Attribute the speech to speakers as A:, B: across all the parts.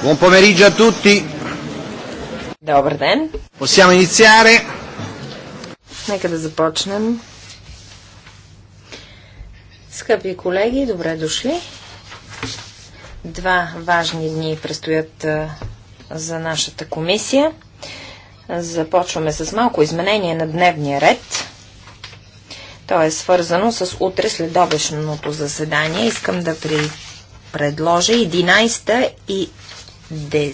A: Buon pomeriggio a tutti. Добър ден. Possiamo iniziare. Нека да започнем. Скъпи колеги, добре дошли. Два важни дни предстоят за нашата комисия. Започваме с малко изменение на дневния ред. То е свързано с утре следобешното заседание. Искам да при предложа 11 и 11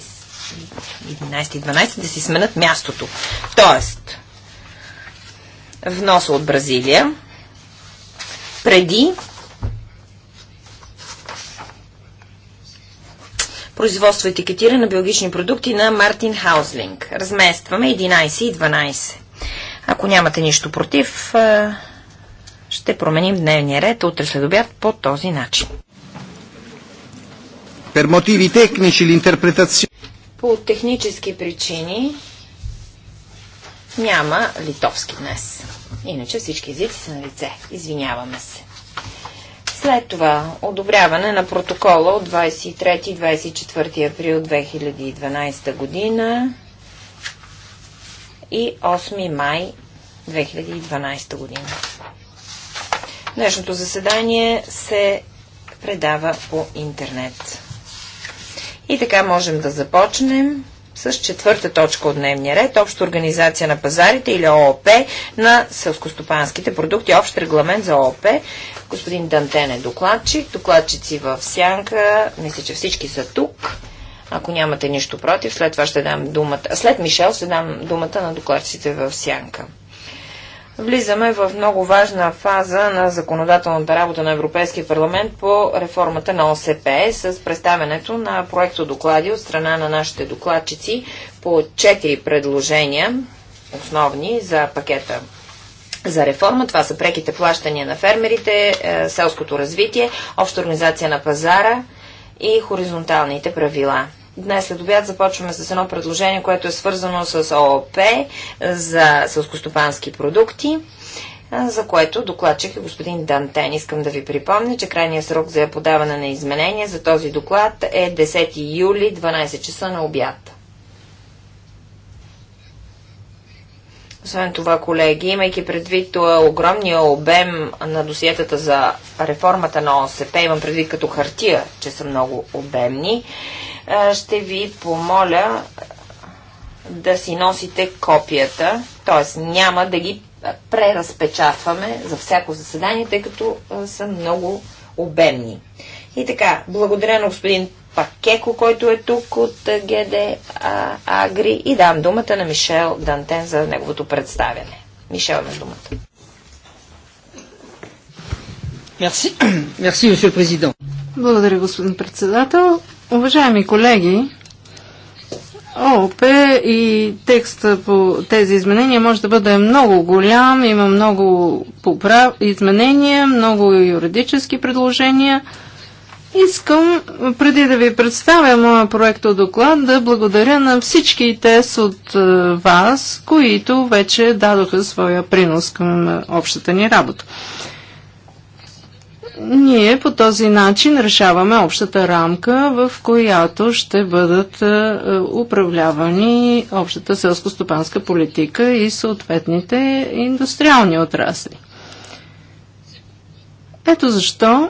A: и 12 да си сменят мястото. Тоест, вноса от Бразилия преди производство и етикетиране на биологични продукти на Мартин Хаузлинг. Разместваме 11 и 12. Ако нямате нищо против, ще променим дневния ред утре след обяд по този начин.
B: Per motivi tecnici l'interpretazione...
A: По технически причини няма литовски днес. Иначе всички езици са на лице. Извиняваме се. След това одобряване на протокола от 23-24 април 2012 година и 8 май 2012 година. Днешното заседание се предава по интернет. И така можем да започнем с четвърта точка от дневния ред – Обща организация на пазарите или ООП на селскостопанските продукти, Общ регламент за ООП. Господин Дантен е докладчик, докладчици в Сянка, мисля, че всички са тук. Ако нямате нищо против, след това ще дам думата. След Мишел ще дам думата на докладчиците в Сянка. Влизаме в много важна фаза на законодателната работа на Европейския парламент по реформата на ОСП с представянето на проекто доклади от страна на нашите докладчици по четири предложения основни за пакета за реформа. Това са преките плащания на фермерите, е, селското развитие, обща организация на пазара и хоризонталните правила. Днес след обяд започваме с едно предложение, което е свързано с ООП за сълскостопански продукти за което докладчик е господин Дантен. Искам да ви припомня, че крайният срок за подаване на изменения за този доклад е 10 юли 12 часа на обяд. Освен това, колеги, имайки предвид това огромния обем на досиетата за реформата на ОСП, имам предвид като хартия, че са много обемни, ще ви помоля да си носите копията, т.е. няма да ги преразпечатваме за всяко заседание, тъй като са много обемни. И така, благодаря на господин Пакеко, който е тук от ГД Агри и дам думата на Мишел Дантен за неговото представяне. Мишел на думата.
C: Мерси, мерси, господин президент. Благодаря, господин председател. Уважаеми колеги, ООП и текст по тези изменения може да бъде много голям, има много поправ... изменения, много юридически предложения. Искам, преди да ви представя моя проект от доклад, да благодаря на всички тез от е, вас, които вече дадоха своя принос към общата ни работа ние по този начин решаваме общата рамка, в която ще бъдат е, управлявани общата селско-стопанска политика и съответните индустриални отрасли. Ето защо,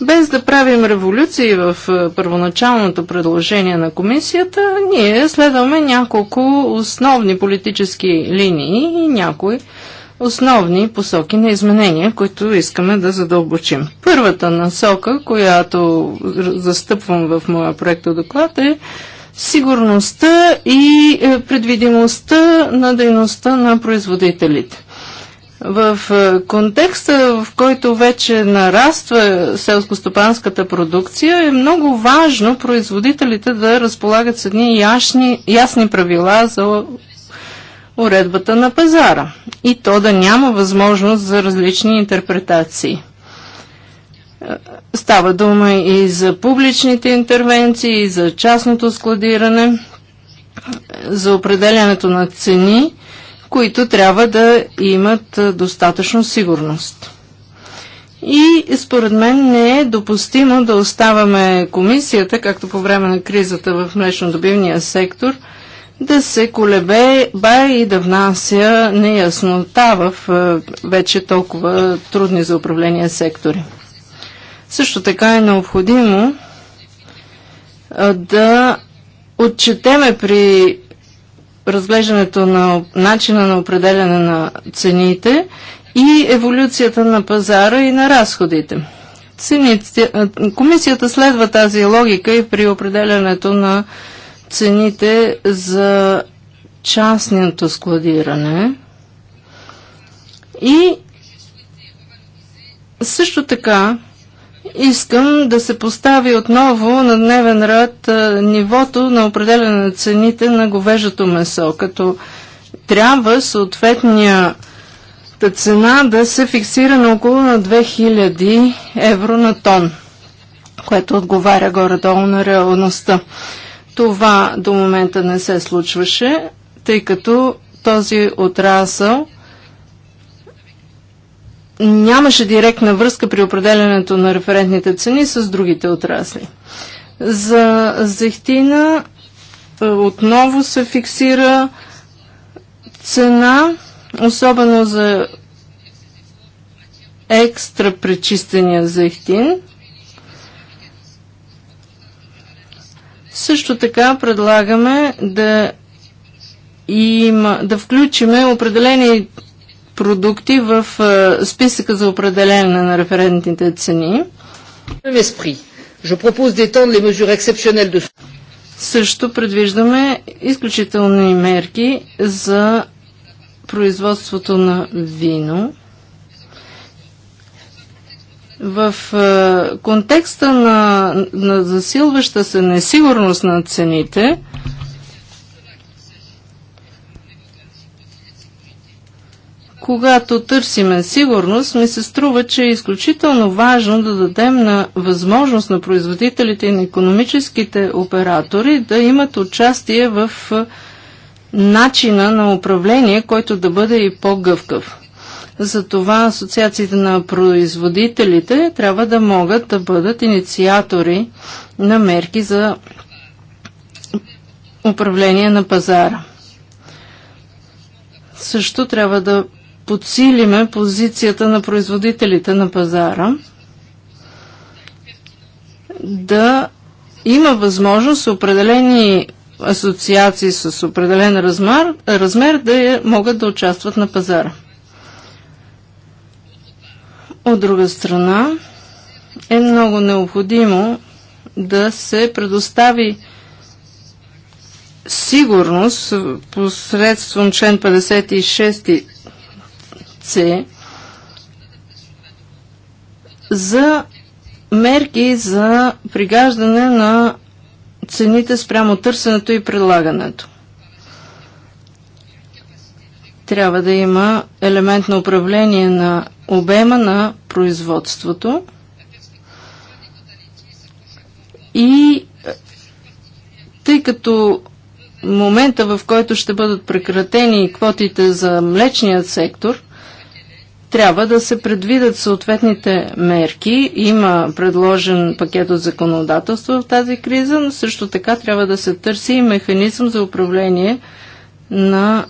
C: без да правим революции в е, първоначалното предложение на комисията, ние следваме няколко основни политически линии и някои основни посоки на изменения, които искаме да задълбочим. Първата насока, която застъпвам в моя проекто доклад е сигурността и е, предвидимостта на дейността на производителите. В е, контекста, в който вече нараства селскостопанската продукция, е много важно производителите да разполагат с едни ясни, ясни правила за уредбата на пазара и то да няма възможност за различни интерпретации. Става дума и за публичните интервенции, и за частното складиране, за определянето на цени, които трябва да имат достатъчно сигурност. И според мен не е допустимо да оставаме комисията, както по време на кризата в млечно-добивния сектор – да се колебе бай и да внася неяснота в е, вече толкова трудни за управление сектори. Също така е необходимо е, да отчетеме при разглеждането на начина на определяне на цените и еволюцията на пазара и на разходите. Цените, е, комисията следва тази логика и при определянето на цените за частното складиране и също така искам да се постави отново на дневен ред нивото на определене на цените на говежето месо, като трябва съответния цена да се фиксира на около на 2000 евро на тон, което отговаря горе-долу на реалността. Това до момента не се случваше, тъй като този отрасъл нямаше директна връзка при определенето на референтните цени с другите отрасли. За зехтина е, отново се фиксира цена, особено за екстра пречистения зехтин – Също така предлагаме да, има, да включиме определени продукти в списъка за определене на референтните цени. Je propose d'étendre les mesures exceptionnelles de... Също предвиждаме изключителни мерки за производството на вино. В е, контекста на, на засилваща се несигурност на цените, когато търсиме сигурност, ми се струва, че е изключително важно да дадем на възможност на производителите и на економическите оператори да имат участие в е, начина на управление, който да бъде и по-гъвкав. Затова асоциациите на производителите трябва да могат да бъдат инициатори на мерки за управление на пазара. Също трябва да подсилиме позицията на производителите на пазара да има възможност определени асоциации с определен размер, размер да е, могат да участват на пазара. От друга страна е много необходимо да се предостави сигурност посредством член 56 C за мерки за пригаждане на цените спрямо търсенето и предлагането. Трябва да има елемент на управление на обема на производството и е, тъй като момента, в който ще бъдат прекратени квотите за млечният сектор, трябва да се предвидят съответните мерки. Има предложен пакет от законодателство в тази криза, но също така трябва да се търси и механизъм за управление на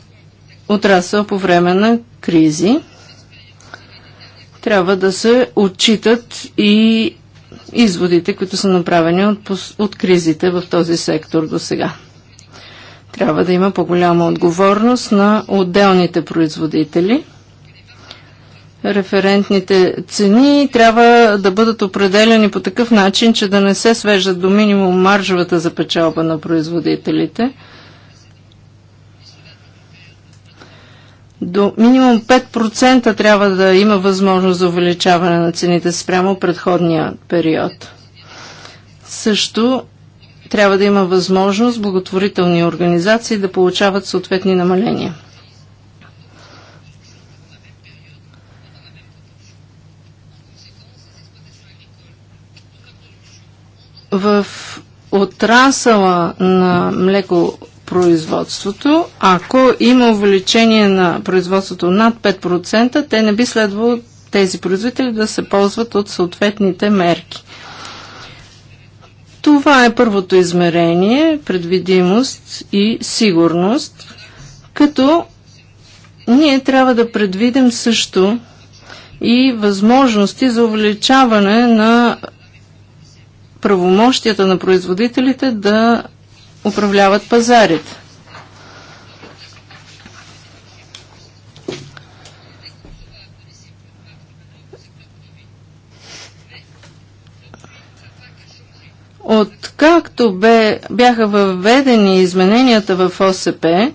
C: отрасъл по време на кризи трябва да се отчитат и изводите, които са направени от, от кризите в този сектор до сега. Трябва да има по-голяма отговорност на отделните производители. Референтните цени трябва да бъдат определени по такъв начин, че да не се свеждат до минимум маржовата за печалба на производителите – до минимум 5% трябва да има възможност за увеличаване на цените спрямо предходния период. Също трябва да има възможност благотворителни организации да получават съответни намаления. В отрасъла на млеко производството. Ако има увеличение на производството над 5%, те не би следвало тези производители да се ползват от съответните мерки. Това е първото измерение предвидимост и сигурност, като ние трябва да предвидим също и възможности за увеличаване на правомощията на производителите да управляват пазарите. Откакто бе, бяха въведени измененията в ОСП,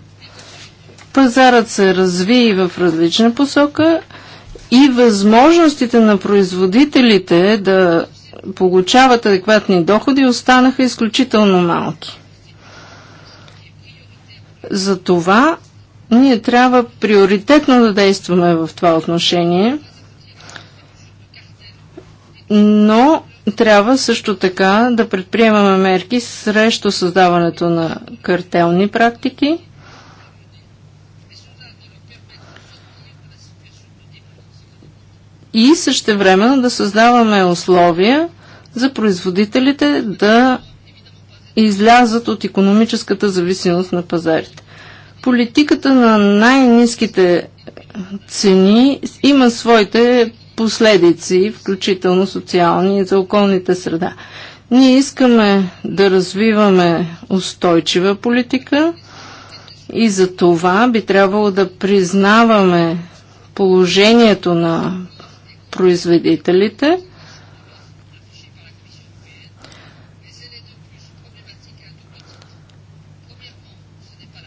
C: пазарът се разви в различна посока и възможностите на производителите да получават адекватни доходи останаха изключително малки. За това ние трябва приоритетно да действаме в това отношение, но трябва също така да предприемаме мерки срещу създаването на картелни практики, и също времено да създаваме условия за производителите да излязат от економическата зависимост на пазарите. Политиката на най-низките цени има своите последици, включително социални и за околните среда. Ние искаме да развиваме устойчива политика и за това би трябвало да признаваме положението на производителите –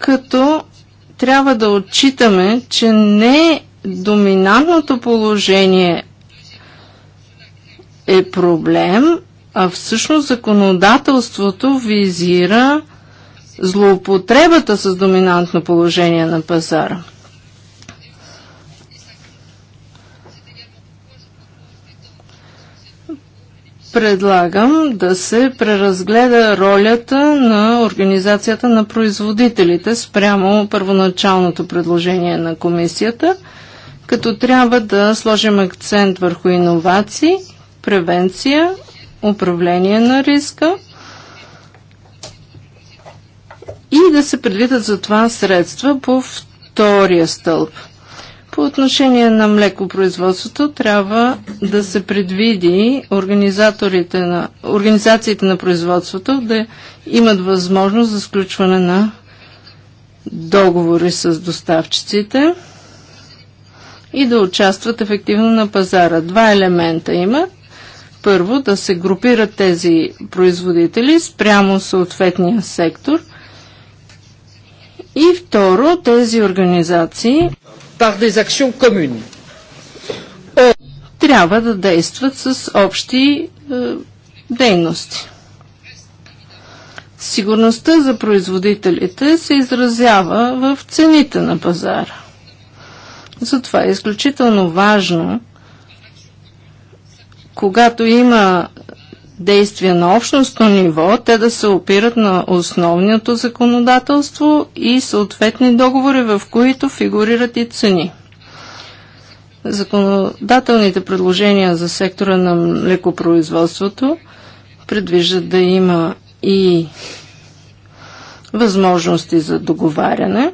C: като трябва да отчитаме, че не доминантното положение е проблем, а всъщност законодателството визира злоупотребата с доминантно положение на пазара. предлагам да се преразгледа ролята на Организацията на производителите спрямо първоначалното предложение на комисията, като трябва да сложим акцент върху иновации, превенция, управление на риска и да се предвидят за това средства по втория стълб – по отношение на млекопроизводството трябва да се предвиди организаторите на, организациите на производството да имат възможност за сключване на договори с доставчиците и да участват ефективно на пазара. Два елемента има. Първо, да се групират тези производители спрямо съответния сектор. И второ, тези организации par des actions communes. Or... Трябва да действат с общи е, дейности. Сигурността за производителите се изразява в цените на пазара. Затова е изключително важно, когато има действия на общностно ниво, те да се опират на основното законодателство и съответни договори, в които фигурират и цени. Законодателните предложения за сектора на млекопроизводството предвиждат да има и възможности за договаряне.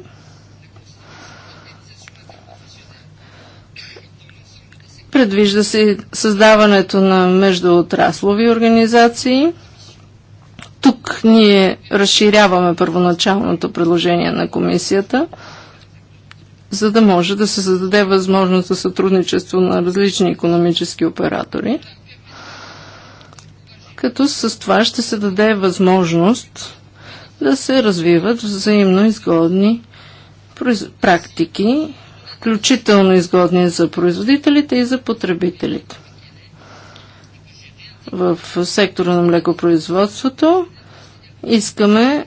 C: Предвижда се създаването на междуотраслови организации. Тук ние разширяваме първоначалното предложение на комисията, за да може да се създаде възможност за сътрудничество на различни економически оператори, като с това ще се даде възможност да се развиват взаимно изгодни практики включително изгодни за производителите и за потребителите. В сектора на млекопроизводството искаме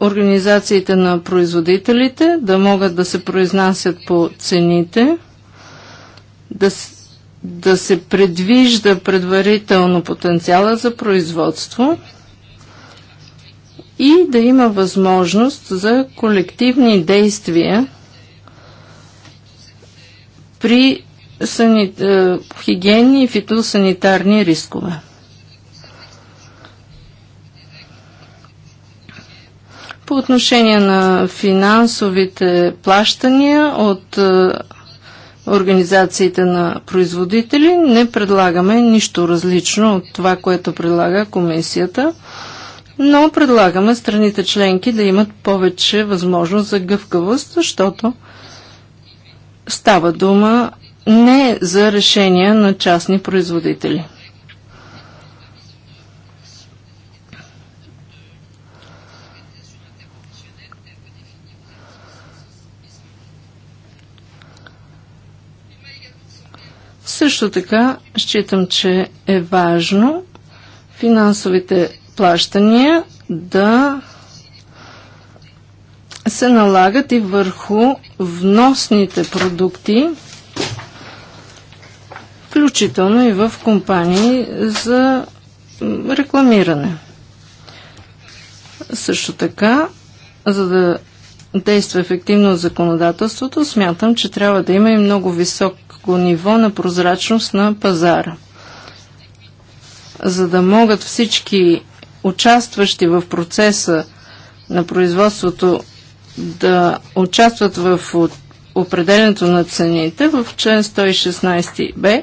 C: организациите на производителите да могат да се произнасят по цените, да, да се предвижда предварително потенциала за производство и да има възможност за колективни действия при сани... Е, хигиенни и фитосанитарни рискове. По отношение на финансовите плащания от е, организациите на производители не предлагаме нищо различно от това, което предлага комисията, но предлагаме страните членки да имат повече възможност за гъвкавост, защото Става дума не за решения на частни производители. Също така считам, че е важно финансовите плащания да се налагат и върху вносните продукти, включително и в компании за рекламиране. Също така, за да действа ефективно законодателството, смятам, че трябва да има и много високо ниво на прозрачност на пазара. За да могат всички участващи в процеса на производството да участват в определенето на цените, в член 116 б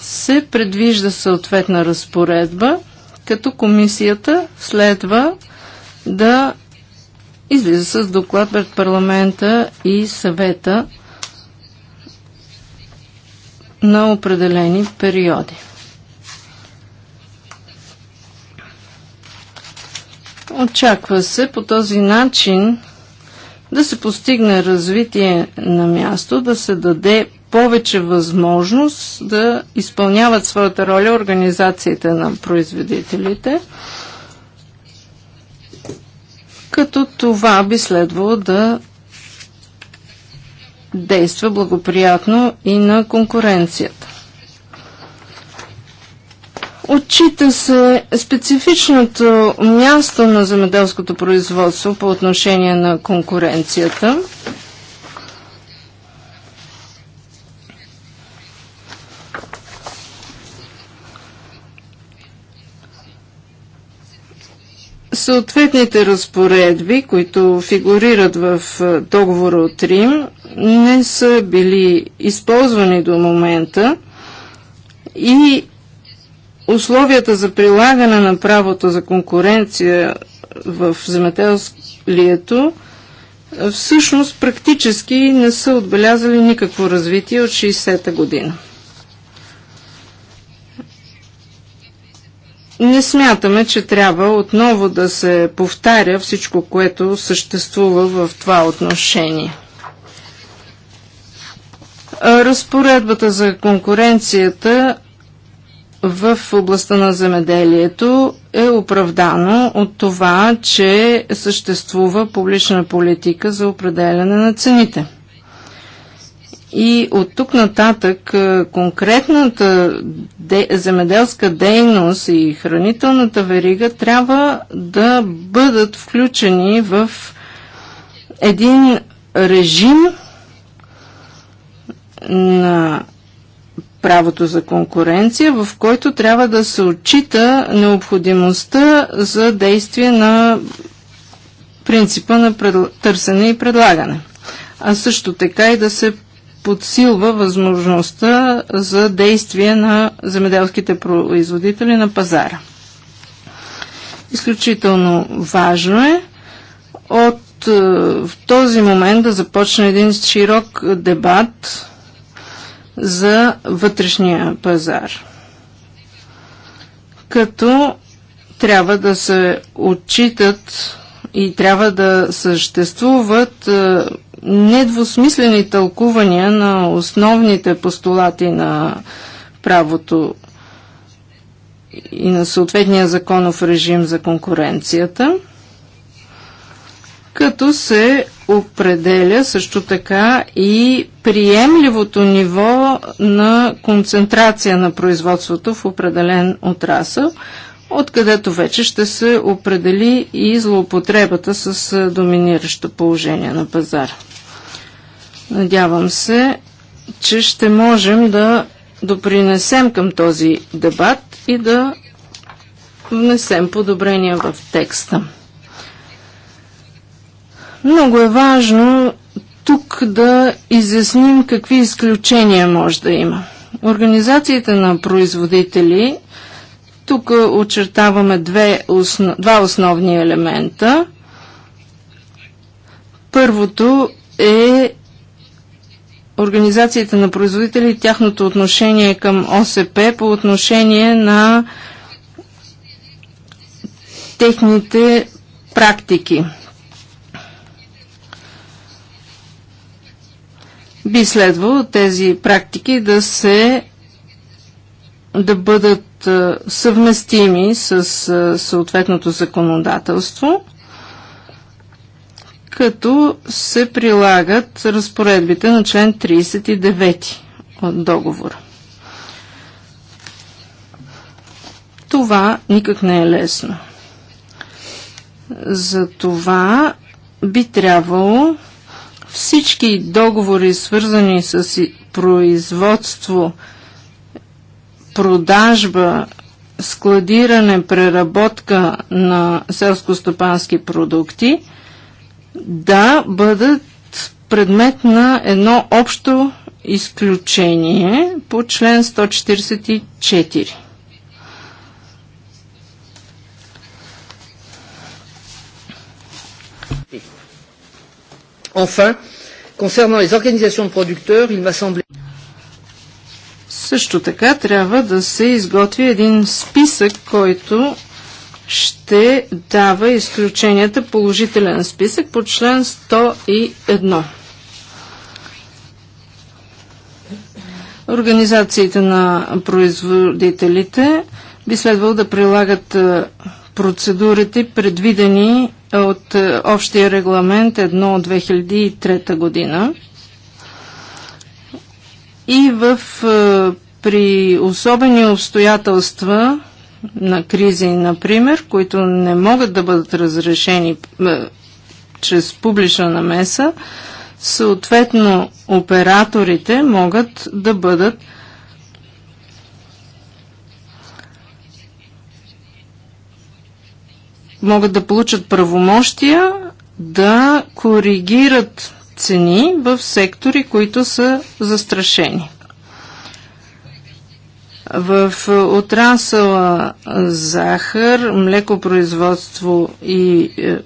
C: се предвижда съответна разпоредба, като комисията следва да излиза с доклад пред парламента и съвета на определени периоди. Очаква се по този начин да се постигне развитие на място, да се даде повече възможност да изпълняват своята роля организациите на производителите, като това би следвало да действа благоприятно и на конкуренцията. Отчита се специфичното място на земеделското производство по отношение на конкуренцията. съответните разпоредби, които фигурират в е, договора от Рим, не са били използвани до момента и условията за прилагане на правото за конкуренция в земеделието е, всъщност практически не са отбелязали никакво развитие от 60-та година. Не смятаме, че трябва отново да се повтаря всичко, което съществува в това отношение. Разпоредбата за конкуренцията в областта на земеделието е оправдано от това, че съществува публична политика за определяне на цените. И от тук нататък е, конкретната де, земеделска дейност и хранителната верига трябва да бъдат включени в един режим на правото за конкуренция, в който трябва да се отчита необходимостта за действие на принципа на предл... търсене и предлагане. А също така и да се подсилва възможността за действие на земеделските производители на пазара. Изключително важно е от е, в този момент да започне един широк дебат за вътрешния пазар. Като трябва да се отчитат и трябва да съществуват е, недвусмислени тълкувания на основните постулати на правото и на съответния законов режим за конкуренцията, като се определя също така и приемливото ниво на концентрация на производството в определен отрасъл, откъдето вече ще се определи и злоупотребата с доминиращо положение на пазара. Надявам се, че ще можем да допринесем към този дебат и да внесем подобрения в текста. Много е важно тук да изясним какви изключения може да има. Организацията на производители, тук очертаваме две основ, два основни елемента. Първото е организацията на производители и тяхното отношение към ОСП по отношение на техните практики. Би следвало тези практики да се да бъдат съвместими с съответното законодателство, като се прилагат разпоредбите на член 39 от договора. Това никак не е лесно. За това би трябвало всички договори, свързани с производство, продажба, складиране, преработка на селско-стопански продукти, да бъдат предмет на едно общо изключение по член 144. Enfin, concernant les organisations de producteurs, il m'a semblé също така трябва да се изготви един списък, който ще дава изключенията положителен списък по член 101. Организациите на производителите би следвало да прилагат е, процедурите, предвидени от е, общия регламент 1 от 2003 година и в, е, при особени обстоятелства на кризи, например, които не могат да бъдат разрешени е, чрез публична намеса, съответно операторите могат да бъдат могат да получат правомощия да коригират цени в сектори, които са застрашени. В е, отрасъла е, захар, млекопроизводство и е,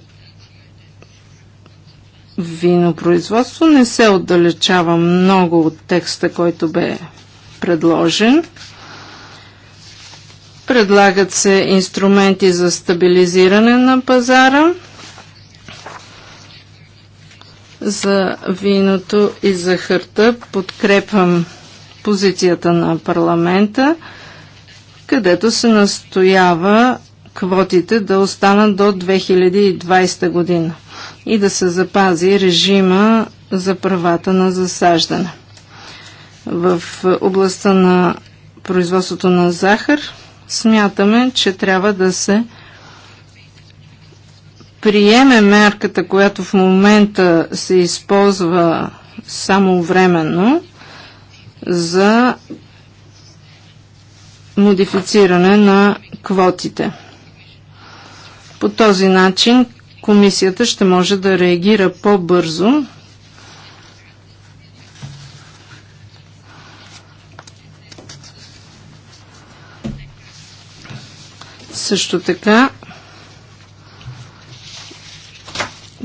C: винопроизводство не се отдалечава много от текста, който бе предложен. Предлагат се инструменти за стабилизиране на пазара за виното и за харта. Подкрепвам позицията на парламента, където се настоява квотите да останат до 2020 година и да се запази режима за правата на засаждане. В областта на производството на захар смятаме, че трябва да се приеме мерката, която в момента се използва само временно за модифициране на квотите. По този начин комисията ще може да реагира по-бързо Също така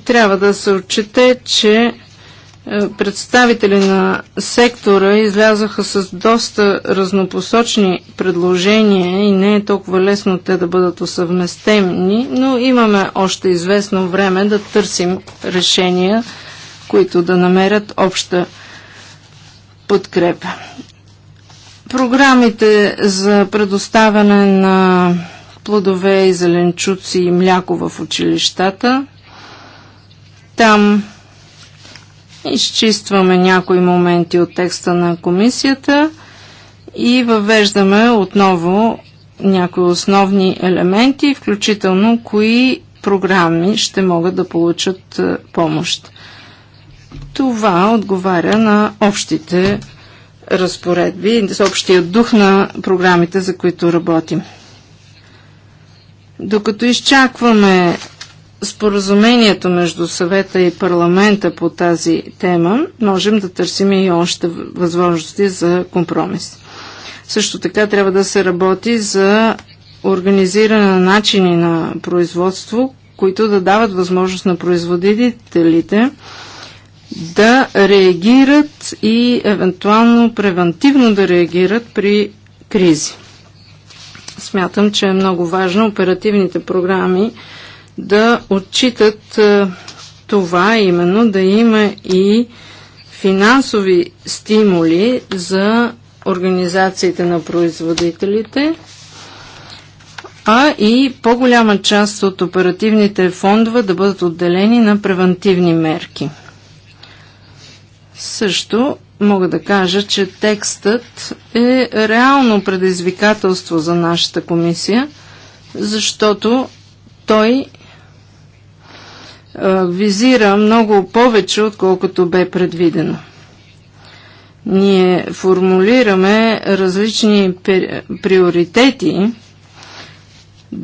C: трябва да се отчете, че е, представители на сектора излязоха с доста разнопосочни предложения и не е толкова лесно те да бъдат усъвместени, но имаме още известно време да търсим решения, които да намерят обща подкрепа. Програмите за предоставяне на плодове и зеленчуци и мляко в училищата. Там изчистваме някои моменти от текста на комисията и въвеждаме отново някои основни елементи, включително кои програми ще могат да получат е, помощ. Това отговаря на общите разпоредби, с общия дух на програмите, за които работим. Докато изчакваме споразумението между съвета и парламента по тази тема, можем да търсим и още възможности за компромис. Също така трябва да се работи за организиране на начини на производство, които да дават възможност на производителите да реагират и евентуално превентивно да реагират при кризи. Смятам, че е много важно оперативните програми да отчитат е, това именно да има и финансови стимули за организациите на производителите, а и по-голяма част от оперативните фондове да бъдат отделени на превентивни мерки. Също мога да кажа, че текстът е реално предизвикателство за нашата комисия, защото той е, визира много повече, отколкото бе предвидено. Ние формулираме различни приоритети.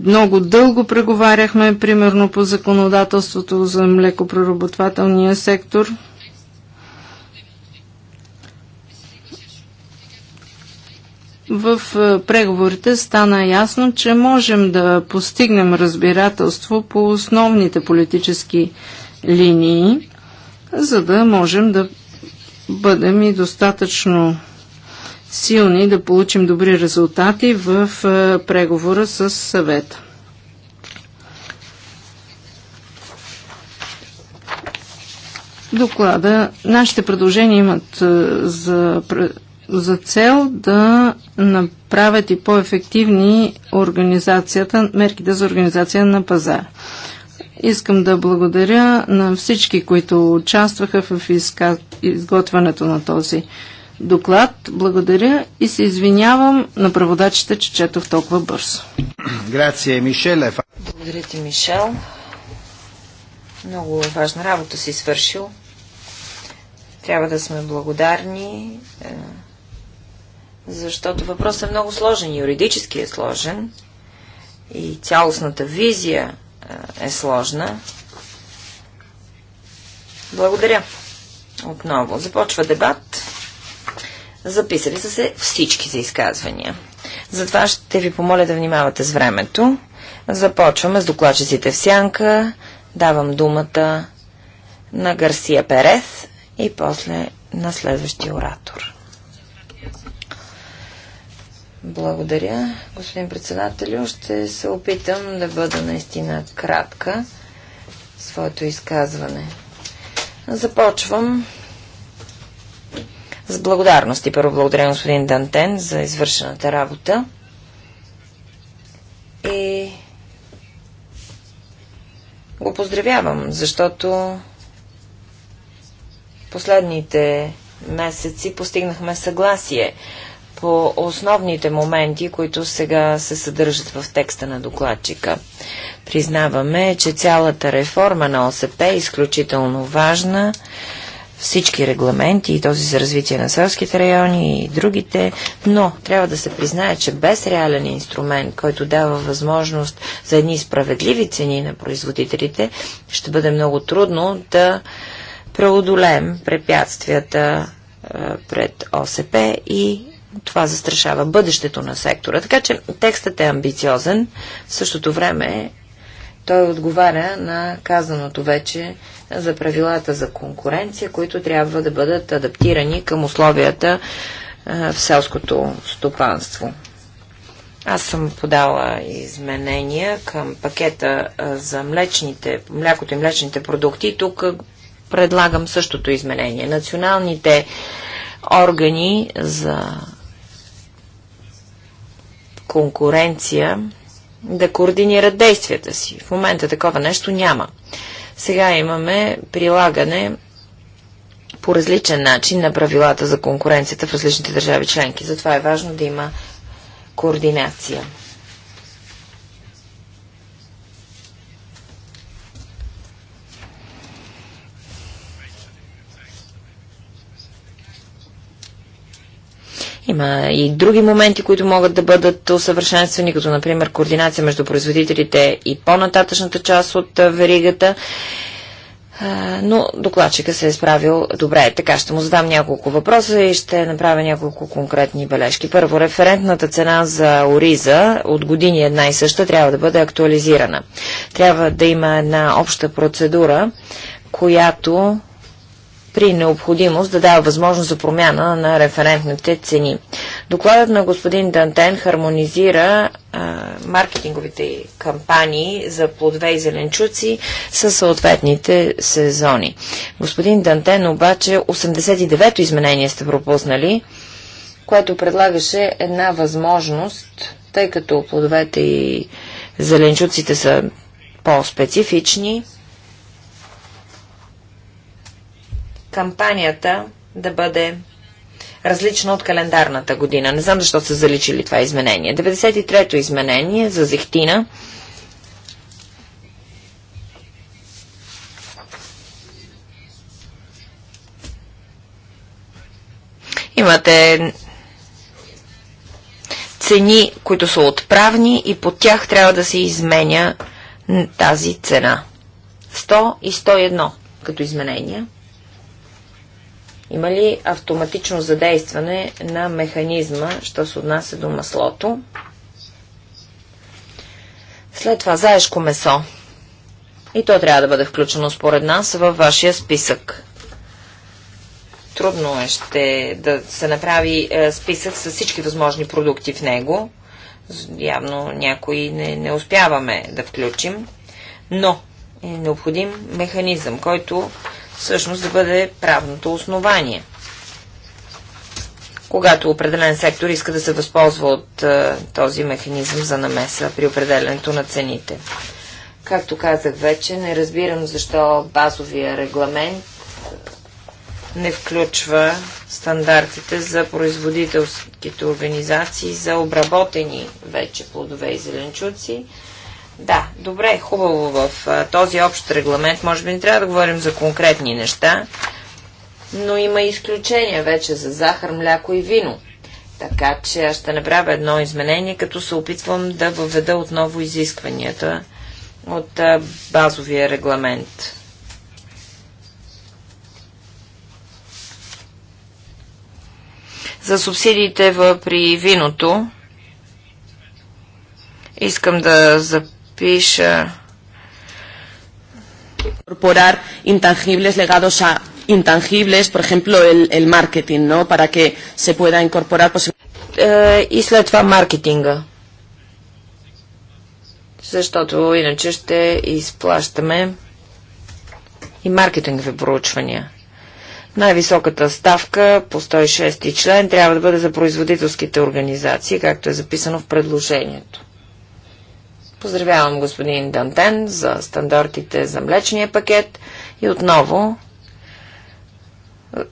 C: Много дълго преговаряхме, примерно по законодателството за млекопреработвателния сектор – в е, преговорите стана ясно, че можем да постигнем разбирателство по основните политически линии, за да можем да бъдем и достатъчно силни да получим добри резултати в е, преговора с съвета. Доклада, нашите предложения имат е, за за цел да направят и по-ефективни организацията, мерките за организация на пазара. Искам да благодаря на всички, които участваха в изка... изготвянето на този доклад. Благодаря и се извинявам на праводачите, че четох толкова бързо. Грация, Мишел.
A: Благодаря ти, Мишел. Много важна работа си свършил. Трябва да сме благодарни е, защото въпросът е много сложен, юридически е сложен и цялостната визия е, е сложна. Благодаря. Отново започва дебат. Записали са се всички за изказвания. Затова ще ви помоля да внимавате с времето. Започваме с докладчиците в сянка. Давам думата на Гарсия Перес и после на следващия оратор. Благодаря, господин председателю. Ще се опитам да бъда наистина кратка в своето изказване. Започвам с благодарности. Първо благодаря господин Дантен за извършената работа. И го поздравявам, защото последните месеци постигнахме съгласие по основните моменти, които сега се съдържат в текста на докладчика. Признаваме, че цялата реформа на ОСП е изключително важна. Всички регламенти, и този за развитие на селските райони и другите, но трябва да се признае, че без реален инструмент, който дава възможност за едни справедливи цени на производителите, ще бъде много трудно да преодолем препятствията пред ОСП и това застрашава бъдещето на сектора. Така че текстът е амбициозен, в същото време той отговаря на казаното вече за правилата за конкуренция, които трябва да бъдат адаптирани към условията в селското стопанство. Аз съм подала изменения към пакета за млечните, млякото и млечните продукти. Тук предлагам същото изменение. Националните органи за конкуренция да координират действията си. В момента такова нещо няма. Сега имаме прилагане по различен начин на правилата за конкуренцията в различните държави членки. Затова е важно да има координация. Има и други моменти, които могат да бъдат усъвършенствани, като например координация между производителите и по-нататъчната част от веригата. Но докладчика се е справил добре. Така ще му задам няколко въпроса и ще направя няколко конкретни бележки. Първо, референтната цена за Ориза от години една и съща трябва да бъде актуализирана. Трябва да има една обща процедура, която при необходимост да дава възможност за промяна на референтните цени. Докладът на господин Дантен хармонизира а, маркетинговите кампании за плодове и зеленчуци с съответните сезони. Господин Дантен обаче 89-то изменение сте пропуснали, което предлагаше една възможност, тъй като плодовете и зеленчуците са по-специфични, кампанията да бъде различна от календарната година. Не знам защо са заличили това изменение. 93-то изменение за зехтина. Имате цени, които са отправни и по тях трябва да се изменя тази цена. 100 и 101 като изменения. Има ли автоматично задействане на механизма, що се отнася до маслото? След това заешко месо. И то трябва да бъде включено според нас във вашия списък. Трудно е ще да се направи е, списък с всички възможни продукти в него. Явно някои не, не успяваме да включим. Но е необходим механизъм, който всъщност да бъде правното основание. Когато определен сектор иска да се възползва от а, е, този механизъм за намеса при определенето на цените. Както казах вече, не разбирам защо базовия регламент не включва стандартите за производителските организации за обработени вече плодове и зеленчуци да, добре, хубаво. В а, този общ регламент може би не трябва да говорим за конкретни неща, но има изключения вече за захар, мляко и вино. Така че аз ще направя едно изменение, като се опитвам да въведа отново изискванията от а, базовия регламент. За субсидиите при виното искам да запомня piše incorporar intangibles legados a intangibles, por ejemplo, el, el marketing, ¿no? Para que se pueda incorporar... Pues... Е, и след това маркетинга. Защото иначе ще изплащаме и маркетингови проучвания. Най-високата ставка по 106 член трябва да бъде за производителските организации, както е записано в предложението. Поздравявам господин Дантен за стандартите за млечния пакет и отново е,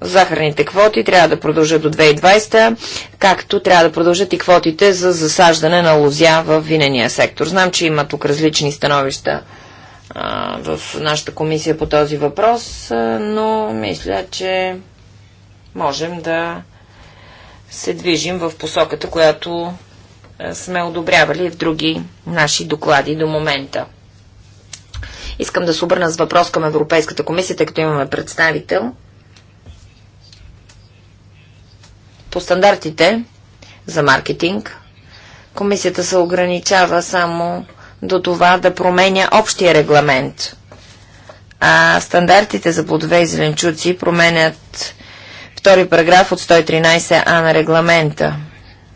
A: захарните квоти трябва да продължат до 2020, както трябва да продължат и квотите за засаждане на лозя в винения сектор. Знам, че има тук различни становища а, е, в нашата комисия по този въпрос, а, е, но мисля, че можем да се движим в посоката, която е, сме одобрявали в други наши доклади до момента. Искам да се обърна с въпрос към Европейската комисия, тъй като имаме представител. По стандартите за маркетинг, комисията се ограничава само до това да променя общия регламент. А стандартите за плодове и зеленчуци променят втори параграф от 113а на регламента.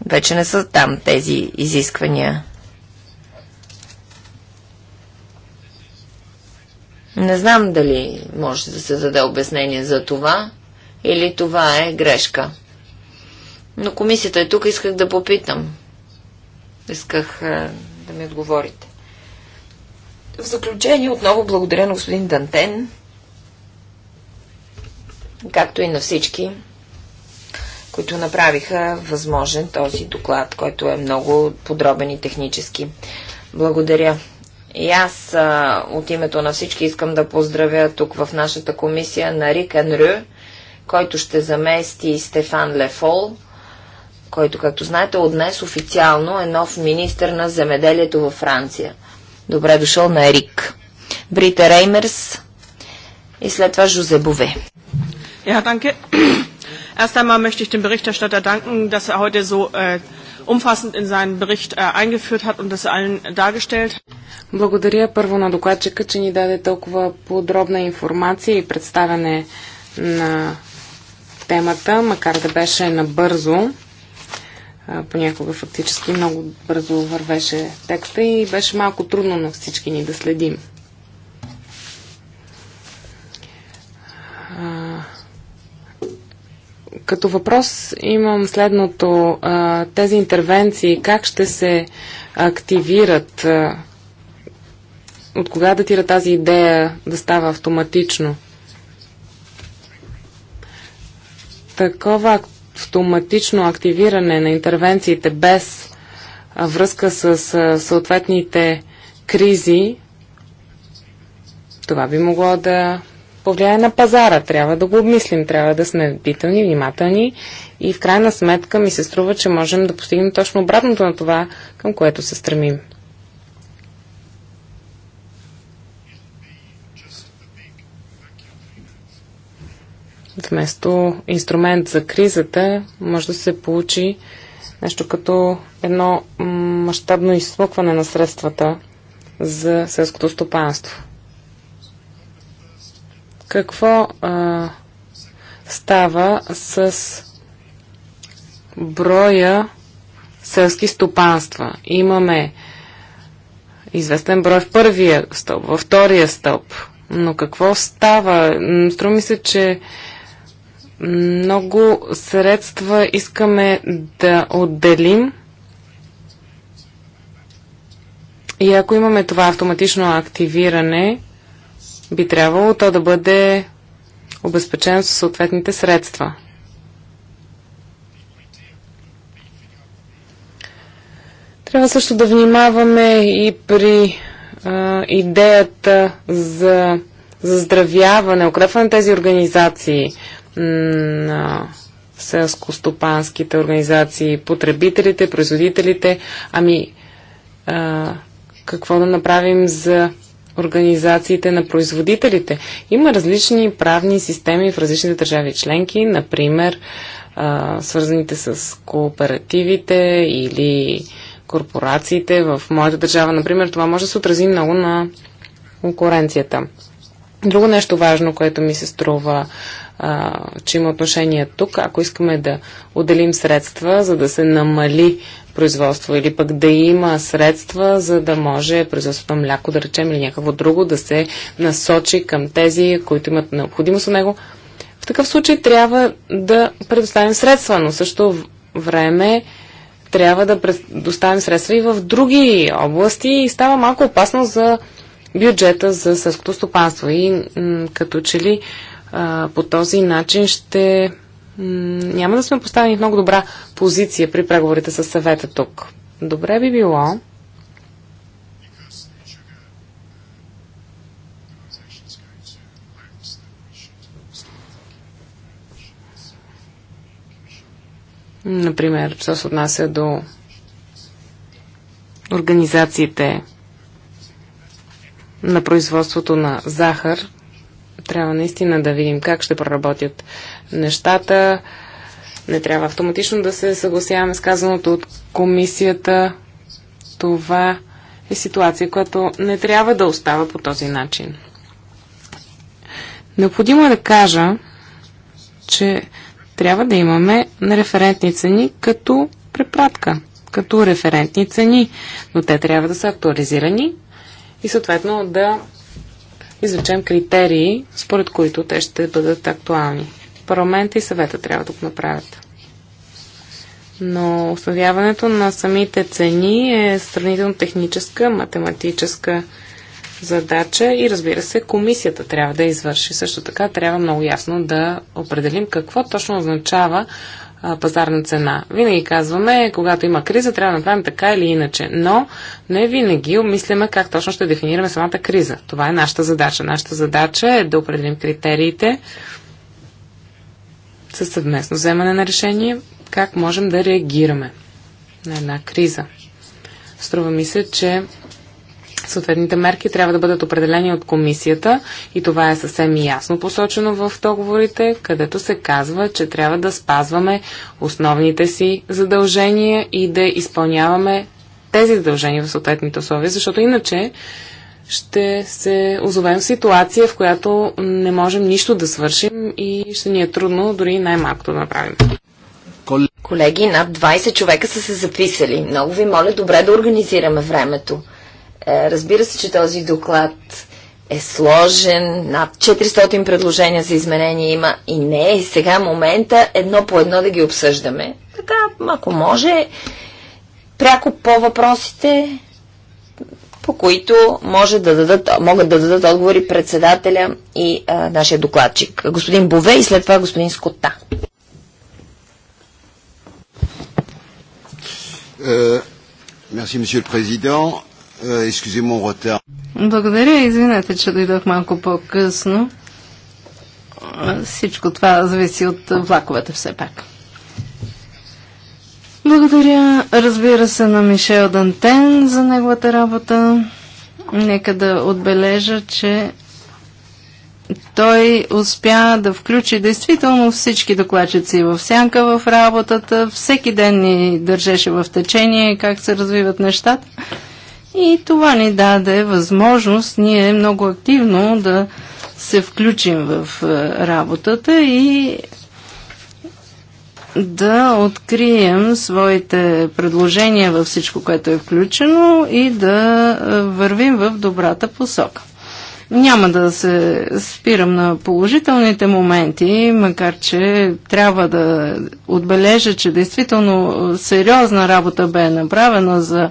A: Вече не са там тези изисквания. Не знам дали може да се даде обяснение за това или това е грешка. Но комисията е тук, исках да попитам. Исках е, да ми отговорите. В заключение отново благодаря на господин Дантен, както и на всички които направиха възможен този доклад, който е много подробен и технически. Благодаря. И аз а, от името на всички искам да поздравя тук в нашата комисия на Рик Анрю, който ще замести Стефан Лефол, който, както знаете, от днес официално е нов министр на земеделието във Франция. Добре дошъл на Рик. Брита Реймерс и след това Жозебове.
C: Yeah, Erst einmal möchte ich dem Berichterstatter danken, dass er heute so äh, umfassend in seinen Bericht äh, eingeführt hat und das allen dargestellt. hat.
D: Благодаря първо на докладчика, че ни даде толкова подробна информация и представяне на темата, макар да беше набързо. Понякога фактически много бързо вървеше текста и беше малко трудно на всички ни да следим. Като въпрос имам следното. Тези интервенции как ще се активират? От кога датира тази идея да става автоматично? Такова автоматично активиране на интервенциите без връзка с съответните кризи, това би могло да повлияе на пазара. Трябва да го обмислим, трябва да сме питани, внимателни и в крайна сметка ми се струва, че можем да постигнем точно обратното на това, към което се стремим. Вместо инструмент за кризата може да се получи нещо като едно мащабно изсмукване на средствата за селското стопанство. Какво а, става с броя селски стопанства? Имаме известен брой в първия стълб, във втория стълб. Но какво става? Струва ми се, че много средства искаме да отделим. И ако имаме това автоматично активиране, би трябвало то да бъде обезпечено със съответните средства. Трябва също да внимаваме и при а, идеята за заздравяване, укрепване на тези организации, на селско-стопанските организации, потребителите, производителите. Ами, а, какво да направим за организациите на производителите. Има различни правни системи в различните държави членки, например а, свързаните с кооперативите или корпорациите. В моята държава, например, това може да се отрази много на конкуренцията. Друго нещо важно, което ми се струва, а, че има отношение тук, ако искаме да отделим средства, за да се намали производство или пък да има средства, за да може производството на мляко, да речем, или някакво друго, да се насочи към тези, които имат необходимост от него. В такъв случай трябва да предоставим средства, но също време трябва да предоставим средства и в други области и става малко опасно за бюджета за сърското стопанство. И като че ли а, по този начин ще няма да сме поставени в много добра позиция при преговорите с съвета тук. Добре би било Например, що се отнася до организациите на производството на захар, трябва наистина да видим как ще проработят нещата. Не трябва автоматично да се съгласяваме с казаното от комисията. Това е ситуация, която не трябва да остава по този начин. Необходимо е да кажа, че трябва да имаме референтни цени като препратка, като референтни цени, но те трябва да са актуализирани и съответно да извлечем критерии, според които те ще бъдат актуални парламента и съвета трябва да го направят. Но установяването на самите цени е странително техническа, математическа задача и разбира се, комисията трябва да извърши. Също така трябва много ясно да определим какво точно означава пазарна цена. Винаги казваме, когато има криза, трябва да направим така или иначе, но не винаги обмисляме как точно ще дефинираме самата криза. Това е нашата задача. Нашата задача е да определим критериите, със съвместно вземане на решение, как можем да реагираме на една криза. Струва ми се, че съответните мерки трябва да бъдат определени от комисията и това е съвсем ясно посочено в договорите, където се казва, че трябва да спазваме основните си задължения и да изпълняваме тези задължения в съответните условия, защото иначе ще се озовем в ситуация, в която не можем нищо да свършим и ще ни е трудно
A: дори най-малкото да направим. Колеги, над 20 човека са се записали. Много ви моля добре да организираме времето. Е, разбира се, че този доклад е сложен, над 400 предложения за изменения има и не е сега момента едно по едно да ги обсъждаме. Така, ако може, пряко по въпросите по които може да дадат, могат да дадат отговори председателя и а, нашия докладчик. Господин Бове и след това господин
C: Скота.
E: Е, мерси, месье президент. Е,
C: Благодаря, извинете, че дойдох малко по-късно. Е, всичко това зависи от влаковете все пак. Благодаря, разбира се, на Мишел Дантен за неговата работа. Нека да отбележа, че той успя да включи действително всички докладчици в сянка в работата. Всеки ден ни държеше в течение как се развиват нещата. И това ни даде възможност ние много активно да се включим в е, работата и да открием своите предложения във всичко, което е включено и да е, вървим в добрата посока. Няма да се спирам на положителните моменти, макар че трябва да отбележа, че действително сериозна работа бе направена за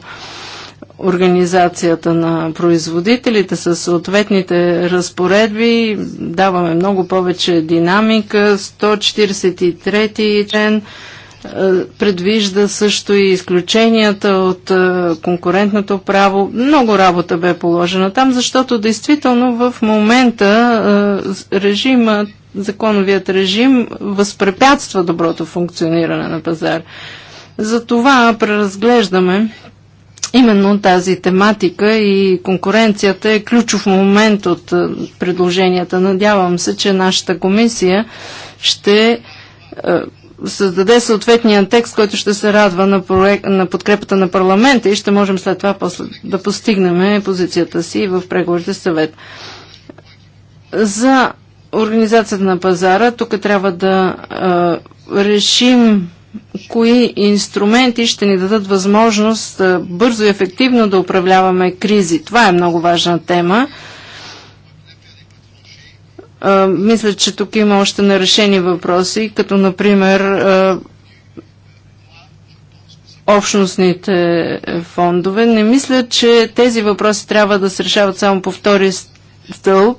C: организацията на производителите с съответните разпоредби. Даваме много повече динамика. 143 член е, предвижда също и изключенията от е, конкурентното право. Много работа бе положена там, защото действително в момента е, режима, законовият режим възпрепятства доброто функциониране на пазар. Затова преразглеждаме Именно тази тематика и конкуренцията е ключов момент от е, предложенията. Надявам се, че нашата комисия ще е, създаде съответния текст, който ще се радва на, проект, на подкрепата на парламента и ще можем след това после да постигнем позицията си в преговорите съвет. За организацията на пазара, тук трябва да а, е, решим кои инструменти ще ни дадат възможност бързо и ефективно да управляваме кризи. Това е много важна тема. Мисля, че тук има още нарешени въпроси, като например общностните фондове. Не мисля, че тези въпроси трябва да се решават само по втори стълб,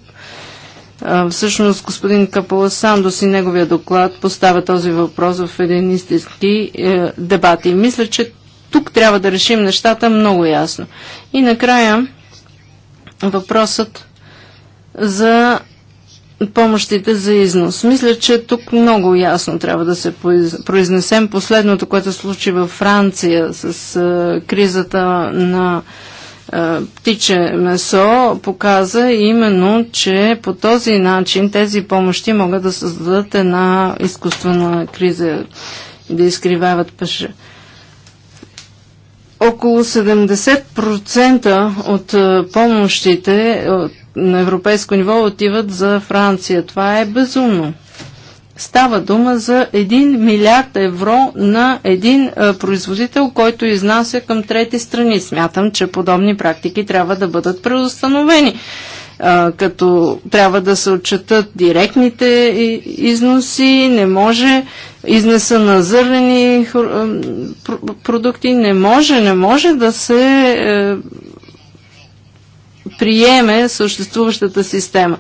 C: Всъщност господин Капала Сандос и неговия доклад поставя този въпрос в един истински е, дебат. И мисля, че тук трябва да решим нещата много ясно. И накрая въпросът за помощите за износ. Мисля, че тук много ясно трябва да се произнесем. Последното, което случи във Франция с е, кризата на е, птиче месо показа именно, че по този начин тези помощи могат да създадат една изкуствена криза и да изкривяват пеша. Около 70% от е, помощите е, на европейско ниво отиват за Франция. Това е безумно. Става дума за 1 милиард евро на един е, производител, който изнася към трети страни. Смятам, че подобни практики трябва да бъдат преустановени е, като трябва да се отчетат директните износи, не може изнеса на зърнени е, продукти, не може, не може да се приеме съществуващата система.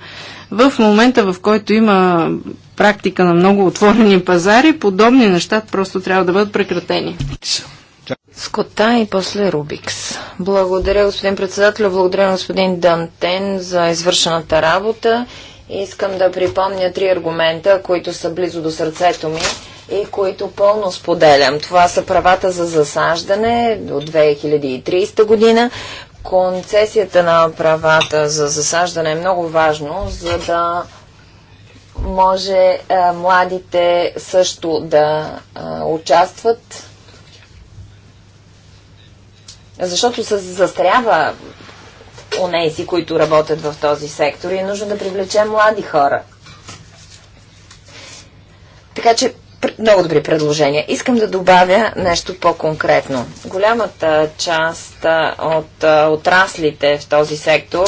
C: В момента, в който има практика на много отворени пазари, подобни неща просто трябва да бъдат прекратени. Скота и после Рубикс.
A: Благодаря, господин председател, благодаря, господин Дантен, за извършената работа. Искам да припомня три аргумента, които са близо до сърцето ми и които пълно споделям. Това са правата за засаждане до 2030 година, концесията на правата за засаждане е много важно, за да може а, е, младите също да а, е, участват, защото се застрява нези, които работят в този сектор и е нужно да привлечем млади хора. Така че много добри предложения. Искам да добавя нещо по-конкретно. Голямата част от отраслите в този сектор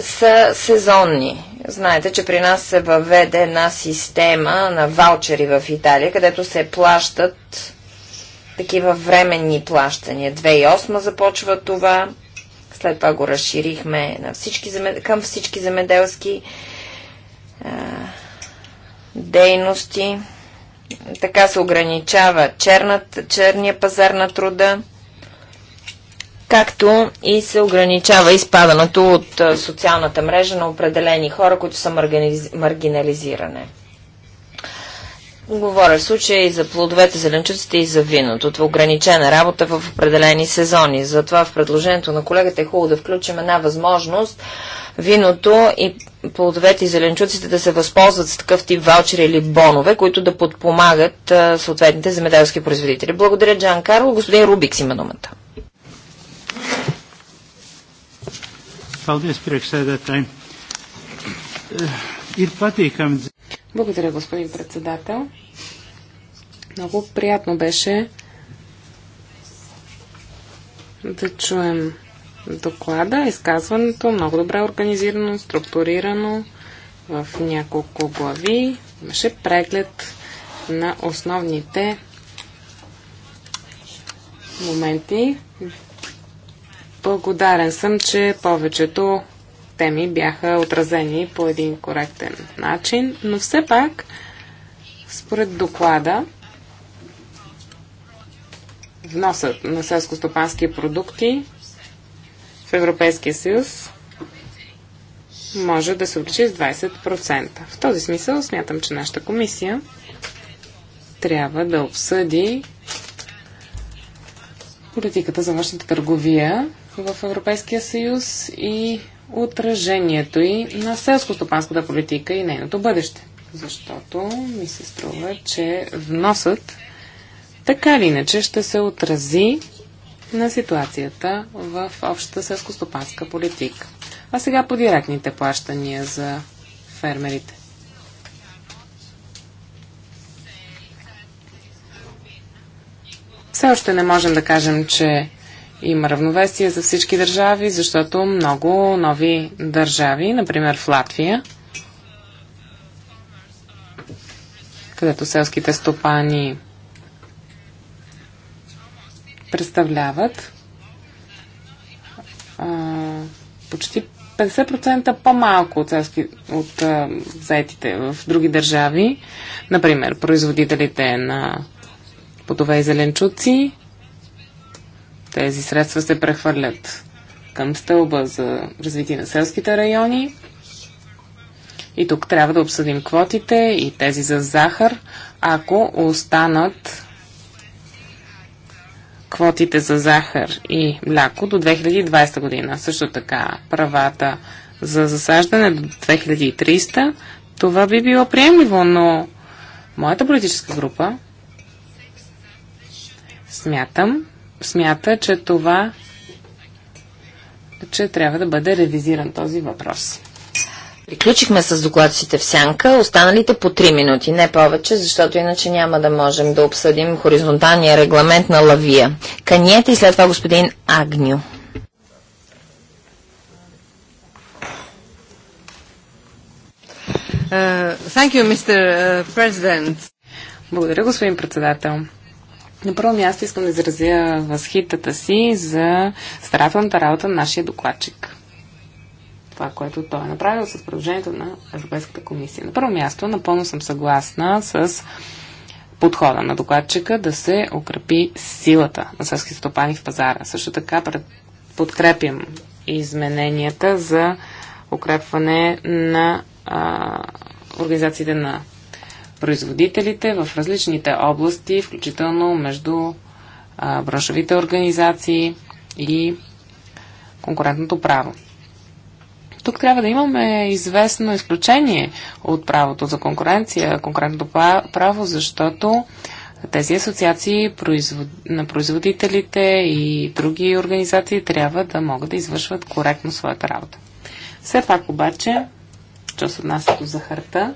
A: са сезонни. Знаете, че при нас се въведе една система на ваучери в Италия, където се плащат такива временни плащания. 2008 започва това, след това го разширихме на всички, към всички земеделски а, дейности. Така се ограничава чернат, черния пазар на труда, както и се ограничава изпадането от социалната мрежа на определени хора, които са маргинализиране. Говоря в случая и за плодовете, зеленчуците и за виното. Това е ограничена работа в определени сезони. Затова в предложението на колегата е хубаво да включим една възможност виното и плодовете и зеленчуците да се възползват с такъв тип ваучери или бонове, които да подпомагат съответните земеделски производители. Благодаря, Джан Карло. Господин Рубикс има думата.
B: Э,
D: Благодаря, господин председател. Много приятно беше да чуем доклада. Изказването много добре организирано, структурирано в няколко глави. Имаше преглед на основните моменти. Благодарен съм, че повечето теми бяха отразени по един коректен начин, но все пак, според доклада, вносът на селско-стопански продукти Европейския съюз може да се увеличи с 20%. В този смисъл смятам, че нашата комисия трябва да обсъди политиката за външната търговия в Европейския съюз и отражението и на селско-стопанската политика и нейното бъдеще. Защото ми се струва, че вносът така или иначе ще се отрази на ситуацията в общата селскостопанска политика. А сега по директните плащания за фермерите. Все още не можем да кажем, че има равновесие за всички държави, защото много нови държави, например в Латвия, където селските стопани представляват а, почти 50% по-малко от, селски, от а, заетите в други държави. Например, производителите на плодове и зеленчуци. Тези средства се прехвърлят към стълба за развитие на селските райони. И тук трябва да обсъдим квотите и тези за захар, ако останат квотите за захар и мляко до 2020 година. Също така правата за засаждане до 2300. Това би било приемливо, но моята политическа група смятам, смята,
A: че това че трябва да бъде ревизиран този въпрос. Приключихме с докладците в сянка, останалите по 3 минути, не повече, защото иначе няма да можем да обсъдим хоризонталния регламент на лавия. Каниете и след това господин Агню.
C: Uh, you, uh,
D: Благодаря, господин председател. На първо място искам да изразя възхитата си за старателната работа на нашия докладчик това, което той е направил с предложението на Европейската комисия. На първо място, напълно съм съгласна с подхода на докладчика да се укрепи силата на сърски стопани в пазара. Също така подкрепим измененията за укрепване на а, организациите на производителите в различните области, включително между а, браншовите организации и конкурентното право. Тук трябва да имаме известно изключение от правото за конкуренция, конкурентното право, защото тези асоциации на производителите и други организации трябва да могат да извършват коректно своята работа. Все пак обаче, що се отнася до захарта,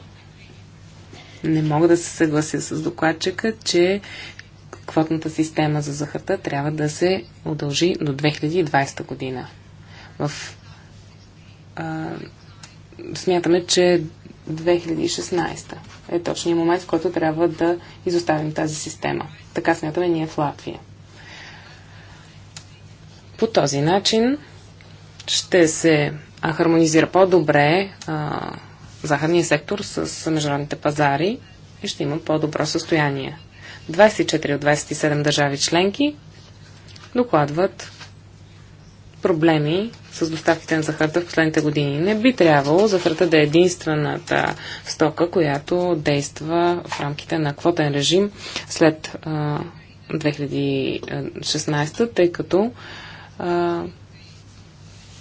D: не мога да се съглася с докладчика, че квотната система за захарта трябва да се удължи до 2020 година. В а, смятаме, че 2016 е, е точният момент, в който трябва да изоставим тази система. Така смятаме ние в Латвия. По този начин ще се хармонизира по-добре захарния сектор с международните пазари и ще има по-добро състояние. 24 от 27 държави членки докладват проблеми с доставките на захарта в последните години. Не би трябвало захарта да е единствената стока, която действа в рамките на квотен режим след 2016, тъй като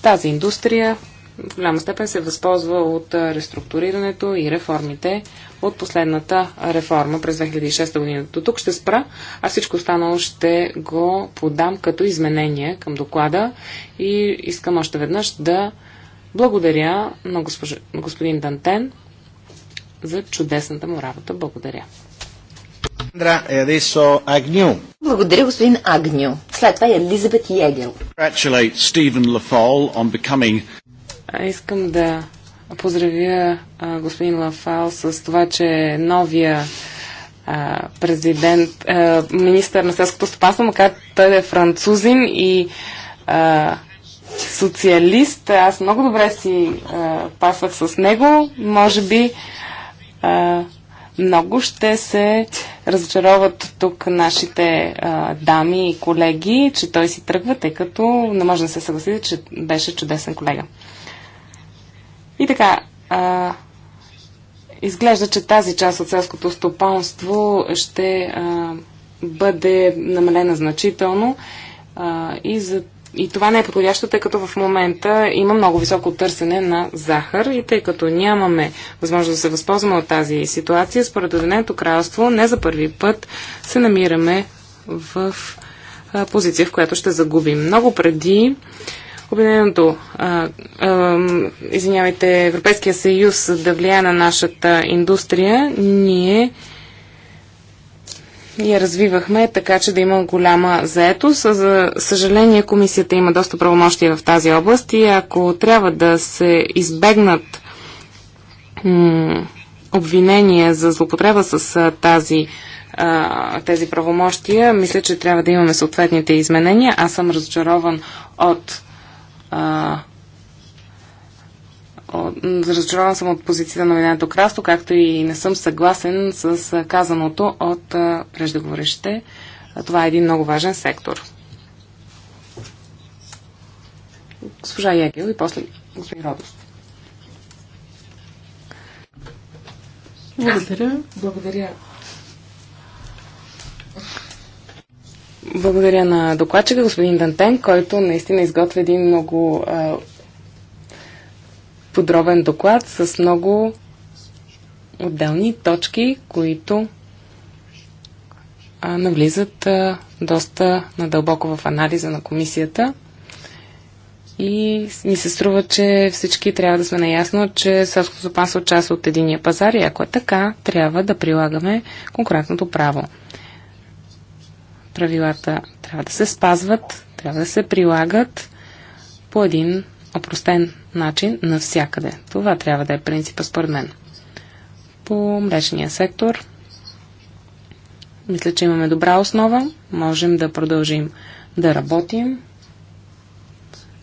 D: тази индустрия в голяма степен се възползва от реструктурирането и реформите от последната реформа през 2006 година. До тук ще спра, а всичко останало ще го подам като изменение към доклада и искам още веднъж да благодаря на госпожа, господин Дантен за чудесната му работа. Благодаря.
B: Е
A: благодаря, господин Агню. След това е Елизабет Йегел. Искам
D: да поздравя а, господин Лафал с това, че е новия а, президент, а, министър на селското стопанство, макар той е французин и а, социалист. Аз много добре си а, пасвах с него. Може би а, много ще се разочароват тук нашите а, дами и колеги, че той си тръгва, тъй като не може да се съгласи, че беше чудесен колега. И така, а, изглежда, че тази част от селското стопанство ще а, бъде намалена значително а, и за и това не е подходящо, тъй като в момента има много високо търсене на захар и тъй като нямаме възможност да се възползваме от тази ситуация, според Обединеното кралство не за първи път се намираме в позиция, в която ще загубим. Много преди Обединеното, извинявайте, Европейския съюз да влияе на нашата индустрия, ние я развивахме така, че да има голяма заетост. За съжаление, комисията има доста правомощия в тази област и ако трябва да се избегнат обвинения за злопотреба с а, тази тези правомощия, мисля, че трябва да имаме съответните изменения. Аз съм разочарован от а, разочарован съм от позицията на Винето Красто, както и не съм съгласен с казаното от преждеговорещите. Това е един много важен сектор. Госпожа Егил, и после господин Родост. Благодаря. Благодаря. Благодаря на докладчика господин Дантен, който наистина изготвя един много а, подробен доклад с много отделни точки, които а, навлизат а, доста надълбоко в анализа на комисията. И ми се струва, че всички трябва да сме наясно, че селското стопанство е част от единия пазар и ако е така, трябва да прилагаме конкретното право. Правилата трябва да се спазват, трябва да се прилагат по един опростен начин навсякъде. Това трябва да е принципа според мен. По млечния сектор мисля, че имаме добра основа. Можем да продължим да работим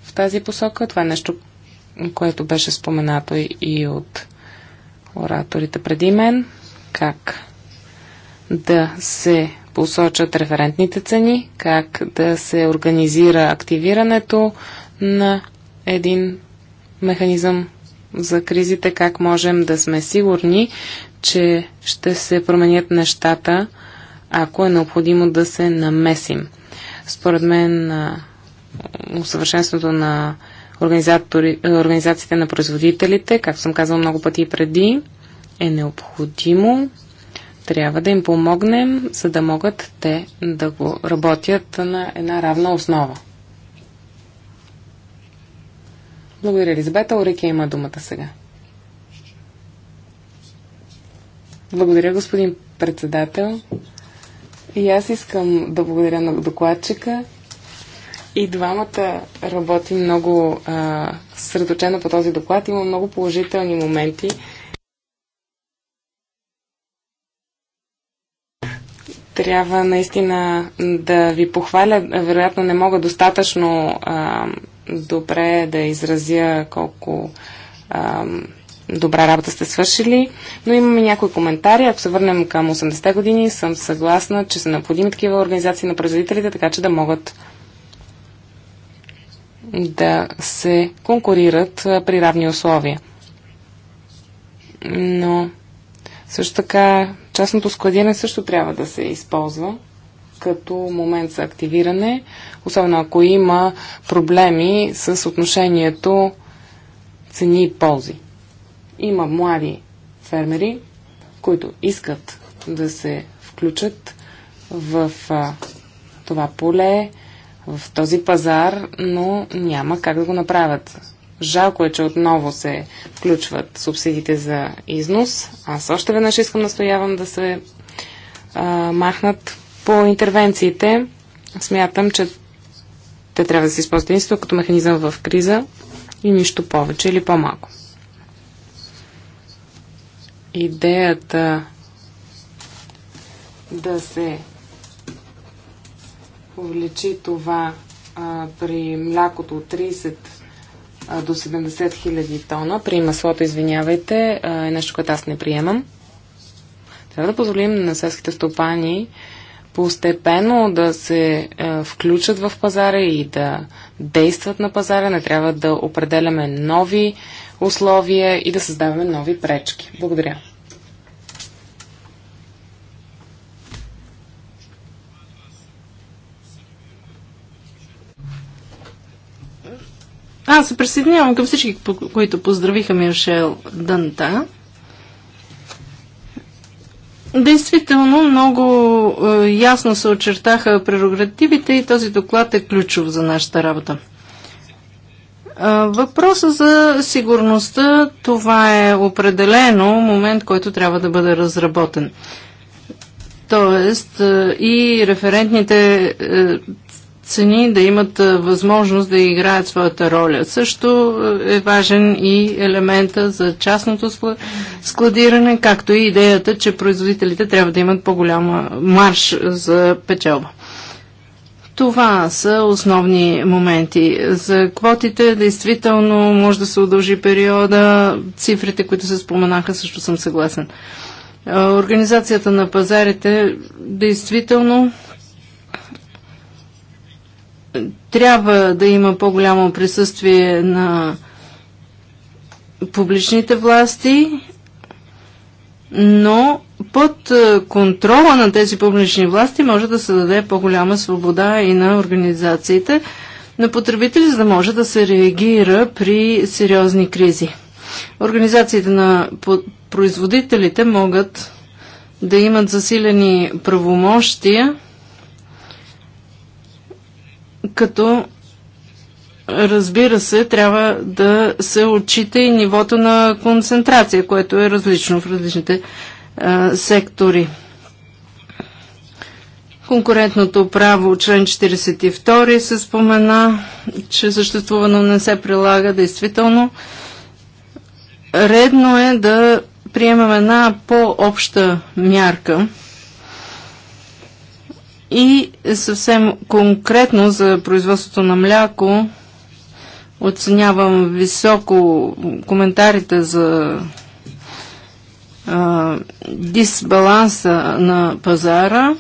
D: в тази посока. Това е нещо, което беше споменато и от ораторите преди мен. Как да се посочат референтните цени, как да се организира активирането на един механизъм за кризите, как можем да сме сигурни, че ще се променят нещата, ако е необходимо да се намесим. Според мен усъвършенството на организациите на производителите, както съм казал много пъти преди, е необходимо трябва да им помогнем, за да могат те да го работят на една равна основа. Благодаря, Елизабета. Орики има думата сега. Благодаря, господин председател. И аз искам да благодаря на докладчика. И двамата работим много а, средочено по този доклад. Има много положителни моменти. трябва наистина да ви похваля. Вероятно не мога достатъчно а, добре да изразя колко а, добра работа сте свършили, но имаме някои коментари. Ако се върнем към 80-те години, съм съгласна, че са необходими такива организации на производителите, така че да могат да се конкурират при равни условия. Но също така Частното складиране също трябва да се използва като момент за активиране, особено ако има проблеми с отношението цени и ползи. Има млади фермери, които искат да се включат в това поле, в този пазар, но няма как да го направят. Жалко е, че отново се включват субсидиите за износ. Аз още веднъж искам настоявам да се а, махнат по интервенциите. Смятам, че те трябва да се използват единствено като механизъм в криза и нищо повече или по-малко. Идеята да се увеличи това а, при млякото от 30 до 70 000 тона при маслото, извинявайте, е нещо, което аз не приемам. Трябва да позволим на селските стопани постепенно да се включат в пазара и да действат на пазара. Не трябва да определяме нови условия и да създаваме нови пречки. Благодаря.
C: Аз се присъединявам към всички, които поздравиха Мишел Данта. Действително много е, ясно се очертаха прерогативите и този доклад е ключов за нашата работа. Е, Въпросът за сигурността, това е определено момент, който трябва да бъде разработен. Тоест е, и референтните е, цени да имат възможност да играят своята роля. Също е важен и елемента за частното складиране, както и идеята, че производителите трябва да имат по-голяма марш за печелба. Това са основни моменти. За квотите действително може да се удължи периода. Цифрите, които се споменаха, също съм съгласен. Организацията на пазарите действително трябва да има по-голямо присъствие на публичните власти, но под е, контрола на тези публични власти може да се даде по-голяма свобода и на организациите на потребители, за да може да се реагира при сериозни кризи. Организациите на производителите могат да имат засилени правомощия като разбира се, трябва да се отчита и нивото на концентрация, което е различно в различните а, сектори. Конкурентното право, член 42 се спомена, че съществувано не се прилага действително. Редно е да приемаме една по-обща мярка – и съвсем конкретно за производството на мляко оценявам високо коментарите за а, дисбаланса на пазара.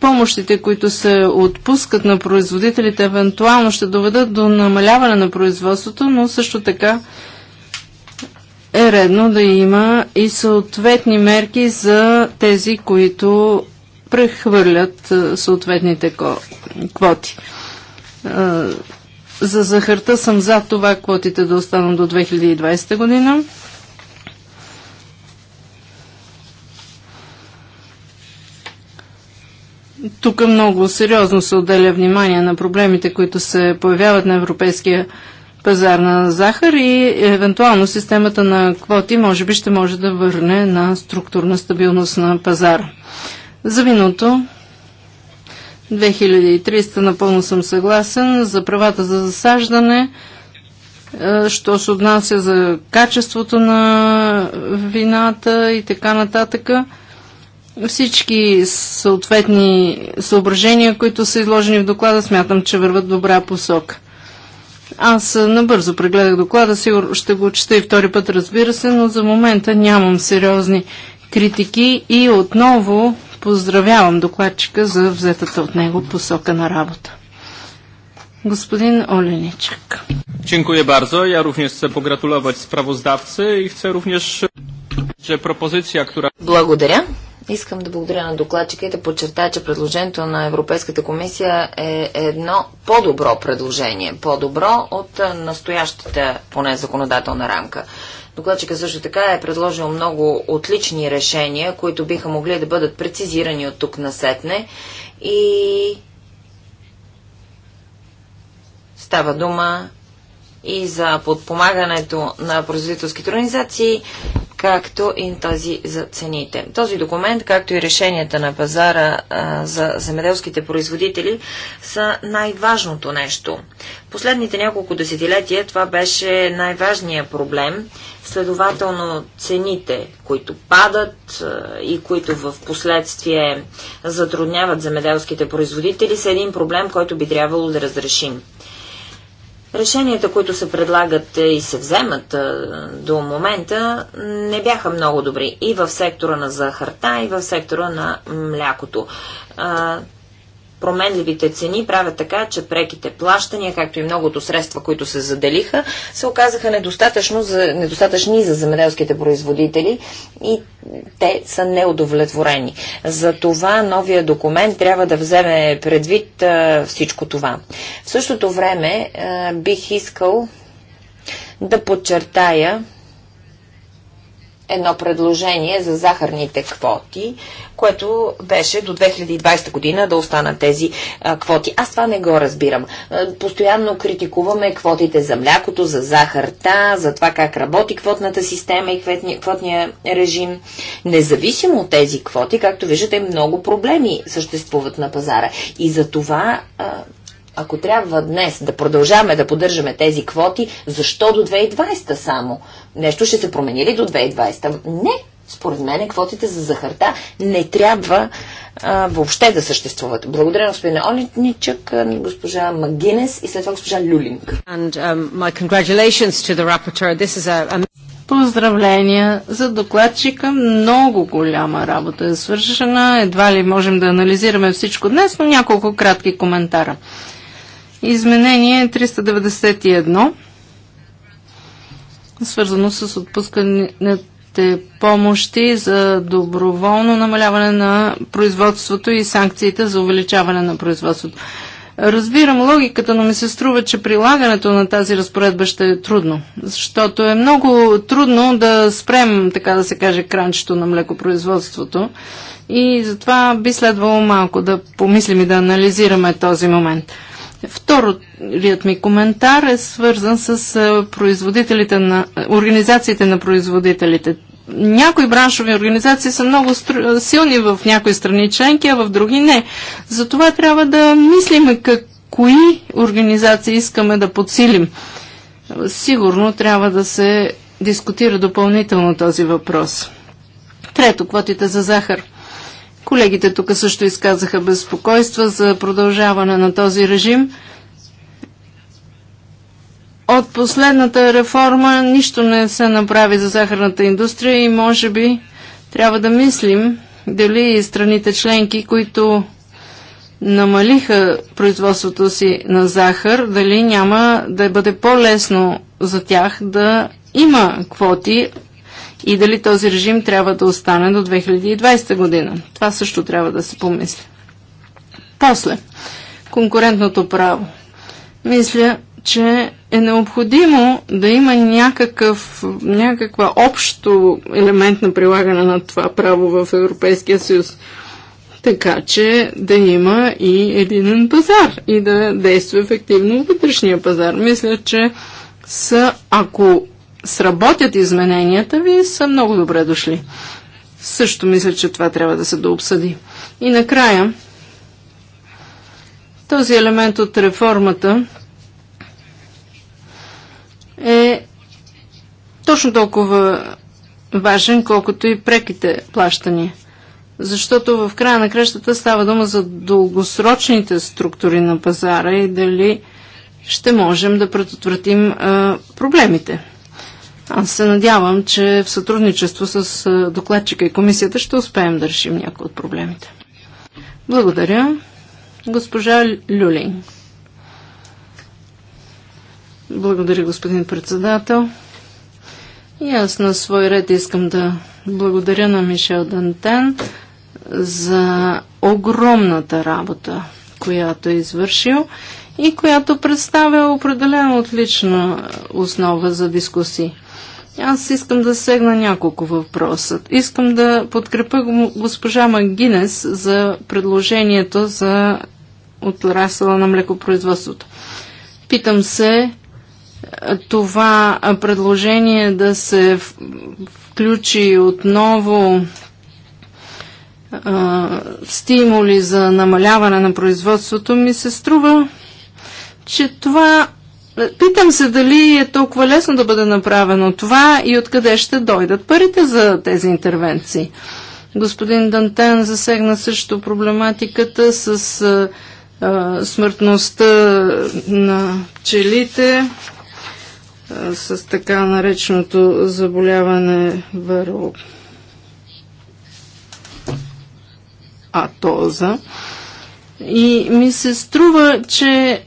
C: Помощите, които се отпускат на производителите, евентуално ще доведат до намаляване на производството, но също така е редно да има и съответни мерки за тези, които прехвърлят е, съответните квоти. Е, за захарта съм за това квотите да останат до 2020 година. Тук много сериозно се отделя внимание на проблемите, които се появяват на европейския пазар на захар и евентуално системата на квоти може би ще може да върне на структурна стабилност на пазара. За виното 2300 напълно съм съгласен. За правата за засаждане е, що се отнася за качеството на вината и така нататък. Всички съответни съображения, които са изложени в доклада, смятам, че върват добра посока. Аз набързо прегледах доклада, сигурно ще го чета и втори път, разбира се, но за момента нямам сериозни критики и отново поздравявам докладчика за взетата от него посока на работа. Господин Оленичек.
B: Dziękuję bardzo. Ja również chcę pogratulować sprawozdawcy i chcę również, że propozycja, która...
A: Благодаря. Искам да благодаря на докладчика и да подчертая, че предложението на Европейската комисия е едно по-добро предложение. По-добро от настоящата поне законодателна рамка. Докладчика също така е предложил много отлични решения, които биха могли да бъдат прецизирани от тук насетне и става дума и за подпомагането на производителските организации както и тази за цените. Този документ, както и решенията на пазара за земеделските производители, са най-важното нещо. Последните няколко десетилетия това беше най-важният проблем. Следователно цените, които падат и които в последствие затрудняват земеделските производители, са един проблем, който би трябвало да разрешим. Решенията, които се предлагат и се вземат до момента, не бяха много добри и в сектора на захарта, и в сектора на млякото променливите цени правят така, че преките плащания, както и многото средства, които се заделиха, се оказаха недостатъчно за, недостатъчни за земеделските производители и те са неудовлетворени. За това новия документ трябва да вземе предвид а, всичко това. В същото време а, бих искал да подчертая, едно предложение за захарните квоти, което беше до 2020 година да останат тези а, квоти. Аз това не го разбирам. постоянно критикуваме квотите за млякото, за захарта, за това как работи квотната система и квотния, квотния режим. Независимо от тези квоти, както виждате, много проблеми съществуват на пазара. И за това а, ако трябва днес да продължаваме да поддържаме тези квоти, защо до 2020 само? Нещо ще се промени ли до 2020? Не, според мен квотите за захарта не трябва а, въобще да съществуват. Благодаря на господин Олитничък, госпожа Магинес
C: и след това госпожа Люлинг. And, um, Поздравления за докладчика. Много голяма работа е свършена. Едва ли можем да анализираме всичко днес, но няколко кратки коментара. Изменение 391, свързано с отпусканите помощи за доброволно намаляване на производството и санкциите за увеличаване на производството. Разбирам логиката, но ми се струва, че прилагането на тази разпоредба ще е трудно, защото е много трудно да спрем, така да се каже, кранчето на млекопроизводството и затова би следвало малко да помислим и да анализираме този момент. Вторият ми коментар е свързан с производителите на, организациите на производителите. Някои браншови организации са много стру, силни в някои страни членки, а в други не. Затова трябва да мислим как, кои организации искаме да подсилим. Сигурно трябва да се дискутира допълнително този въпрос. Трето, квотите за захар. Колегите тук също изказаха безпокойства за продължаване на този режим. От последната реформа нищо не се направи за захарната индустрия и може би трябва да мислим дали страните членки, които намалиха производството си на захар, дали няма да бъде по-лесно за тях да има квоти и дали този режим трябва да остане до 2020 година. Това също трябва да се помисли. После, конкурентното право. Мисля, че е необходимо да има някакъв, някаква общо елемент на прилагане на това право в Европейския съюз. Така че да има и единен пазар и да действа ефективно вътрешния пазар. Мисля, че са, ако сработят измененията ви, са много добре дошли. Също мисля, че това трябва да се дообсъди. И накрая, този елемент от реформата е точно толкова важен, колкото и преките плащания. Защото в края на крещата става дума за дългосрочните структури на пазара и дали ще можем да предотвратим а, проблемите. Аз се надявам, че в сътрудничество с докладчика и комисията ще успеем да решим някои от проблемите. Благодаря. Госпожа Люлин. Благодаря, господин председател. И аз на свой ред искам да благодаря на Мишел Дантен за огромната работа, която е извършил и която представя определено отлична основа за дискусии. Аз искам да сегна няколко въпроса. Искам да подкрепа госпожа Магинес за предложението за отрасъла на млекопроизводството. Питам се е, това предложение да се включи отново е, стимули за намаляване на производството ми се струва че това... Е, питам се дали е толкова лесно да бъде направено това и откъде ще дойдат парите за тези интервенции. Господин Дантен засегна също проблематиката с а, е, а, е, смъртността на пчелите, а, с така нареченото заболяване веро атоза. И ми се струва, че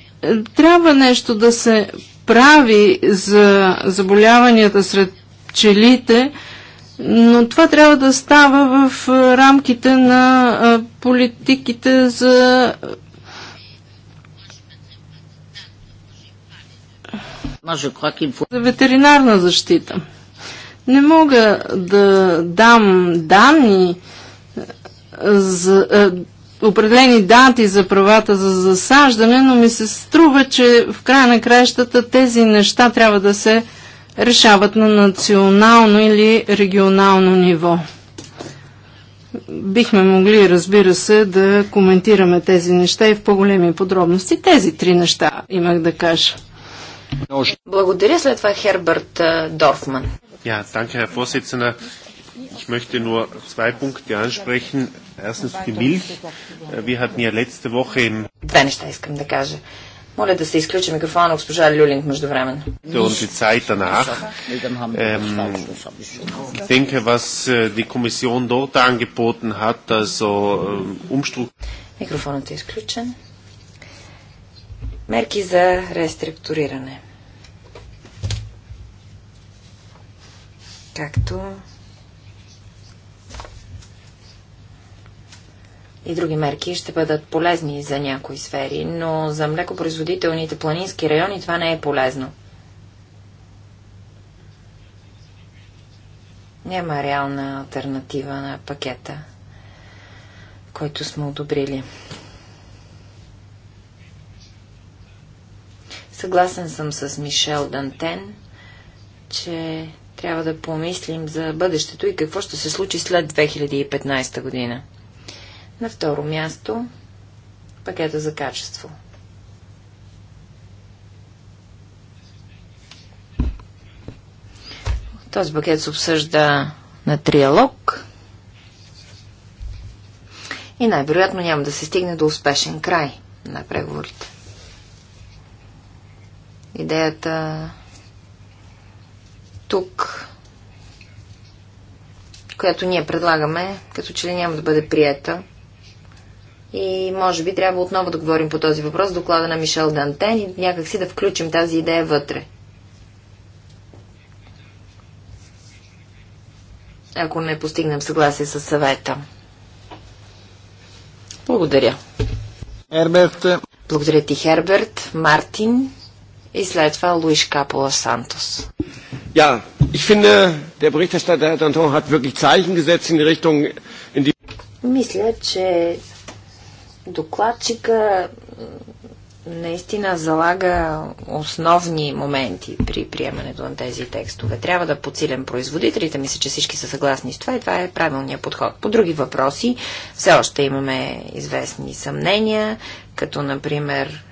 C: трябва нещо да се прави за заболяванията сред пчелите, но това трябва да става в рамките на политиките за за ветеринарна защита. Не мога да дам данни за, определени дати за правата за засаждане, но ми се струва, че в края на краищата тези неща трябва да се решават на национално или регионално ниво. Бихме могли, разбира се, да коментираме тези неща и в по-големи подробности. Тези три неща имах да кажа.
A: Благодаря след това Херберт Дорфман. Ja,
B: danke, Herr Vorsitzender. Ich möchte nur zwei Punkte ansprechen. Erstens die Milch. Wir hatten ja letzte Woche im...
A: Две неща искам да кажа. Моля да се изключи микрофона на госпожа Люлинг междувременно. Und die
B: Zeit danach. Ähm, ich denke, was die Kommission dort angeboten hat, also
A: Umstrukturierung. Микрофонът е изключен. Мерки за реструктуриране. Както и други мерки ще бъдат полезни за някои сфери, но за млекопроизводителните планински райони това не е полезно. Няма реална альтернатива на пакета, който сме одобрили. Съгласен съм с Мишел Дантен, че трябва да помислим за бъдещето и какво ще се случи след 2015 година. На второ място пакета за качество. Този пакет се обсъжда на триалог и най-вероятно няма да се стигне до успешен край на преговорите. Идеята тук, която ние предлагаме, като че ли няма да бъде приета, и може би трябва отново да говорим по този въпрос, доклада на Мишел Дантен и някакси да включим тази идея вътре. Ако не постигнем съгласие с съвета. Благодаря. Ерберт. Благодаря ти, Херберт. Мартин.
F: И след това Луиш Капола Сантос. Ja, ich finde, der Berichterstatter Herr Danton hat wirklich Zeichen gesetzt in die Richtung, in die... Мисля, че
A: Докладчика наистина залага основни моменти при приемането на тези текстове. Трябва да подсилям производителите, мисля, че всички са съгласни с това и това е правилният подход. По други въпроси все още имаме известни съмнения, като например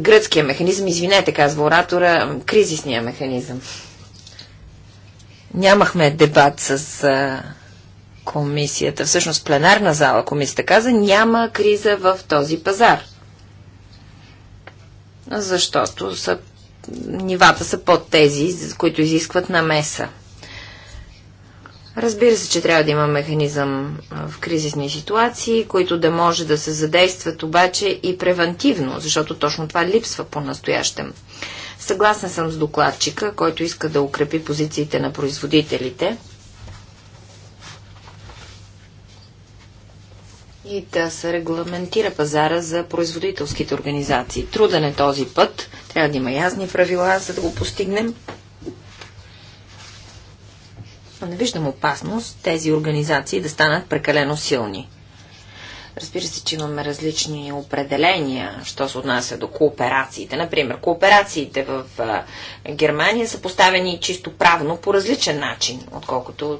A: гръцкия механизъм, извинете, казва оратора, кризисния механизъм. Нямахме дебат с комисията, всъщност пленарна зала, комисията каза, няма криза в този пазар. Защото са, нивата са под тези, които изискват намеса. Разбира се, че трябва да има механизъм в кризисни ситуации, които да може да се задействат обаче и превентивно, защото точно това липсва по-настоящем. Съгласна съм с докладчика, който иска да укрепи позициите на производителите и да се регламентира пазара за производителските организации. Труден е този път. Трябва да има ясни правила, за да го постигнем. Но не виждам опасност тези организации да станат прекалено силни. Разбира се, че имаме различни определения, що се отнася до кооперациите. Например, кооперациите в Германия са поставени чисто правно по различен начин, отколкото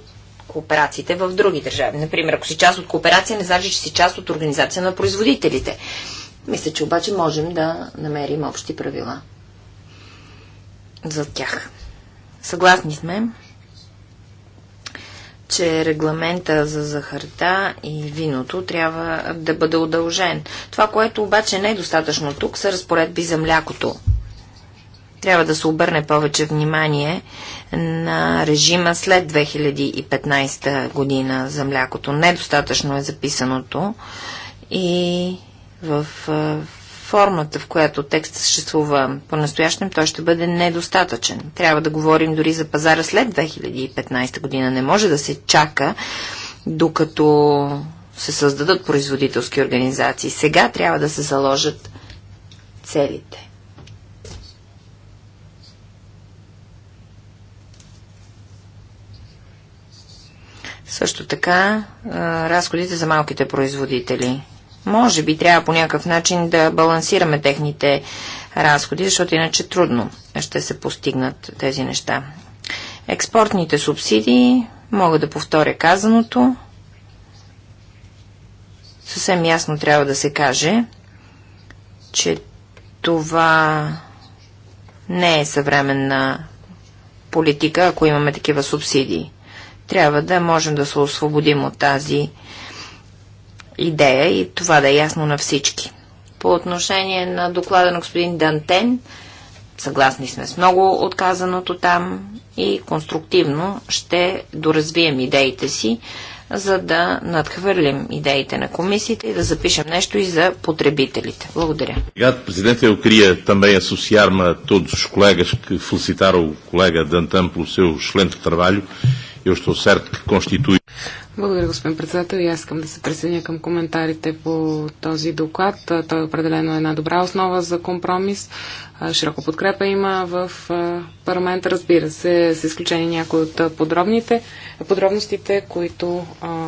A: кооперациите в други държави. Например, ако си част от кооперация, не значи, че си част от организация на производителите. Мисля, че обаче можем да намерим общи правила за тях. Съгласни сме, че регламента за захарта и виното трябва да бъде удължен. Това, което обаче не е достатъчно тук, са разпоредби за млякото. Трябва да се обърне повече внимание на режима след 2015 година за млякото. Недостатъчно е записаното и в формата, в която текст съществува по-настоящем, той ще бъде недостатъчен. Трябва да говорим дори за пазара след 2015 година. Не може да се чака докато се създадат производителски организации. Сега трябва да се заложат целите. Също така, разходите за малките производители. Може би трябва по някакъв начин да балансираме техните разходи, защото иначе трудно ще се постигнат тези неща. Експортните субсидии, мога да повторя казаното, съвсем ясно трябва да се каже, че това не е съвременна политика, ако имаме такива субсидии. Трябва да можем да се освободим от тази идея и това да е ясно на всички. По отношение на доклада на господин Дантен, съгласни сме с много отказаното там и конструктивно ще доразвием идеите си, за да надхвърлим идеите на комисията и да запишем нещо и за потребителите. Благодаря.
B: Сега президентът е queria também associar-me a колега os colegas que felicitaram o eu estou certo que constitui.
D: Благодаря, господин председател. И аз искам да се присъединя към коментарите по този доклад. Той е определено една добра основа за компромис. Широко подкрепа има в парламента, разбира се, с изключение някои от подробните, подробностите, които а,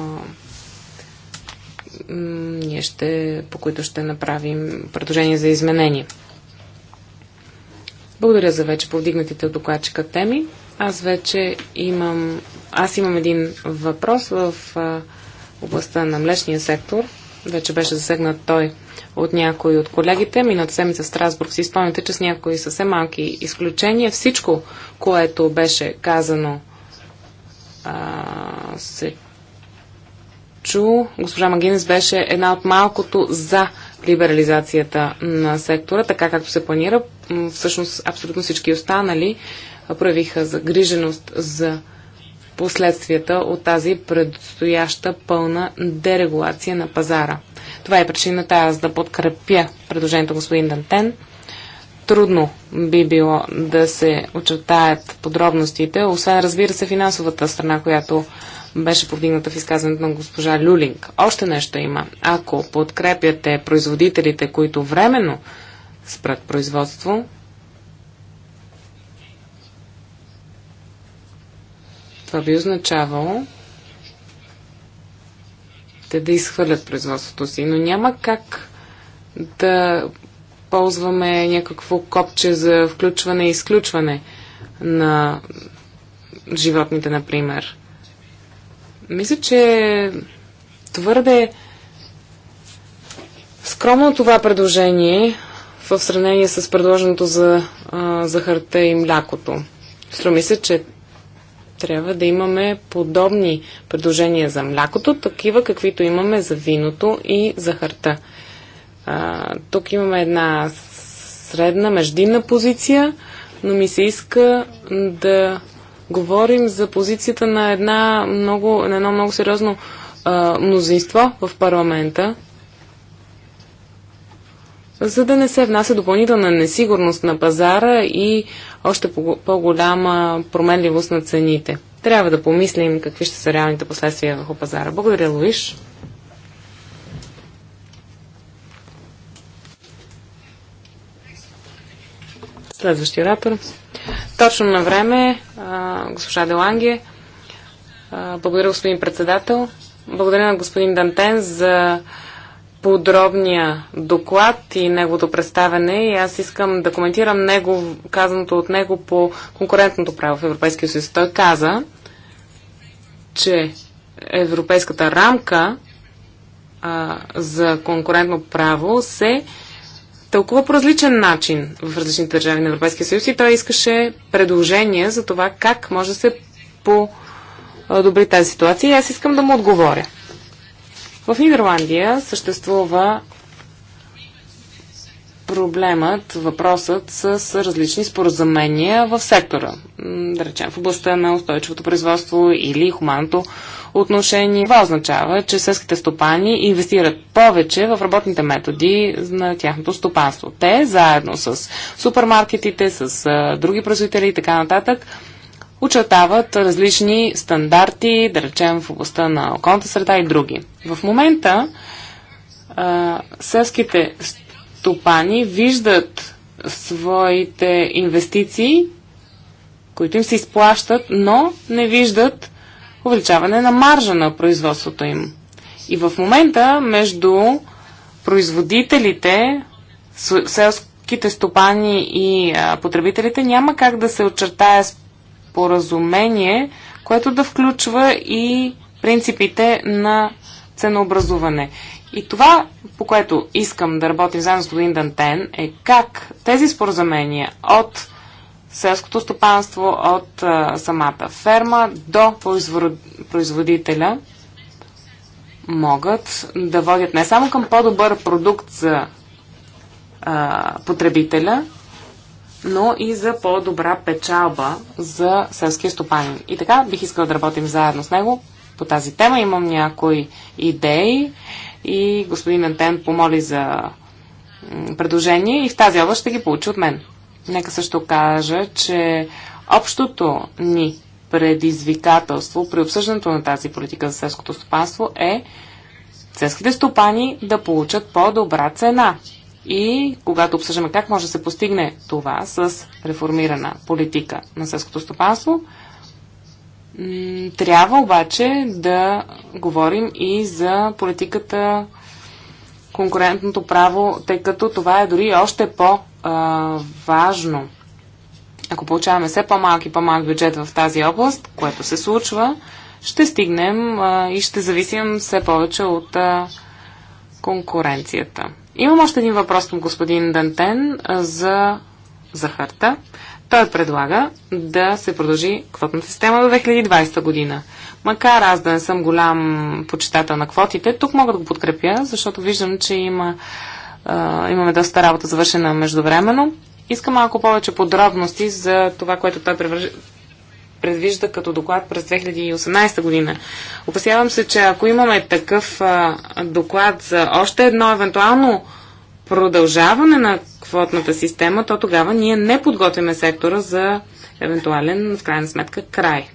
D: ние ще, по които ще направим предложение за изменение. Благодаря за вече повдигнатите от докладчика теми. Аз вече имам. Аз имам един въпрос в а, областта на млечния сектор. Вече беше засегнат той от някои от колегите. Миналата седмица в Страсбург си спомняте, че с някои съвсем малки изключения всичко, което беше казано, а, се чу. Госпожа Магинес беше една от малкото за либерализацията на сектора, така както се планира. Всъщност абсолютно всички останали проявиха загриженост за последствията от тази предстояща пълна дерегулация на пазара. Това е причината аз да подкрепя предложението господин Дантен. Трудно би било да се очертаят подробностите, освен разбира се финансовата страна, която беше повдигната в изказването на госпожа Люлинг. Още нещо има. Ако подкрепяте производителите, които временно спрат производство, Това би означавало те да изхвърлят производството си. Но няма как да ползваме някакво копче за включване и изключване на животните, например. Мисля, че твърде скромно това предложение в сравнение с предложеното за захарта и млякото. Струми се, че трябва да имаме подобни предложения за млякото, такива каквито имаме за виното и за харта. А, тук имаме една средна, междинна позиция, но ми се иска да говорим за позицията на, една много, на едно много сериозно а, мнозинство в парламента, за да не се внася допълнителна несигурност на пазара и още по-голяма по променливост на цените. Трябва да помислим какви ще са реалните последствия върху пазара. Благодаря, Луиш. Следващия рапор. Точно на време, госпожа Деланге. благодаря, господин председател. Благодаря на господин Дантен за подробния доклад и неговото представене и аз искам да коментирам него, казаното от него по конкурентното право в Европейския съюз. Той каза, че европейската рамка а, за конкурентно право се тълкува по различен начин в различните държави на Европейския съюз и той искаше предложение за това как може да се подобри тази ситуация и аз искам да му отговоря. В Нидерландия съществува проблемът, въпросът с различни споразумения в сектора. Да речем, в областта на устойчивото производство или хуманното отношение. Това означава, че сълските стопани инвестират повече в работните методи на тяхното стопанство. Те, заедно с супермаркетите, с други производители и така нататък, очертават различни стандарти, да речем в областта на околната среда и други. В момента селските стопани виждат своите инвестиции, които им се изплащат, но не виждат увеличаване на маржа на производството им. И в момента между производителите, селските стопани и потребителите няма как да се очертая споразумение, което да включва и принципите на ценообразуване. И това, по което искам да работим заедно с господин Дантен, е как тези споразумения от селското стопанство, от а, самата ферма до производителя могат да водят не само към по-добър продукт за а, потребителя, но и за по-добра печалба за селския стопанин. И така бих искала да работим заедно с него по тази тема. Имам някои идеи и господин Антен помоли за предложение и в тази област ще ги получи от мен. Нека също кажа, че общото ни предизвикателство при обсъждането на тази политика за селското стопанство е селските стопани да получат по-добра цена и когато обсъждаме как може да се постигне това с реформирана политика на селското стопанство, трябва обаче да говорим и за политиката конкурентното право, тъй като това е дори още по-важно. Ако получаваме все по-малки и по-малък бюджет в тази област, което се случва, ще стигнем и ще зависим все повече от конкуренцията. Имам още един въпрос към господин Дантен за захарта. Той предлага да се продължи квотната система до 2020 година. Макар аз да не съм голям почитател на квотите, тук мога да го подкрепя, защото виждам, че има, е, имаме доста работа завършена междувременно. Искам малко повече подробности за това, което той предвижда като доклад през 2018 година. Опасявам се, че ако имаме такъв а, доклад за още едно евентуално продължаване на квотната система, то тогава ние не подготвяме сектора за евентуален, в крайна сметка, край.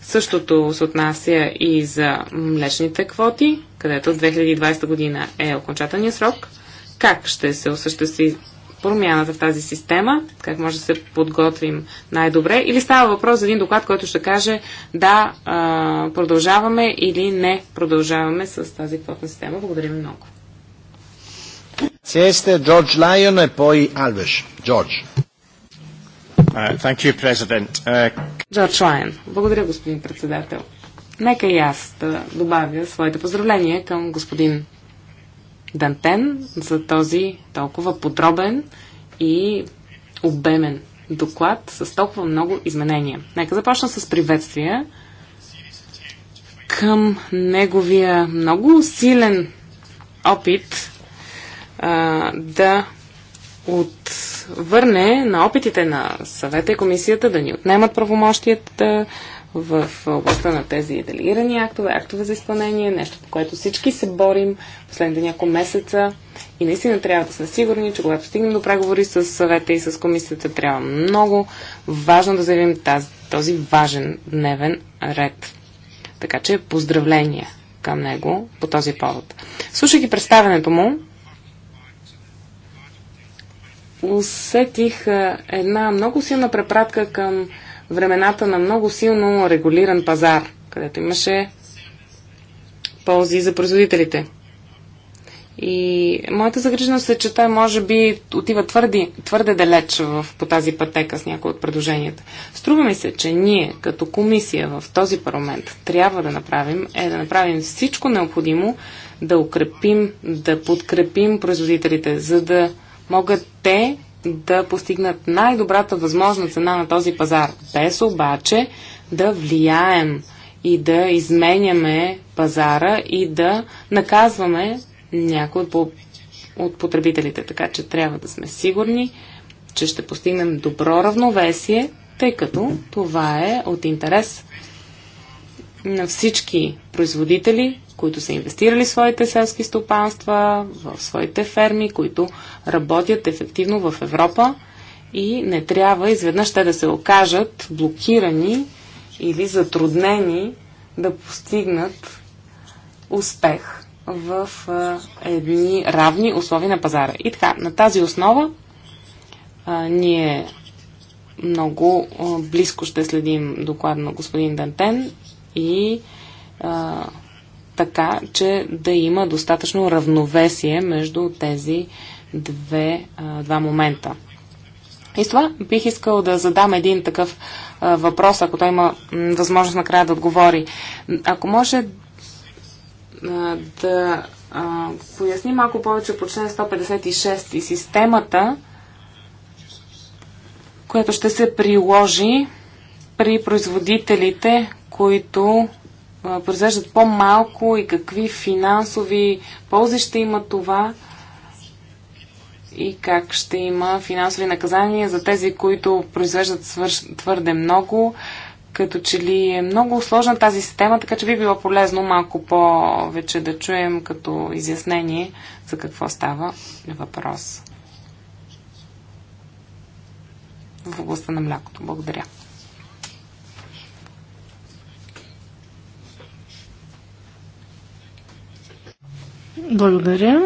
D: Същото се отнася и за млечните квоти, където 2020 година е окончателният срок. Как ще се осъществи промяната в тази система, как може да се подготвим най-добре, или става въпрос за един доклад, който ще каже да, а, продължаваме или не продължаваме с тази квотна система. Благодаря ви много.
B: Сесте Джордж Лайон и пой Алвеш. Джордж.
D: Джордж Лайон. Благодаря, господин председател. Нека и аз да добавя своите поздравления към господин Дантен за този толкова подробен и обемен доклад с толкова много изменения. Нека започна с приветствия към неговия много силен опит а, да отвърне на опитите на съвета и комисията да ни отнемат правомощията, в областта на тези делегирани актове, актове за изпълнение, нещо по което всички се борим последните няколко месеца. И наистина трябва да сме сигурни, че когато стигнем до преговори с съвета и с комисията, трябва много важно да заявим тази, този важен дневен ред. Така че поздравления към него по този повод. Слушайки представенето му, усетих една много силна препратка към времената на много силно регулиран пазар, където имаше ползи за производителите. И моята загриженост е, че той може би отива твърди, твърде далеч в, по тази пътека с някои от предложенията. Струва ми се, че ние като комисия в този парламент трябва да направим е да направим всичко необходимо да укрепим, да подкрепим производителите, за да могат те да постигнат най-добрата възможна цена на този пазар, без обаче да влияем и да изменяме пазара и да наказваме някой от потребителите. Така че трябва да сме сигурни, че ще постигнем добро равновесие, тъй като това е от интерес на всички производители, които са инвестирали в своите селски стопанства, в своите ферми, които работят ефективно в Европа и не трябва изведнъж те да се окажат блокирани или затруднени да постигнат успех в едни равни условия на пазара. И така, на тази основа а, ние много близко ще следим доклад на господин Дантен и а, така че да има достатъчно равновесие между тези две, два момента. И с това бих искал да задам един такъв въпрос, ако той има възможност накрая да отговори. Ако може да поясни малко повече по член 156 и системата, която ще се приложи при производителите, които произвеждат по-малко и какви финансови ползи ще има това и как ще има финансови наказания за тези, които произвеждат свърш... твърде много. Като че ли е много сложна тази система, така че би било полезно малко повече да чуем като изяснение за какво става въпрос в областта на млякото. Благодаря.
C: Благодаря.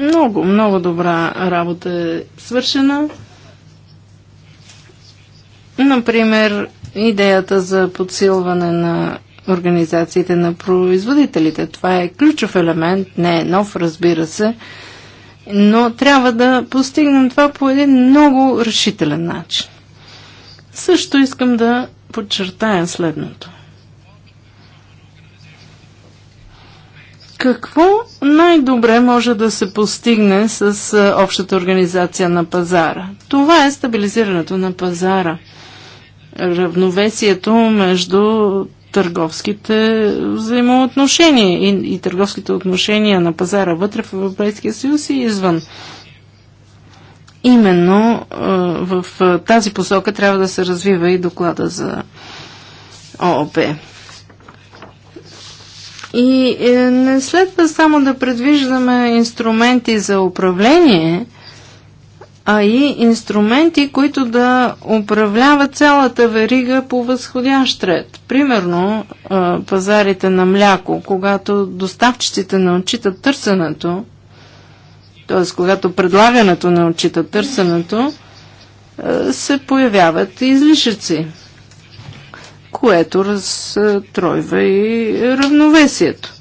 C: Много, много добра работа е свършена. Например, идеята за подсилване на организациите на производителите. Това е ключов елемент, не е нов, разбира се, но трябва да постигнем това по един много решителен начин. Също искам да подчертая следното. Какво най-добре може да се постигне с общата организация на пазара? Това е стабилизирането на пазара. Равновесието между търговските взаимоотношения и, и търговските отношения на пазара вътре в Европейския съюз и извън. Именно в тази посока трябва да се развива и доклада за ООП. И е, не следва само да предвиждаме инструменти за управление, а и инструменти, които да управляват цялата верига по възходящ ред. Примерно е, пазарите на мляко, когато доставчиците не отчитат търсенето, т.е. когато предлагането не отчита търсенето, е, се появяват излишъци което разтройва и равновесието.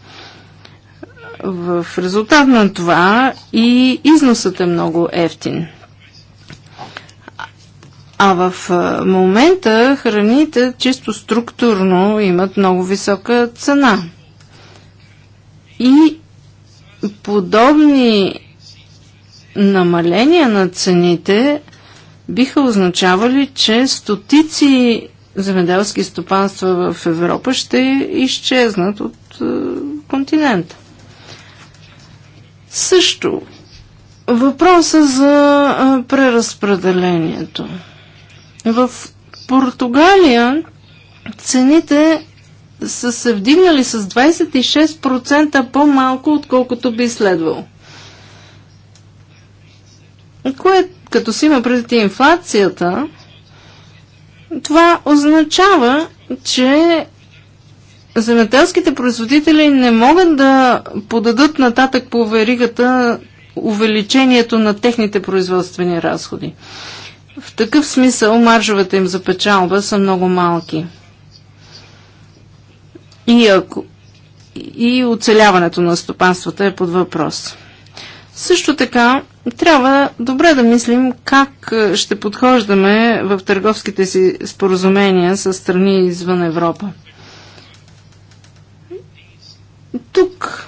C: В резултат на това и износът е много ефтин. А в момента храните чисто структурно имат много висока цена. И подобни намаления на цените биха означавали, че стотици земеделски стопанства в Европа ще изчезнат от е, континента. Също въпроса за е, преразпределението. В Португалия цените са се вдигнали с 26% по-малко, отколкото би следвало. Кое, като си има преди инфлацията, това означава, че земеделските производители не могат да подадат нататък по веригата увеличението на техните производствени разходи. В такъв смисъл маржовете им за печалба са много малки. И, ако, и оцеляването на стопанствата е под въпрос. Също така, трябва добре да мислим как е, ще подхождаме в търговските си споразумения с страни извън Европа. Тук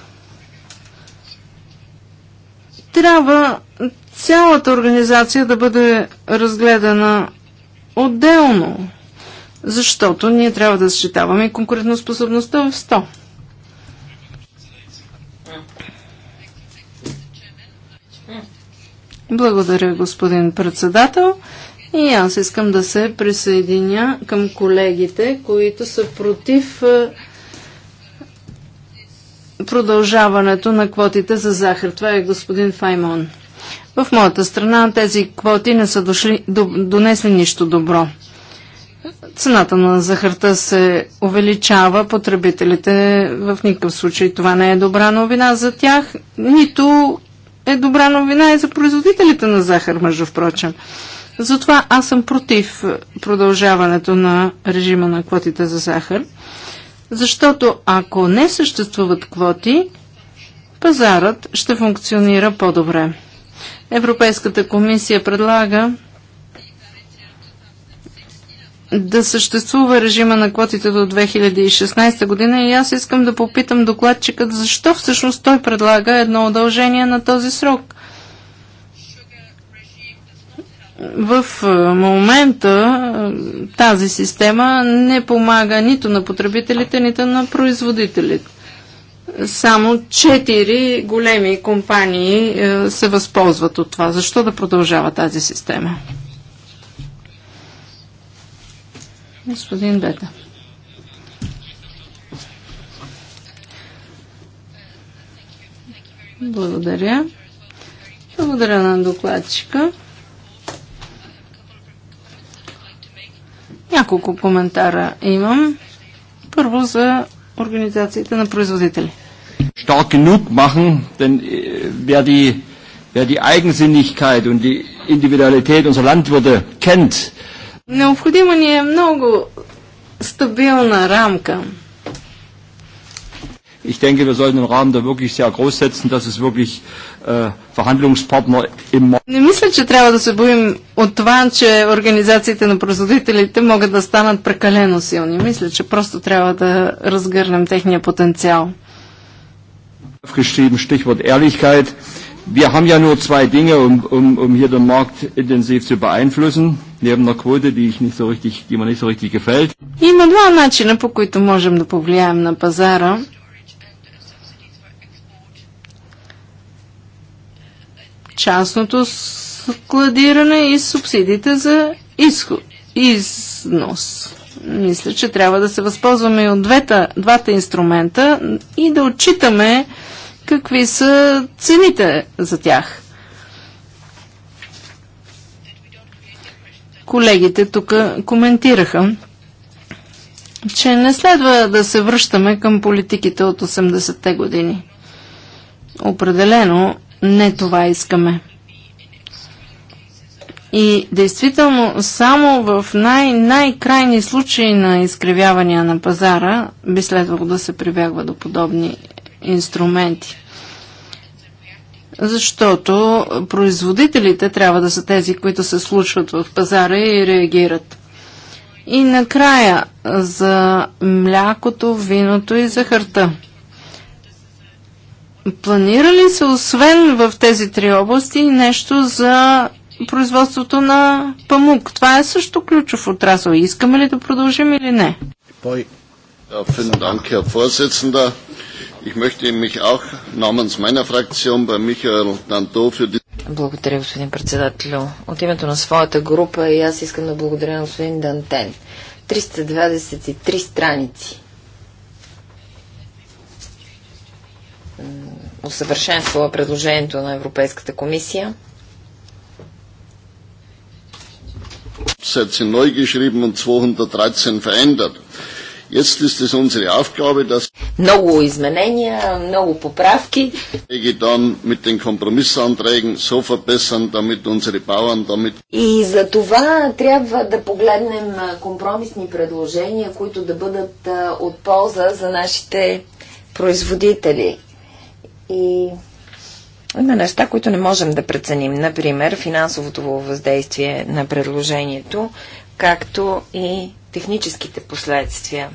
C: трябва цялата организация да бъде разгледана отделно, защото ние трябва да защитаваме конкурентоспособността в 100. Благодаря, господин председател. И аз искам да се присъединя към колегите, които са против е, продължаването на квотите за захар. Това е господин Файмон. В моята страна тези квоти не са дошли, донесли нищо добро. Цената на захарта се увеличава, потребителите в никакъв случай това не е добра новина за тях, нито е добра новина и за производителите на захар, между впрочем. Затова аз съм против продължаването на режима на квотите за захар, защото ако не съществуват квоти, пазарът ще функционира по-добре. Европейската комисия предлага да съществува режима на квотите до 2016 година и аз искам да попитам докладчикът защо всъщност той предлага едно удължение на този срок. В е, момента е, тази система не помага нито на потребителите, нито на производителите. Само четири големи компании е, се възползват от това. Защо да продължава тази система? Господин Бета. Благодаря. Благодаря на докладчика. Няколко коментара имам. Първо
F: за организациите на производители. Stark genug machen, denn äh, wer die, wer die Eigensinnigkeit und die Individualität unserer Landwirte kennt,
C: Необходима ни е много стабилна рамка.
F: Ich denke, wir sollten den Rahmen da wirklich sehr groß setzen, dass es wirklich äh, Verhandlungspartner im Не мисля, че трябва да се боим от това, че
C: организациите на производителите могат да станат прекалено силни. Мисля, че просто трябва да разгърнем техния потенциал.
F: Stichwort Ehrlichkeit. Wir haben ja nur zwei Dinge, um, um, um hier den Markt intensiv zu beeinflussen. Neben der Quote, die, ich nicht so richtig, die mir nicht so richtig gefällt. Има два начина, по които можем да
C: повлияем на пазара. Частното складиране и субсидиите за изход, износ. Мисля, че трябва да се възползваме и от двата, двата инструмента и да отчитаме а, какви са цените за тях. Колегите тук коментираха, че не следва да се връщаме към политиките от 80-те години. Определено не това искаме. И действително само в най-най-крайни случаи на изкривявания на пазара би следвало да се прибягва до подобни инструменти. Защото производителите трябва да са тези, които се случват в пазара и реагират. И накрая за млякото, виното и захарта. Планира ли се, освен в тези три области, нещо за производството на памук? Това е също ключов отрасъл. Искаме ли да продължим или не?
E: Ich möchte mich auch namens meiner Fraktion bei Michael Danto für die Благодаря, господин председателю.
A: От името на своята група и аз искам да благодаря на господин Дантен. 323 страници. Усъвършенства предложението на Европейската комисия.
E: Sätze neu geschrieben und 213 verändert. Много изменения, много поправки.
A: И за това трябва да погледнем компромисни предложения, които да бъдат от полза за нашите производители. И има неща, които не можем да преценим. Например, финансовото въздействие на предложението, както и техническите последствия.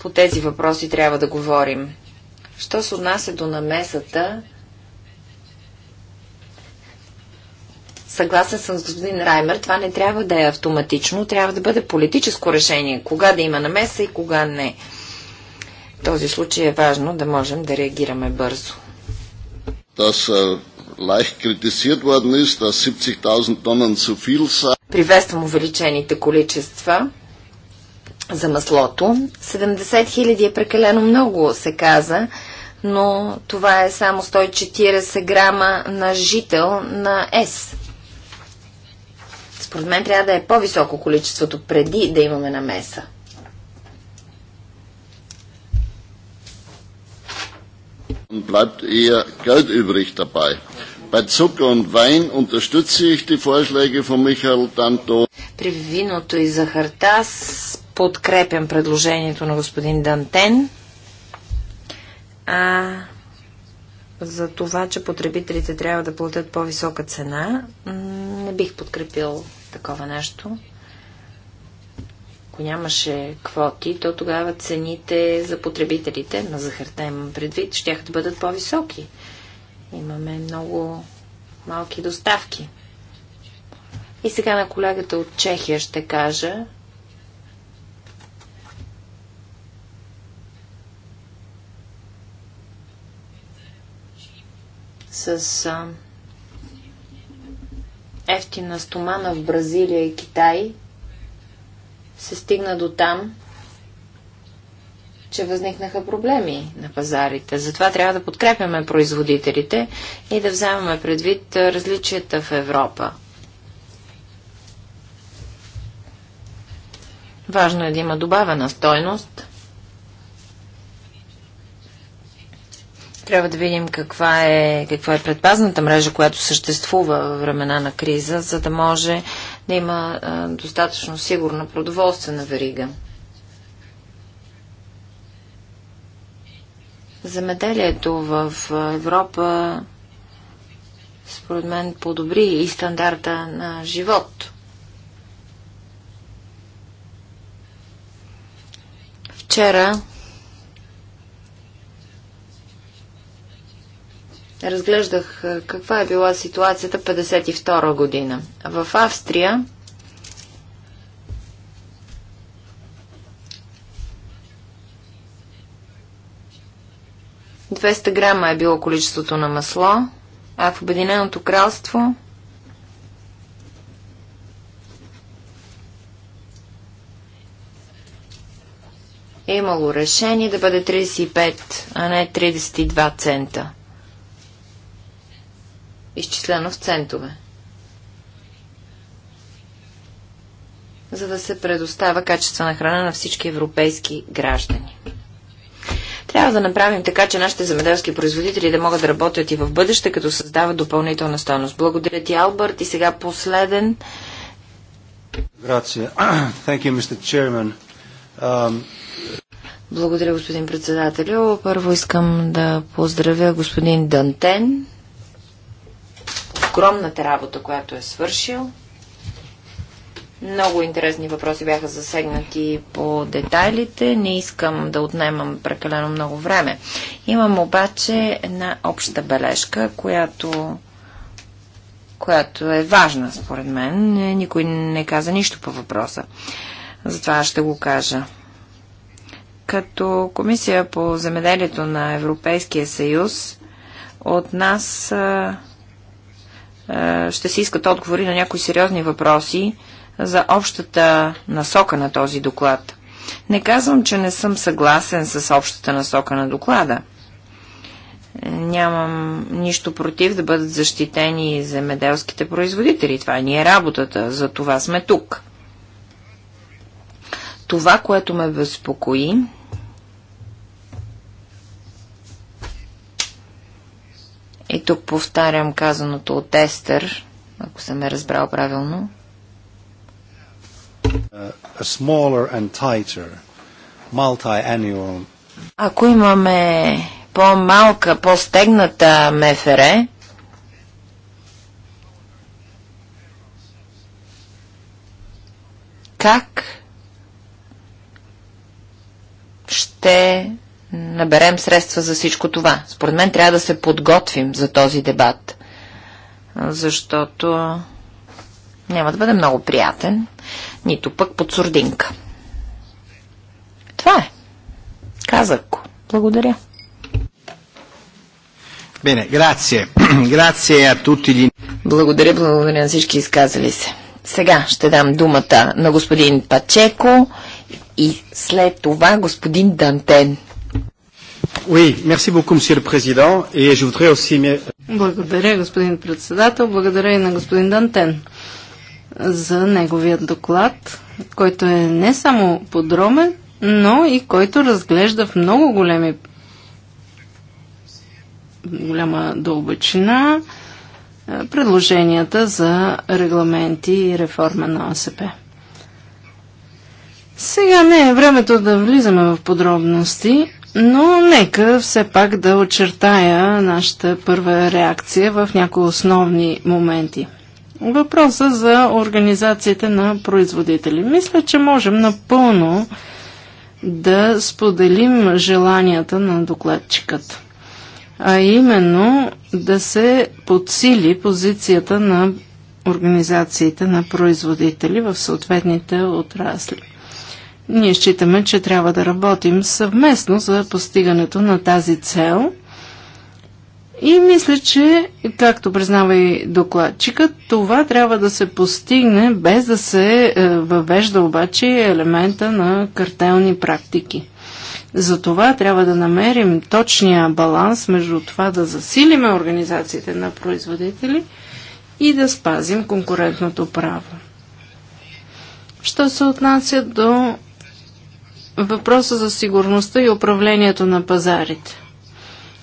A: По тези въпроси трябва да говорим. Що се отнася до намесата, съгласен съм с господин Раймер, това не трябва да е автоматично, трябва да бъде политическо решение, кога да има намеса и кога не. В този случай е важно да можем да реагираме бързо. Е, Приветствам увеличените количества за маслото. 70 000 е прекалено много, се каза, но това е само 140 грама на жител на С. Според мен трябва да е по-високо количеството преди да имаме намеса.
E: bleibt eher Geld übrig dabei. Bei Zucker und Wein unterstütze ich die Vorschläge von Michael Danto.
A: При виното и захарта подкрепям предложението на господин Дантен, а за това, че потребителите трябва да платят по-висока цена, не бих подкрепил такова нещо. Ако нямаше квоти, то тогава цените за потребителите на захарта имам предвид, ще да бъдат по-високи. Имаме много малки доставки. И сега на колегата от Чехия ще кажа, с а, ефтина стомана в Бразилия и Китай, се стигна до там, че възникнаха проблеми на пазарите. Затова трябва да подкрепяме производителите и да вземаме предвид различията в Европа. Важно е да има добавена стойност Трябва да видим каква е, каква е предпазната мрежа, която съществува в времена на криза, за да може да има а, достатъчно сигурна продоволствена верига. Замеделието в Европа според мен подобри и стандарта на живот. Вчера разглеждах каква е била ситуацията 52 година. В Австрия Двеста грама е било количеството на масло, а в Обединеното кралство е имало решение да бъде 35, а не 32 цента изчислено в центове. за да се предоставя качествена храна на всички европейски граждани. Трябва да направим така, че нашите земеделски производители да могат да работят и в бъдеще, като създават допълнителна стойност. Благодаря ти, Албърт. И сега последен.
F: You, um...
A: Благодаря, господин председател. Първо искам да поздравя господин Дантен огромната работа, която е свършил. Много интересни въпроси бяха засегнати по детайлите. Не искам да отнемам прекалено много време. Имам обаче една обща бележка, която, която е важна според мен. Е, никой не каза нищо по въпроса. Затова ще го кажа. Като Комисия по земеделието на Европейския съюз, от нас е, ще се искат отговори на някои сериозни въпроси за общата насока на този доклад. Не казвам, че не съм съгласен с общата насока на доклада. Е, нямам нищо против да бъдат защитени земеделските производители. Това ни е работата. За това сме тук. Това, което ме безпокои, И тук повтарям казаното от Естер, ако съм е разбрал правилно. Ако имаме по-малка, по-стегната МФР, как ще наберем средства за всичко това. Според мен трябва да се подготвим за този дебат, защото няма да бъде много приятен, нито пък под сурдинка. Това е. Казах го. Благодаря. Bene, grazie. grazie a tutti gli... Благодаря, благодаря на всички изказали се. Сега ще дам думата на господин Пачеко и след това господин Дантен. Oui, merci beaucoup, monsieur le président, et je voudrais aussi...
C: Благодаря, господин председател. Благодаря и на господин Дантен за неговият доклад, който е не само подромен, но и който разглежда в много големи голяма дълбочина е, предложенията за регламенти и реформа на ОСП. Сега не е времето да влизаме в подробности, но нека все пак да очертая нашата първа реакция в някои основни моменти. Въпроса за организациите на производители. Мисля, че можем напълно да споделим желанията на докладчикът. А именно да се подсили позицията на организациите на производители в съответните отрасли. Ние считаме, че трябва да работим съвместно за постигането на тази цел. И мисля, че, както признава и докладчикът, това трябва да се постигне без да се е, въвежда обаче елемента на картелни практики. Затова трябва да намерим точния баланс между това да засилиме организациите на производители и да спазим конкурентното право. Що се отнася до въпроса за сигурността и управлението на пазарите.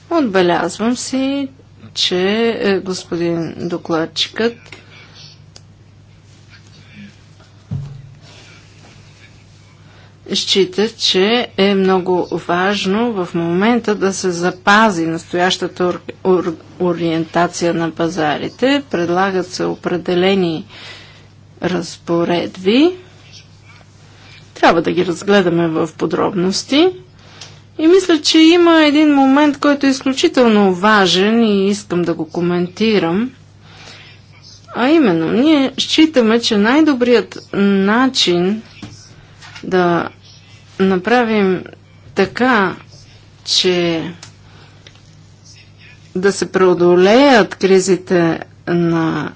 C: Отбелязвам си, че е, господин докладчикът счита, че е много важно в момента да се запази настоящата ор... Ор... ориентация на пазарите. Предлагат се определени разпоредви. Трябва да ги разгледаме в подробности. И мисля, че има един момент, който е изключително важен и искам да го коментирам. А именно, ние считаме, че най-добрият начин да направим така, че да се преодолеят кризите на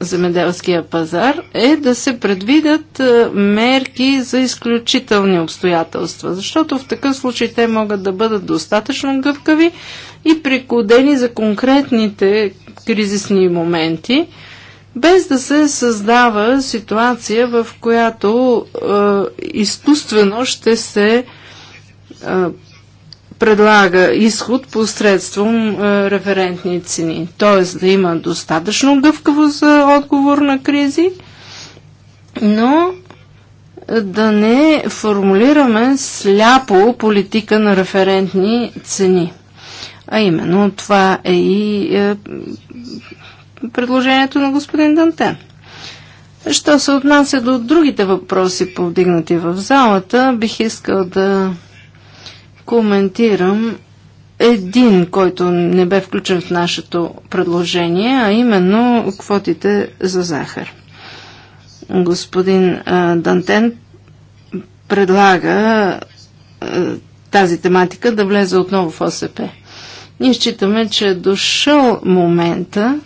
C: земеделския пазар е да се предвидят е, мерки за изключителни обстоятелства, защото в такъв случай те могат да бъдат достатъчно гъвкави и прикодени за конкретните кризисни моменти, без да се създава ситуация, в която е, изкуствено ще се е, предлага изход посредством е, референтни цени. Т.е. да има достатъчно гъвкаво за отговор на кризи, но да не формулираме сляпо политика на референтни цени. А именно това е и е, предложението на господин Дантен. Що се отнася до другите въпроси, повдигнати в залата, бих искал да коментирам един, който не бе включен в нашето предложение, а именно квотите за захар. Господин Дантен предлага тази тематика да влезе отново в ОСП. Ние считаме, че е дошъл момента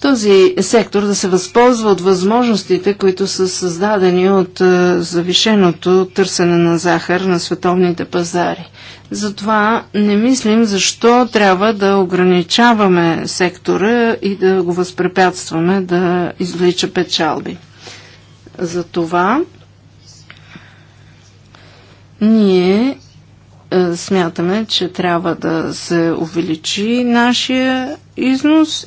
C: този сектор да се възползва от възможностите, които са създадени от е, завишеното търсене на захар на световните пазари. Затова не мислим защо трябва да ограничаваме сектора и да го възпрепятстваме да извлича печалби. Затова ние е, смятаме, че трябва да се увеличи нашия износ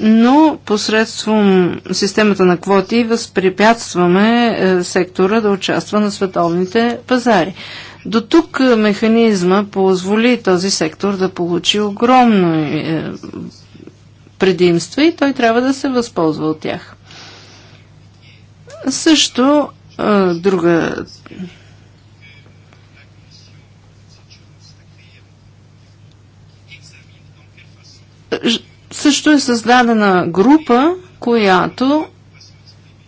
C: но посредством системата на квоти възпрепятстваме е, сектора да участва на световните пазари. До тук е, механизма позволи този сектор да получи огромно е, предимства и той трябва да се възползва от тях. Също друга също е създадена група, която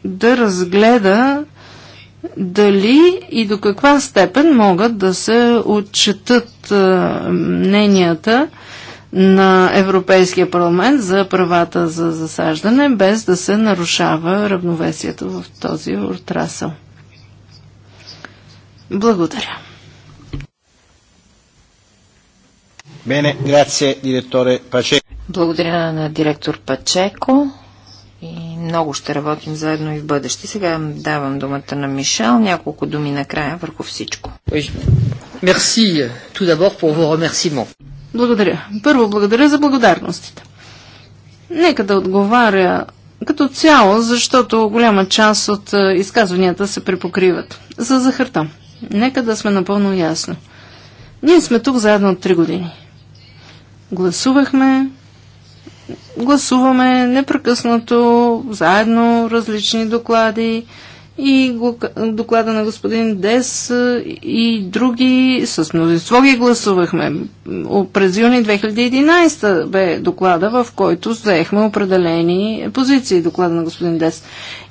C: да разгледа дали и до каква степен могат да се отчетат мненията на Европейския парламент за правата за засаждане, без да се нарушава равновесието в този отрасъл. Благодаря.
B: Bene, grazie direttore Pace.
A: Благодаря на директор Пачеко и много ще работим заедно и в бъдеще. Сега давам думата на Мишел. Няколко думи накрая върху всичко. Мерси, tout
C: Благодаря. Първо благодаря за благодарностите. Нека да отговаря като цяло, защото голяма част от е, изказванията се препокриват. За захарта. Нека да сме напълно ясно. Ние сме тук заедно от три години. Гласувахме, гласуваме непрекъснато, заедно различни доклади и доклада на господин Дес и други с мнозинство ги гласувахме. През юни 2011 бе доклада, в който заехме определени позиции, доклада на господин Дес.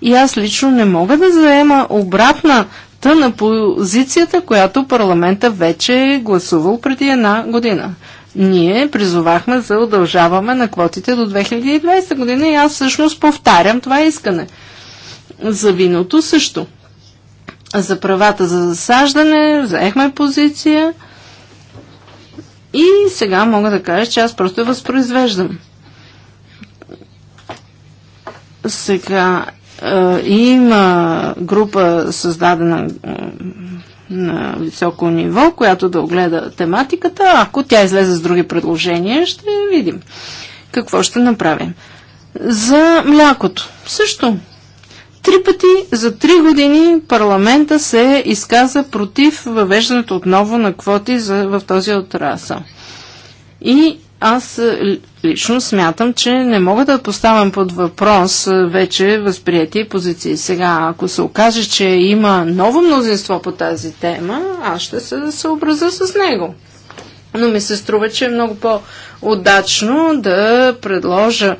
C: И аз лично не мога да заема обратната на позицията, която парламента вече е гласувал преди една година. Ние призовахме за удължаваме на квотите до 2020 година и аз всъщност повтарям това искане. За виното също. За правата за засаждане заехме позиция и сега мога да кажа, че аз просто възпроизвеждам. Сега е, има група създадена на високо ниво, която да огледа тематиката. Ако тя излезе с други предложения, ще видим какво ще направим. За млякото. Също. Три пъти за три години парламента се изказа против въвеждането отново на квоти за, в този отрасъл. И аз е, лично смятам, че не мога да поставям под въпрос е, вече възприятие позиции. Сега, ако се окаже, че има ново мнозинство по тази тема, аз ще се съобразя с него. Но ми се струва, че е много по-удачно да предложа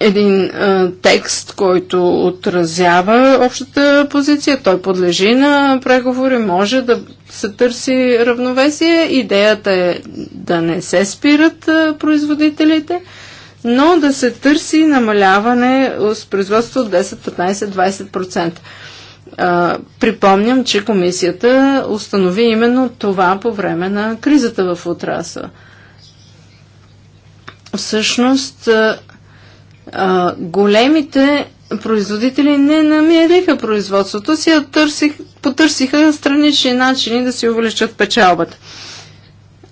C: един а, текст, който отразява общата позиция. Той подлежи на преговори, може да се търси равновесие. Идеята е да не се спират а, производителите, но да се търси намаляване с производство от 10, 15, 20%. А, припомням, че комисията установи именно това по време на кризата в отраса. Всъщност, а, големите производители не намериха производството си, а търсих, потърсиха странични начини да си увеличат печалбата.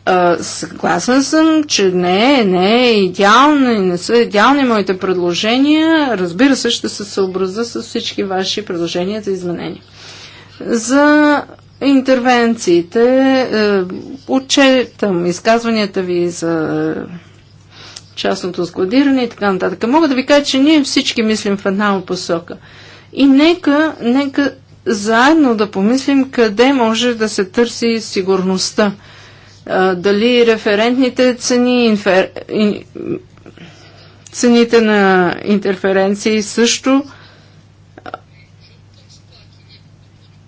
C: А, съгласен съм, че не, е, не е идеално и не са идеални моите предложения. Разбира се, ще се съобразя с всички ваши предложения за изменения. За интервенциите, е, отчетам изказванията ви за частното складиране и така нататък. Мога да ви кажа, че ние всички мислим в една посока. И нека, нека заедно да помислим къде може да се търси сигурността. А, дали референтните цени, инфер... ин... цените на интерференции също.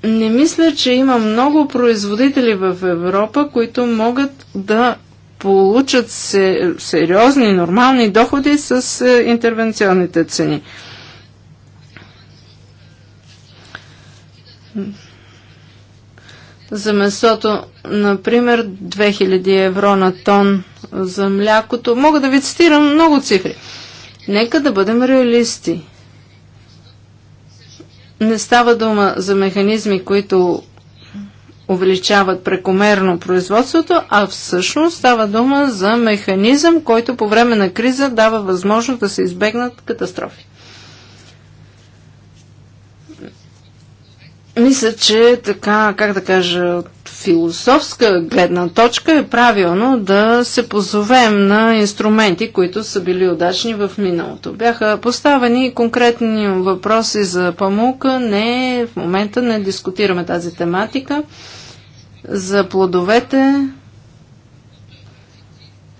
C: Не мисля, че има много производители в Европа, които могат да получат се, сериозни, нормални доходи с е, интервенционните цени. За месото, например, 2000 евро на тон за млякото. Мога да ви цитирам много цифри. Нека да бъдем реалисти. Не става дума за механизми, които увеличават прекомерно производството, а всъщност става дума за механизъм, който по време на криза дава възможност да се избегнат катастрофи. Мисля, че така, как да кажа, от философска гледна точка е правилно да се позовем на инструменти, които са били удачни в миналото. Бяха поставени конкретни въпроси за памука. Не, в момента не дискутираме тази тематика. За плодовете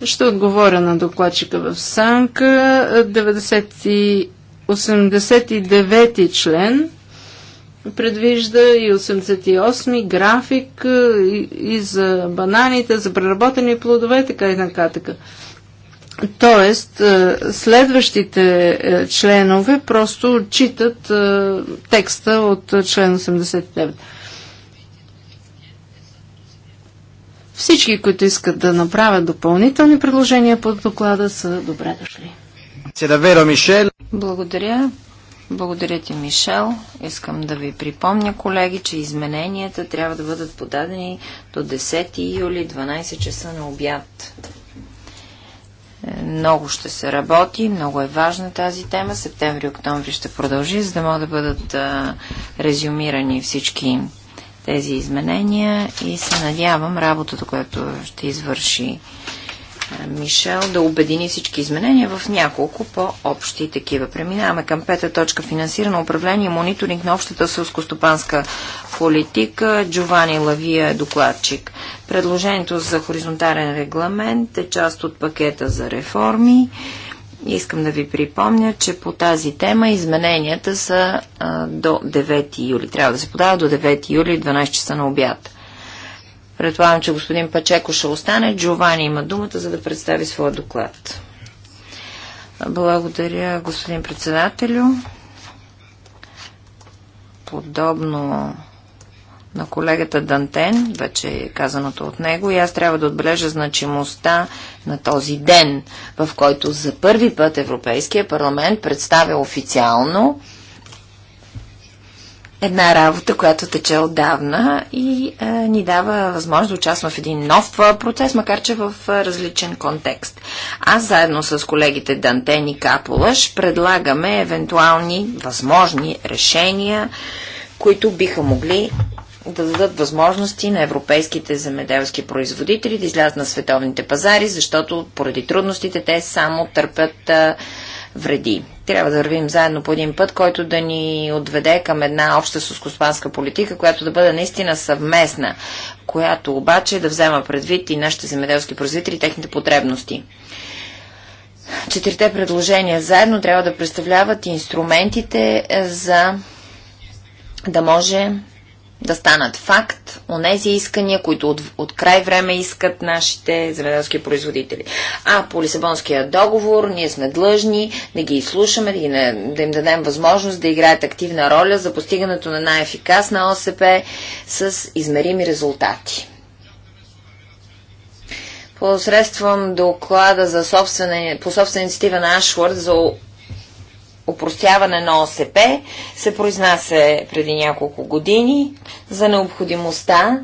C: ще отговоря на докладчика в Санка. 89-ти член предвижда и 88 график е, и, и за бананите, за преработени плодове, така и нататък. Тоест, е, следващите е, членове просто читат текста от член 89. Всички, които искат да направят допълнителни предложения под доклада, са добре дошли. Благодаря.
A: Благодаря ти, Мишел. Искам да ви припомня, колеги, че измененията трябва да бъдат подадени до 10 юли 12 часа на обяд. Е, много ще се работи, много е важна тази тема. Септември-октомври ще продължи, за да могат да бъдат резюмирани всички тези изменения и се надявам работата, която ще извърши е, Мишел, да обедини всички изменения в няколко по-общи такива. Преминаваме към пета точка финансирано управление, и мониторинг на общата сълскостопанска политика. Джовани Лавия е докладчик. Предложението за хоризонтален регламент е част от пакета за реформи. Искам да ви припомня, че по тази тема измененията са а, до 9 юли. Трябва да се подава до 9 юли 12 часа на обяд. Предполагам, че господин Пачеко ще остане. Джовани има думата, за да представи своя доклад. Благодаря, господин председателю. Подобно на колегата Дантен, вече е казаното от него, и аз трябва да отбележа значимостта на този ден, в който за първи път Европейския парламент представя официално една работа, която тече отдавна и е, ни дава възможност да участвам в един нов е, процес, макар че в е, различен контекст. Аз заедно с колегите Дантен и Капулаш предлагаме евентуални възможни решения, които биха могли да дадат възможности на европейските земеделски производители да излязат на световните пазари, защото поради трудностите те само търпят а, вреди. Трябва да вървим заедно по един път, който да ни отведе към една обща сускоспанска политика, която да бъде наистина съвместна, която обаче да взема предвид и нашите земеделски производители и техните потребности. Четирите предложения заедно трябва да представляват инструментите е, за да може да станат факт онези искания, които от, от край време искат нашите земеделски производители. А по Лисабонския договор ние сме длъжни да ги изслушаме, да, ги, да им дадем възможност да играят активна роля за постигането на най-ефикасна ОСП с измерими резултати. Посредством доклада за собствен, по собствена инициатива на Ашвард за Опростяване на ОСП се произнася преди няколко години за необходимостта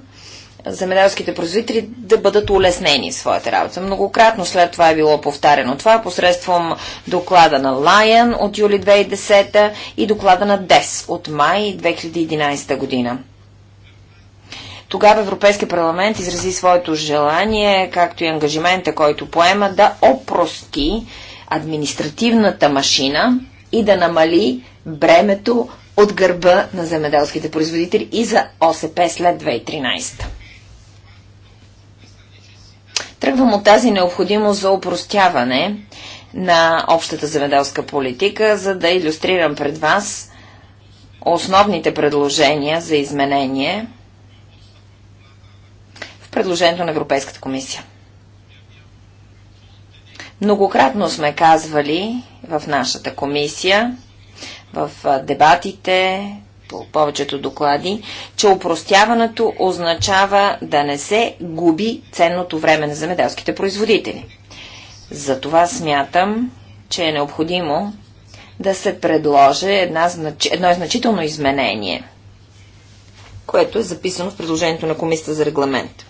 A: земеделските производители да бъдат улеснени в своята работа. Многократно след това е било повтарено това посредством доклада на Lion от юли 2010 и доклада на DES от май 2011 година. Тогава Европейския парламент изрази своето желание, както и ангажимента, който поема, да опрости административната машина и да намали бремето от гърба на земеделските производители и за ОСП след 2013. Тръгвам от тази необходимост за упростяване на общата земеделска политика, за да иллюстрирам пред вас основните предложения за изменение в предложението на Европейската комисия. Многократно сме казвали в нашата комисия, в дебатите, по повечето доклади, че упростяването означава да не се губи ценното време на земеделските производители. Затова смятам, че е необходимо да се предложи една, значи-, едно значително изменение, което е записано в предложението на Комисията за регламент.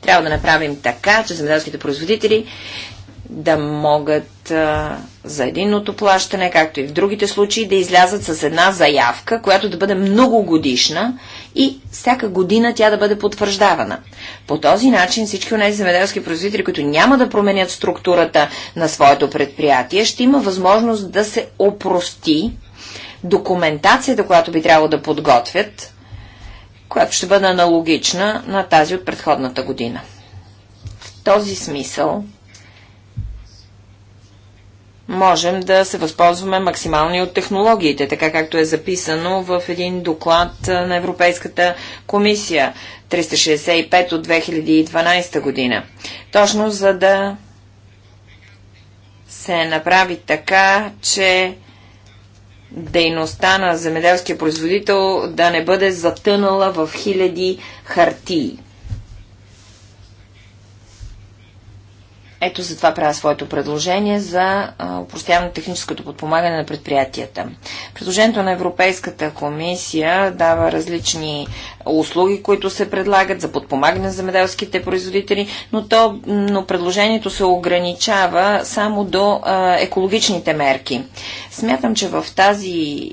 A: Трябва да направим така, че земеделските производители да могат а, за единното плащане, както и в другите случаи, да излязат с една заявка, която да бъде многогодишна и всяка година тя да бъде потвърждавана. По този начин всички от тези земеделски производители, които няма да променят структурата на своето предприятие, ще има възможност да се опрости документацията, която би трябвало да подготвят, която ще бъде аналогична на тази от предходната година. В този смисъл можем да се възползваме максимално и от технологиите, така както е записано в един доклад на Европейската комисия 365 от 2012 година. Точно за да се направи така, че дейността на земеделския производител да не бъде затънала в хиляди хартии. Ето за това правя своето предложение за упростяване на техническото подпомагане на предприятията. Предложението на Европейската комисия дава различни услуги, които се предлагат за подпомагане на земеделските производители, но, то, но предложението се ограничава само до а, екологичните мерки. Смятам, че в тази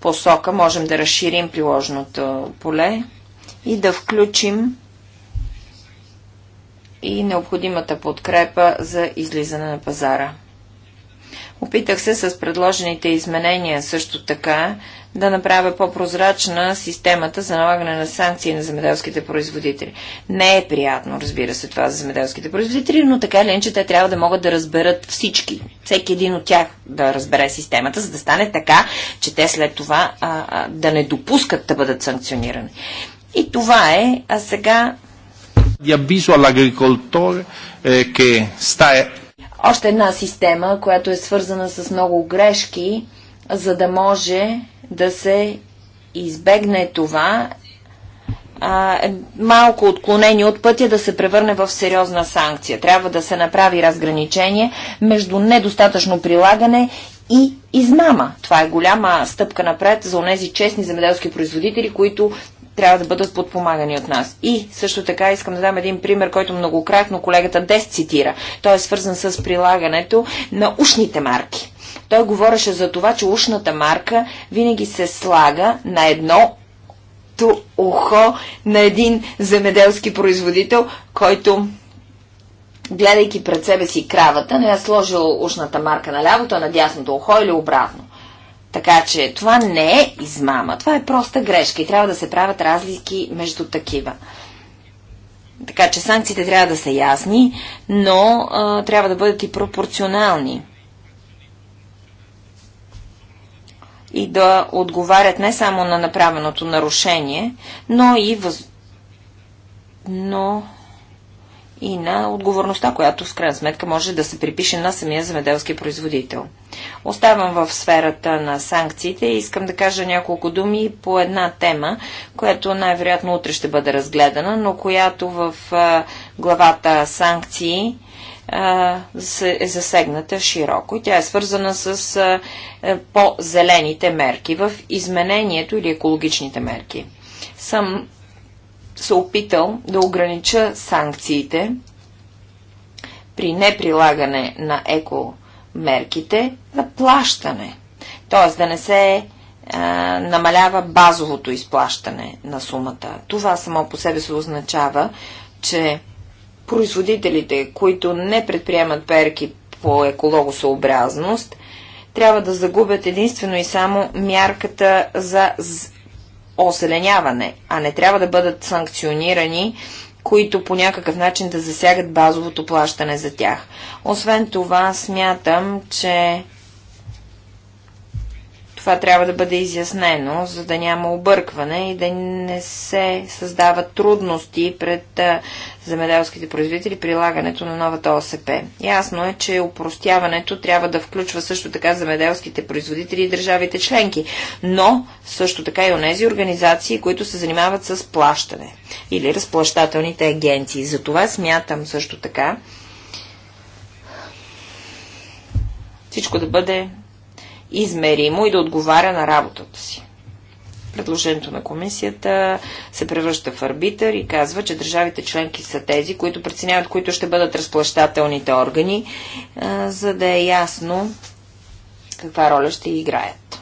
A: посока можем да разширим приложното поле и да включим и необходимата подкрепа за излизане на пазара. Опитах се с предложените изменения също така да направя по-прозрачна системата за налагане на санкции на земеделските производители. Не е приятно, разбира се, това за земеделските производители, но така или иначе те трябва да могат да разберат всички, всеки един от тях да разбере системата, за да стане така, че те след това а, а, да не допускат да бъдат санкционирани. И това е, а сега
B: di avviso all'agricoltore eh, che sta... Eh,
A: Още една система, която е свързана с много грешки, за да може да се избегне това а, е малко отклонение от пътя да се превърне в сериозна санкция. Трябва да се направи разграничение между недостатъчно прилагане и измама. Това е голяма стъпка напред за онези честни земеделски производители, които трябва да бъдат подпомагани от нас. И също така искам да дам един пример, който многократно колегата Дес цитира. Той е свързан с прилагането на ушните марки. Той говореше за това, че ушната марка винаги се слага на едно ухо на един земеделски производител, който гледайки пред себе си кравата, не е сложил ушната марка на лявото, а на дясното ухо или обратно. Така че това не е измама, това е проста грешка и трябва да се правят разлики между такива. Така че санкциите трябва да са ясни, но а, трябва да бъдат и пропорционални. И да отговарят не само на направеното нарушение, но и въз... но и на отговорността, която в крайна сметка може да се припише на самия земеделски производител. Оставам в сферата на санкциите и искам да кажа няколко думи по една тема, която най-вероятно утре ще бъде разгледана, но която в главата санкции е засегната широко. Тя е свързана с е, по-зелените мерки в изменението или екологичните мерки. Съм се опитал да огранича санкциите при неприлагане на екомерките за плащане. Т.е. да не се а, намалява базовото изплащане на сумата. Това само по себе се означава, че производителите, които не предприемат перки по екологосъобразност, трябва да загубят единствено и само мярката за оселеняване, а не трябва да бъдат санкционирани, които по някакъв начин да засягат базовото плащане за тях. Освен това, смятам, че това трябва да бъде изяснено, за да няма объркване и да не се създават трудности пред земеделските производители прилагането на новата ОСП. Ясно е, че упростяването трябва да включва също така земеделските производители и държавите членки, но също така и онези организации, които се занимават с плащане или разплащателните агенции. Затова смятам също така всичко да бъде измеримо и да отговаря на работата си. Предложението на комисията се превръща в арбитър и казва, че държавите членки са тези, които преценяват, които ще бъдат разплащателните органи, за да е ясно каква роля ще играят.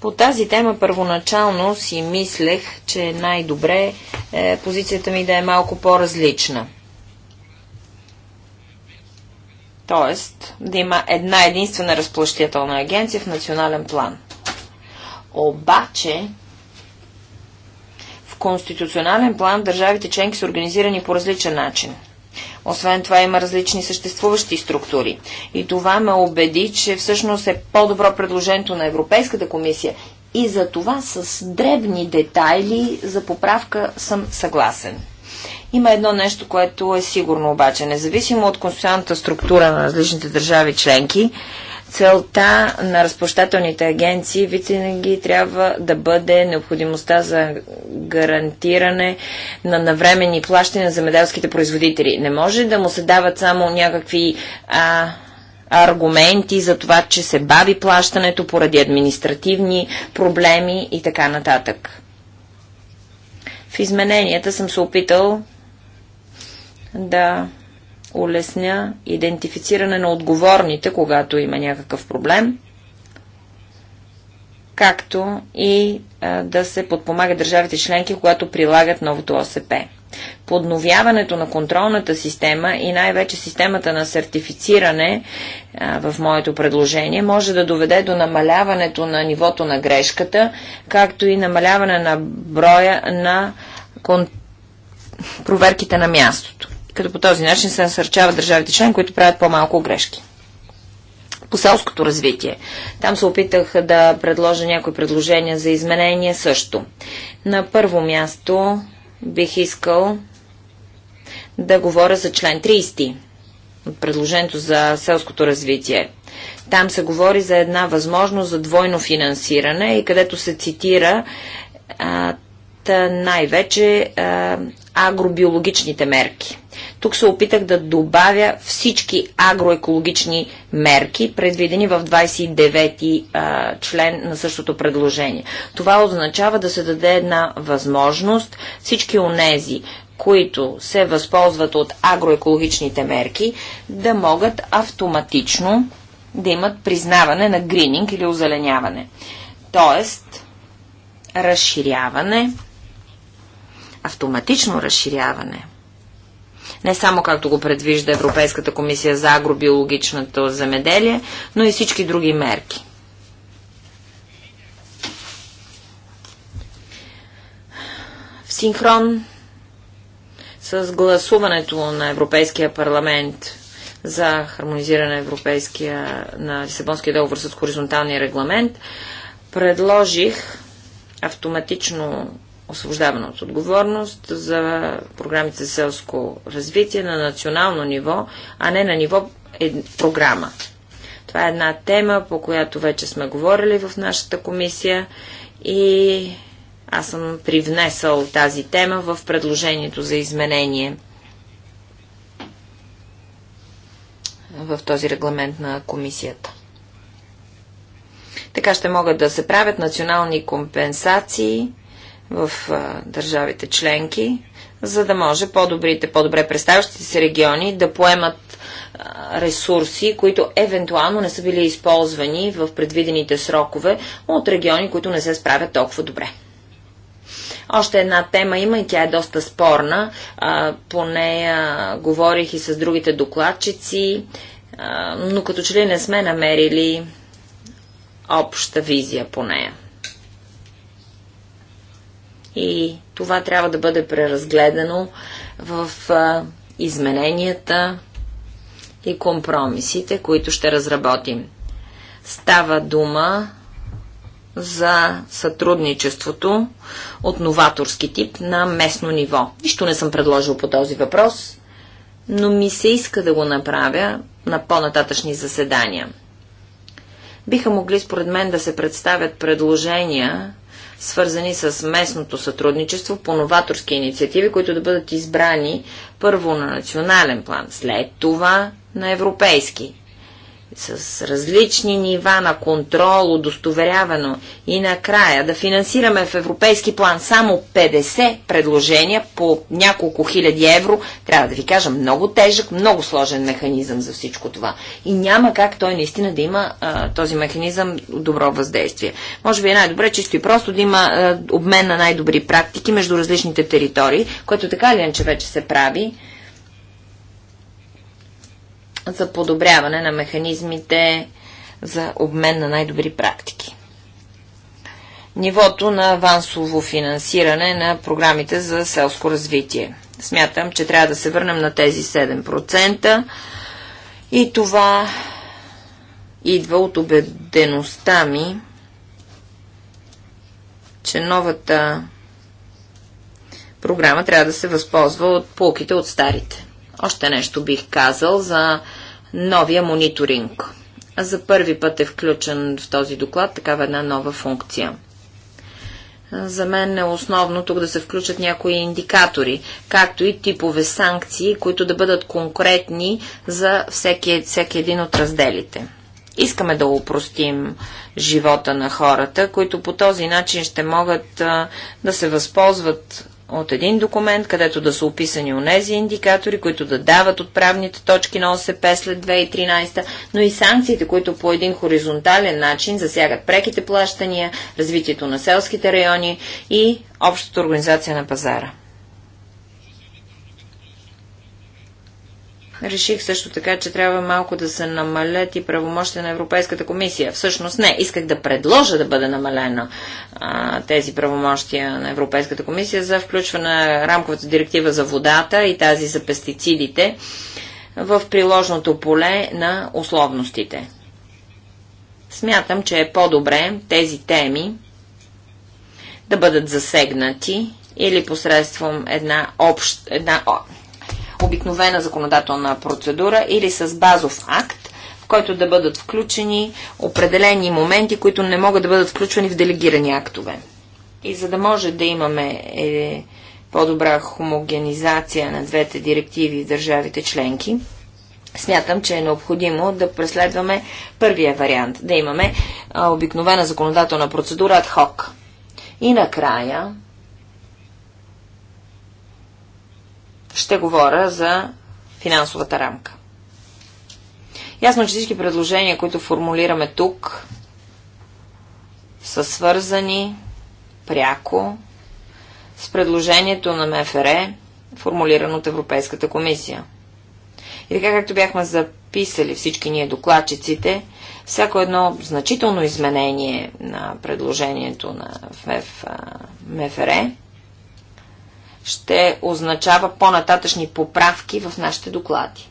A: По тази тема първоначално си мислех, че най-добре е, позицията ми да е малко по-различна – Т.е. да има една единствена разплащателна агенция в национален план. Обаче, в конституционален план държавите членки са организирани по различен начин. Освен това има различни съществуващи структури. И това ме убеди, че всъщност е по-добро предложението на Европейската комисия. И за това с дребни детайли за поправка съм съгласен. Има едно нещо, което е сигурно обаче. Независимо от конституционната структура на различните държави членки, целта на разпощателните агенции винаги трябва да бъде необходимостта за гарантиране на навремени плащания на земеделските производители. Не може да му се дават само някакви а, аргументи за това, че се бави плащането поради административни проблеми и така нататък. В измененията съм се опитал да улесня идентифициране на отговорните, когато има някакъв проблем, както и а, да се подпомага държавите членки, когато прилагат новото ОСП. Подновяването на контролната система и най-вече системата на сертифициране а, в моето предложение може да доведе до намаляването на нивото на грешката, както и намаляване на броя на кон... проверките на мястото като по този начин се насърчават държавите член, които правят по-малко грешки. По селското развитие. Там се опитах да предложа някои предложения за изменение също. На първо място бих искал да говоря за член 30 от предложението за селското развитие. Там се говори за една възможност за двойно финансиране и където се цитира най-вече агробиологичните мерки. Тук се опитах да добавя всички агроекологични мерки, предвидени в 29-ти член на същото предложение. Това означава да се даде една възможност всички онези, които се възползват от агроекологичните мерки, да могат автоматично да имат признаване на грининг или озеленяване. Тоест, разширяване автоматично разширяване. Не само както го предвижда Европейската комисия за агробиологичното земеделие, но и всички други мерки. В синхрон с гласуването на Европейския парламент за хармонизиране на европейския, на Лисабонския договор с хоризонталния регламент, предложих автоматично освобождаване от отговорност за програмите за селско развитие на национално ниво, а не на ниво е, програма. Това е една тема, по която вече сме говорили в нашата комисия и аз съм привнесъл тази тема в предложението за изменение в този регламент на комисията. Така ще могат да се правят национални компенсации в а, държавите членки, за да може по-добрите, по-добре представящите се региони да поемат а, ресурси, които евентуално не са били използвани в предвидените срокове от региони, които не се справят толкова добре. Още една тема има и тя е доста спорна. А, по нея говорих и с другите докладчици, а, но като че ли не сме намерили обща визия по нея. И това трябва да бъде преразгледано в измененията и компромисите, които ще разработим. Става дума за сътрудничеството от новаторски тип на местно ниво. Нищо не съм предложил по този въпрос, но ми се иска да го направя на по-нататъчни заседания. Биха могли според мен да се представят предложения свързани с местното сътрудничество по новаторски инициативи, които да бъдат избрани първо на национален план, след това на европейски с различни нива на контрол, удостоверявано и накрая да финансираме в европейски план само 50 предложения по няколко хиляди евро, трябва да ви кажа, много тежък, много сложен механизъм за всичко това. И няма как той наистина да има а, този механизъм добро въздействие. Може би е най-добре чисто и просто да има а, обмен на най-добри практики между различните територии, което така ли е, че вече се прави за подобряване на механизмите за обмен на най-добри практики. Нивото на авансово финансиране на програмите за селско развитие. Смятам, че трябва да се върнем на тези 7% и това идва от убедеността ми, че новата програма трябва да се възползва от полките от старите. Още нещо бих казал за новия мониторинг. За първи път е включен в този доклад такава една нова функция. За мен е основно тук да се включат някои индикатори, както и типове санкции, които да бъдат конкретни за всеки, всеки един от разделите. Искаме да упростим живота на хората, които по този начин ще могат а, да се възползват от един документ, където да са описани онези индикатори, които да дават отправните точки на ОСП след 2013, но и санкциите, които по един хоризонтален начин засягат преките плащания, развитието на селските райони и общата организация на пазара. Реших също така, че трябва малко да се намалят и правомощите на Европейската комисия. Всъщност не, исках да предложа да бъде намалена а, тези правомощия на Европейската комисия за включване на рамковата директива за водата и тази за пестицидите в приложното поле на условностите. Смятам, че е по-добре тези теми да бъдат засегнати или посредством една, общ, една обикновена законодателна процедура или с базов акт, в който да бъдат включени определени моменти, които не могат да бъдат включвани в делегирани актове. И за да може да имаме е, по-добра хомогенизация на двете директиви в държавите членки, смятам, че е необходимо да преследваме първия вариант, да имаме а, обикновена законодателна процедура ХОК. И накрая, ще говоря за финансовата рамка. Ясно, че всички предложения, които формулираме тук, са свързани пряко с предложението на МФР, формулирано от Европейската комисия. И така както бяхме записали всички ние докладчиците, всяко едно значително изменение на предложението на МФР ще означава по-нататъчни поправки в нашите доклади.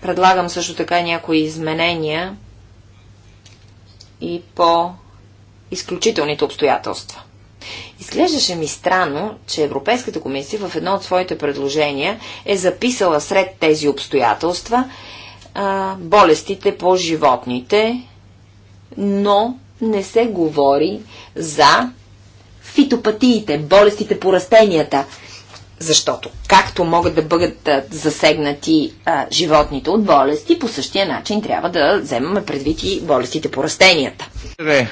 A: Предлагам също така някои изменения и по изключителните обстоятелства. Изглеждаше ми странно, че Европейската комисия в едно от своите предложения е записала сред тези обстоятелства а, болестите по животните, но не се говори за фитопатиите, болестите по растенията, защото както могат да бъдат засегнати а, животните от болести, по същия начин трябва да вземаме предвид и болестите по растенията. Е,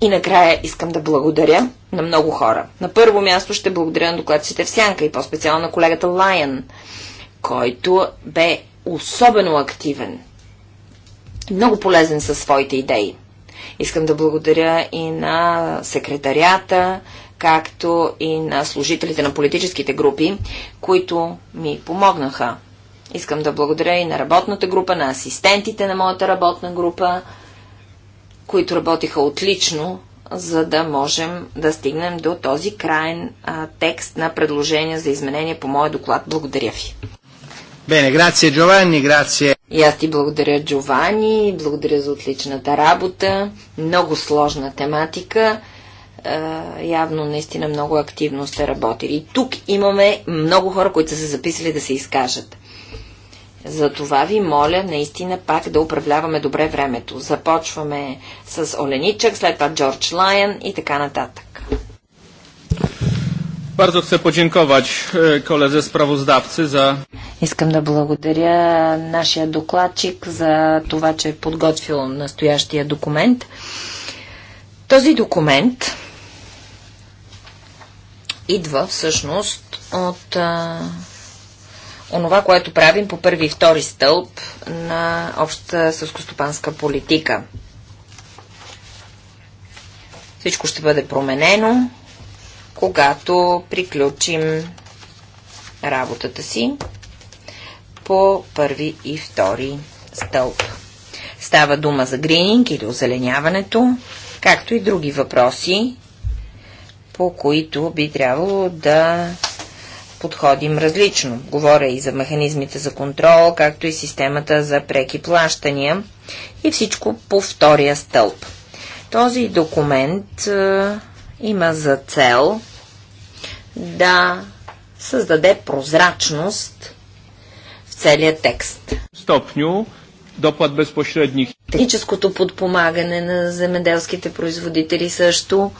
A: и накрая искам да благодаря на много хора. На първо място ще благодаря на докладците в Сянка и по-специално на колегата Лайън, който бе особено активен много полезен със своите идеи. Искам да благодаря и на секретарията, както и на служителите на политическите групи, които ми помогнаха. Искам да благодаря и на работната група, на асистентите на моята работна група, които работиха отлично, за да можем да стигнем до този крайен а, текст на предложение за изменение по моя доклад. Благодаря ви. Бене, грация Джованни, грация. И аз ти благодаря, Джовани, благодаря за отличната работа. Много сложна тематика. Uh, явно наистина много активно сте работили. И тук имаме много хора, които са се записали да се изкажат. За това ви моля наистина пак да управляваме добре времето. Започваме с Оленичък, след това Джордж Лайън и така нататък.
B: Bardzo chcę podziękować e, koledze sprawozdawcy
A: за. Искам да благодаря нашия докладчик за това, че е подготвил настоящия документ. Този документ идва всъщност от а, онова, което правим по първи и втори стълб на общата съскостопанска политика. Всичко ще бъде променено, когато приключим работата си по първи и втори стълб. Става дума за грининг или озеленяването, както и други въпроси, по които би трябвало да подходим различно. Говоря и за механизмите за контрол, както и системата за преки плащания и всичко по втория стълб. Този документ има за цел да създаде прозрачност в целия текст. Стопню доплат безпосредни. Техническото подпомагане на земеделските производители също.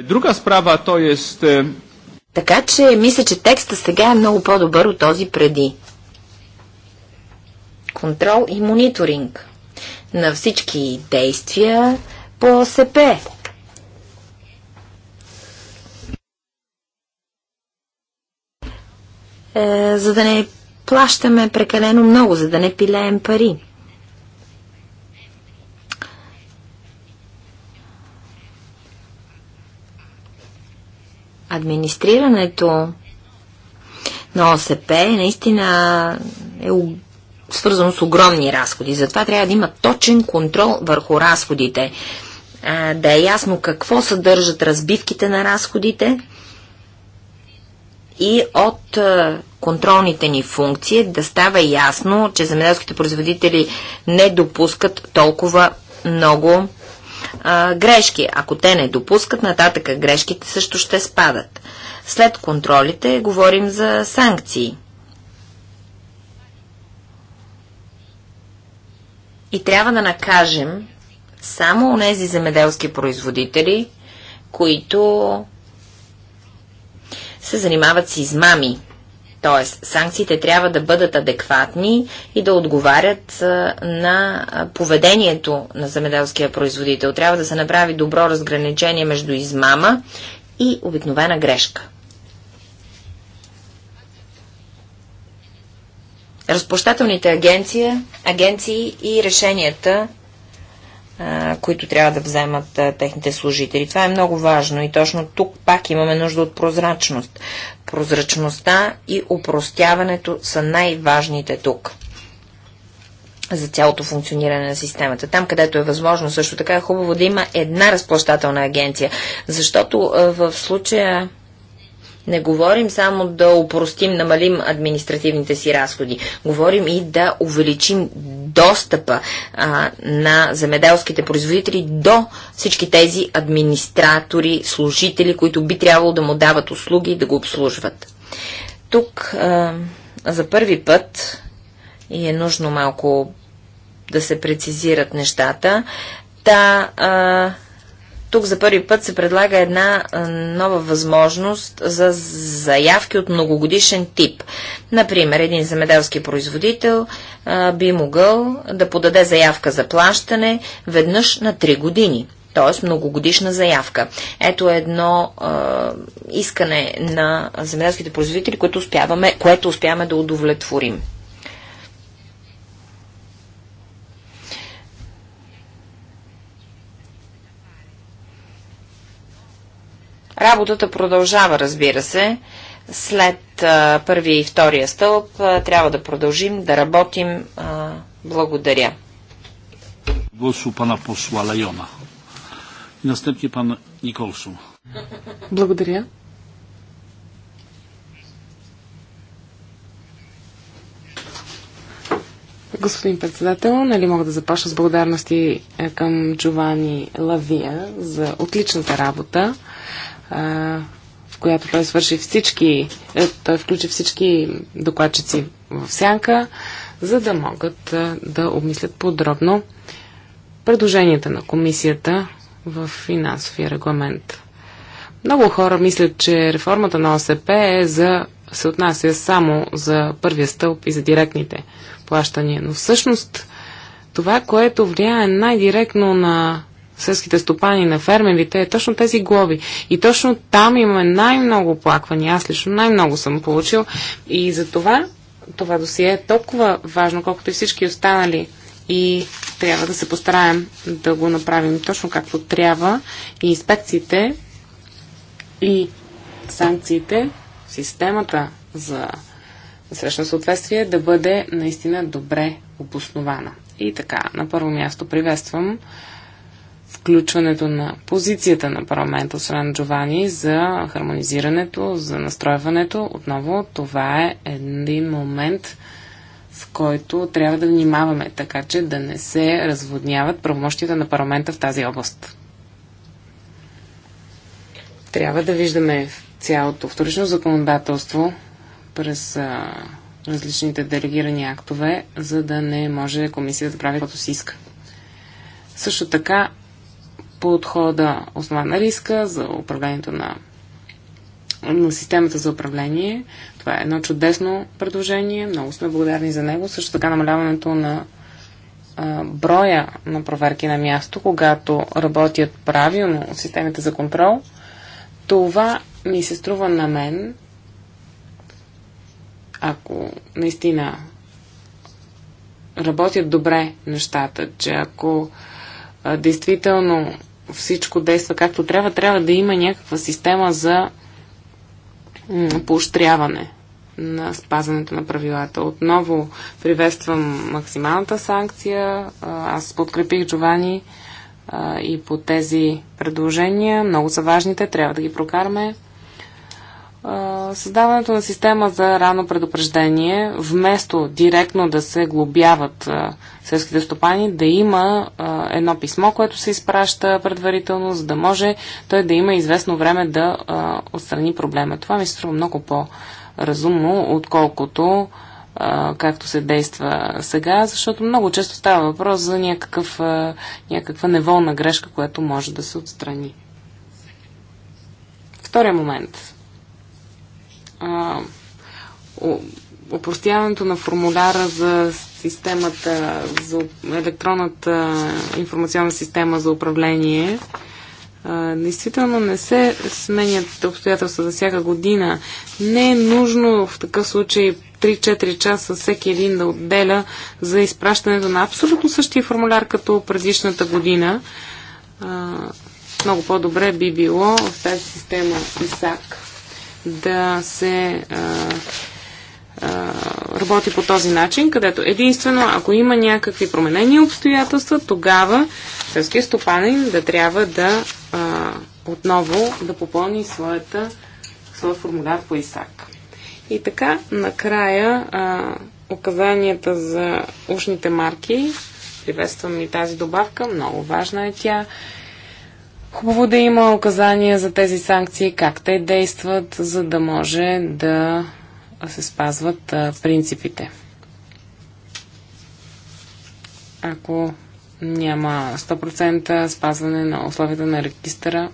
A: Друга справа то е... Така че мисля, че текста сега е много по-добър от този преди. Контрол и мониторинг на всички действия по СП. Е, за да не плащаме прекалено много, за да не пилеем пари. Администрирането на ОСП е наистина е свързано с огромни разходи. Затова трябва да има точен контрол върху разходите. Е, да е ясно какво съдържат разбивките на разходите и от контролните ни функции да става ясно, че земеделските производители не допускат толкова много а, грешки. Ако те не допускат, нататък грешките също ще спадат. След контролите говорим за санкции. И трябва да накажем само нези земеделски производители, които се занимават с измами. Тоест, санкциите трябва да бъдат адекватни и да отговарят на поведението на земеделския производител. Трябва да се направи добро разграничение между измама и обикновена грешка. Разпощателните агенции и решенията които трябва да вземат техните служители. Това е много важно и точно тук пак имаме нужда от прозрачност. Прозрачността и упростяването са най-важните тук за цялото функциониране на системата. Там, където е възможно, също така е хубаво да има една разплащателна агенция, защото в случая не говорим само да упростим, намалим административните си разходи. Говорим и да увеличим достъпа а, на земеделските производители до всички тези администратори, служители, които би трябвало да му дават услуги и да го обслужват. Тук а, за първи път и е нужно малко да се прецизират нещата. Та, а, тук за първи път се предлага една нова възможност за заявки от многогодишен тип. Например, един земеделски производител би могъл да подаде заявка за плащане веднъж на 3 години т.е. многогодишна заявка. Ето едно е, искане на земеделските производители, което успяваме, което успяваме да удовлетворим. Работата продължава, разбира се. След първия и втория стълб трябва да продължим да работим. благодаря.
B: Гласу пана посла Лайона. И настъпки пан Николсу.
D: Благодаря. Господин председател, нали мога да започна с благодарности е, към Джовани Лавия за отличната работа в която той свърши всички, е, той включи всички докладчици в сянка, за да могат да обмислят подробно предложенията на комисията в финансовия регламент. Много хора мислят, че реформата на ОСП е за, се отнася само за първия стълб и за директните плащания. Но всъщност това, което влияе най-директно на селските стопани, на фермерите, е точно тези глоби. И точно там имаме най-много оплаквания. Аз лично най-много съм получил. И за това това досие е толкова важно, колкото и всички останали. И трябва да се постараем да го направим точно както трябва. И инспекциите, и санкциите, системата за срещна съответствие да бъде наистина добре обоснована. И така, на първо място приветствам включването на позицията на парламента Сран Джовани за хармонизирането, за настройването. Отново, това е един момент, в който трябва да внимаваме, така че да не се разводняват правомощията на парламента в тази област. Трябва да виждаме цялото вторично законодателство през а, различните делегирани актове, за да не може комисията да прави каквото си иска. Също така подхода основа на риска, за управлението на, на системата за управление. Това е едно чудесно предложение. Много сме благодарни за него. Също така намаляването на а, броя на проверки на място, когато работят правилно системите за контрол. Това ми се струва на мен, ако наистина работят добре нещата, че ако действително всичко действа както трябва, трябва да има някаква система за поощряване на спазването на правилата. Отново приветствам максималната санкция. Аз подкрепих Джовани и по тези предложения. Много са важните, трябва да ги прокараме създаването на система за рано предупреждение, вместо директно да се глобяват селските стопани, да има едно писмо, което се изпраща предварително, за да може той да има известно време да отстрани проблема. Това ми се струва много по-разумно, отколкото както се действа сега, защото много често става въпрос за някакъв, някаква неволна грешка, която може да се отстрани. Втория момент – опростяването на формуляра за системата, за електронната информационна система за управление, действително не се сменят обстоятелства за всяка година. Не е нужно в такъв случай 3-4 часа всеки един да отделя за изпращането на абсолютно същия формуляр като предишната година. много по-добре би било в тази система ИСАК да се а, а, работи по този начин, където единствено, ако има някакви променени обстоятелства, тогава селския стопанин да трябва да а, отново да попълни своята, своя формуляр по ИСАК. И така, накрая, а, указанията за ушните марки. Приветствам и тази добавка. Много важна е тя. Хубаво да има указания за тези санкции, как те действат, за да може да се спазват принципите. Ако няма 100% спазване на условията на регистъра,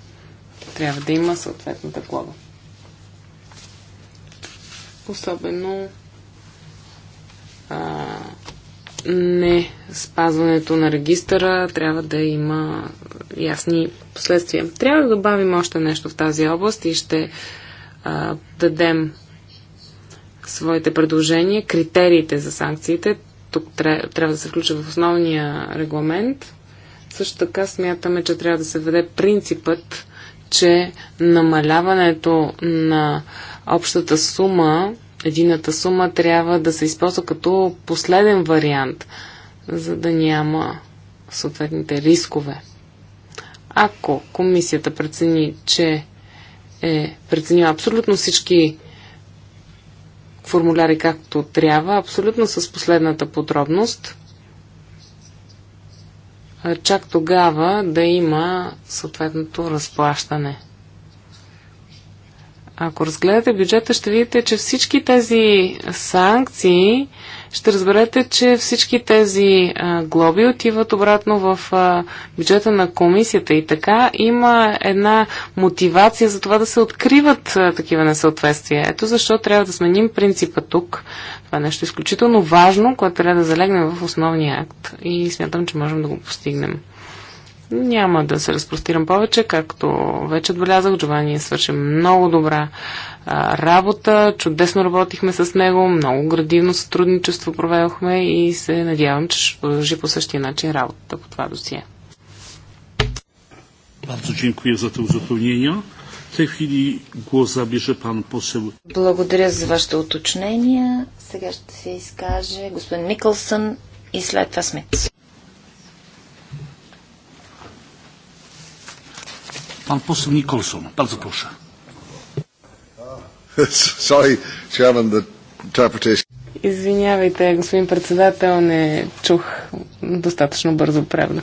D: трябва да има съответната глоба. Особено а, не спазването на регистъра трябва да има ясни последствия. Трябва да добавим още нещо в тази област и ще а, дадем своите предложения, критериите за санкциите. Тук трябва да се включи в основния регламент. Също така смятаме, че трябва да се веде принципът, че намаляването на общата сума, едината сума трябва да се използва като последен вариант, за да няма съответните рискове ако комисията прецени, че е преценила абсолютно всички формуляри както трябва, абсолютно с последната подробност, чак тогава да има съответното разплащане. Ако разгледате бюджета, ще видите, че всички тези санкции ще разберете, че всички тези а, глоби отиват обратно в а, бюджета на комисията и така има една мотивация за това да се откриват а, такива несъответствия. Ето защо трябва да сменим принципа тук. Това е нещо изключително важно, което трябва да залегне в основния акт и смятам, че можем да го постигнем. Няма да се разпростирам повече, както вече отбелязах. Джовани свърши много добра а, работа, чудесно работихме с него, много градивно сътрудничество проведохме и се надявам, че ще продължи по същия начин работата по това досие.
B: Bardzo dziękuję za te uzupełnienia. W tej chwili głos zabierze pan poseł.
A: Благодаря за вашите уточнения. Сега ще се изкаже господин Микълсън и след това Смит.
B: Pan poseł Nicholson. Bardzo proszę.
E: Sorry, Chairman, the interpretation.
D: Извинявайте, господин председател, не чух достатъчно бързо правда.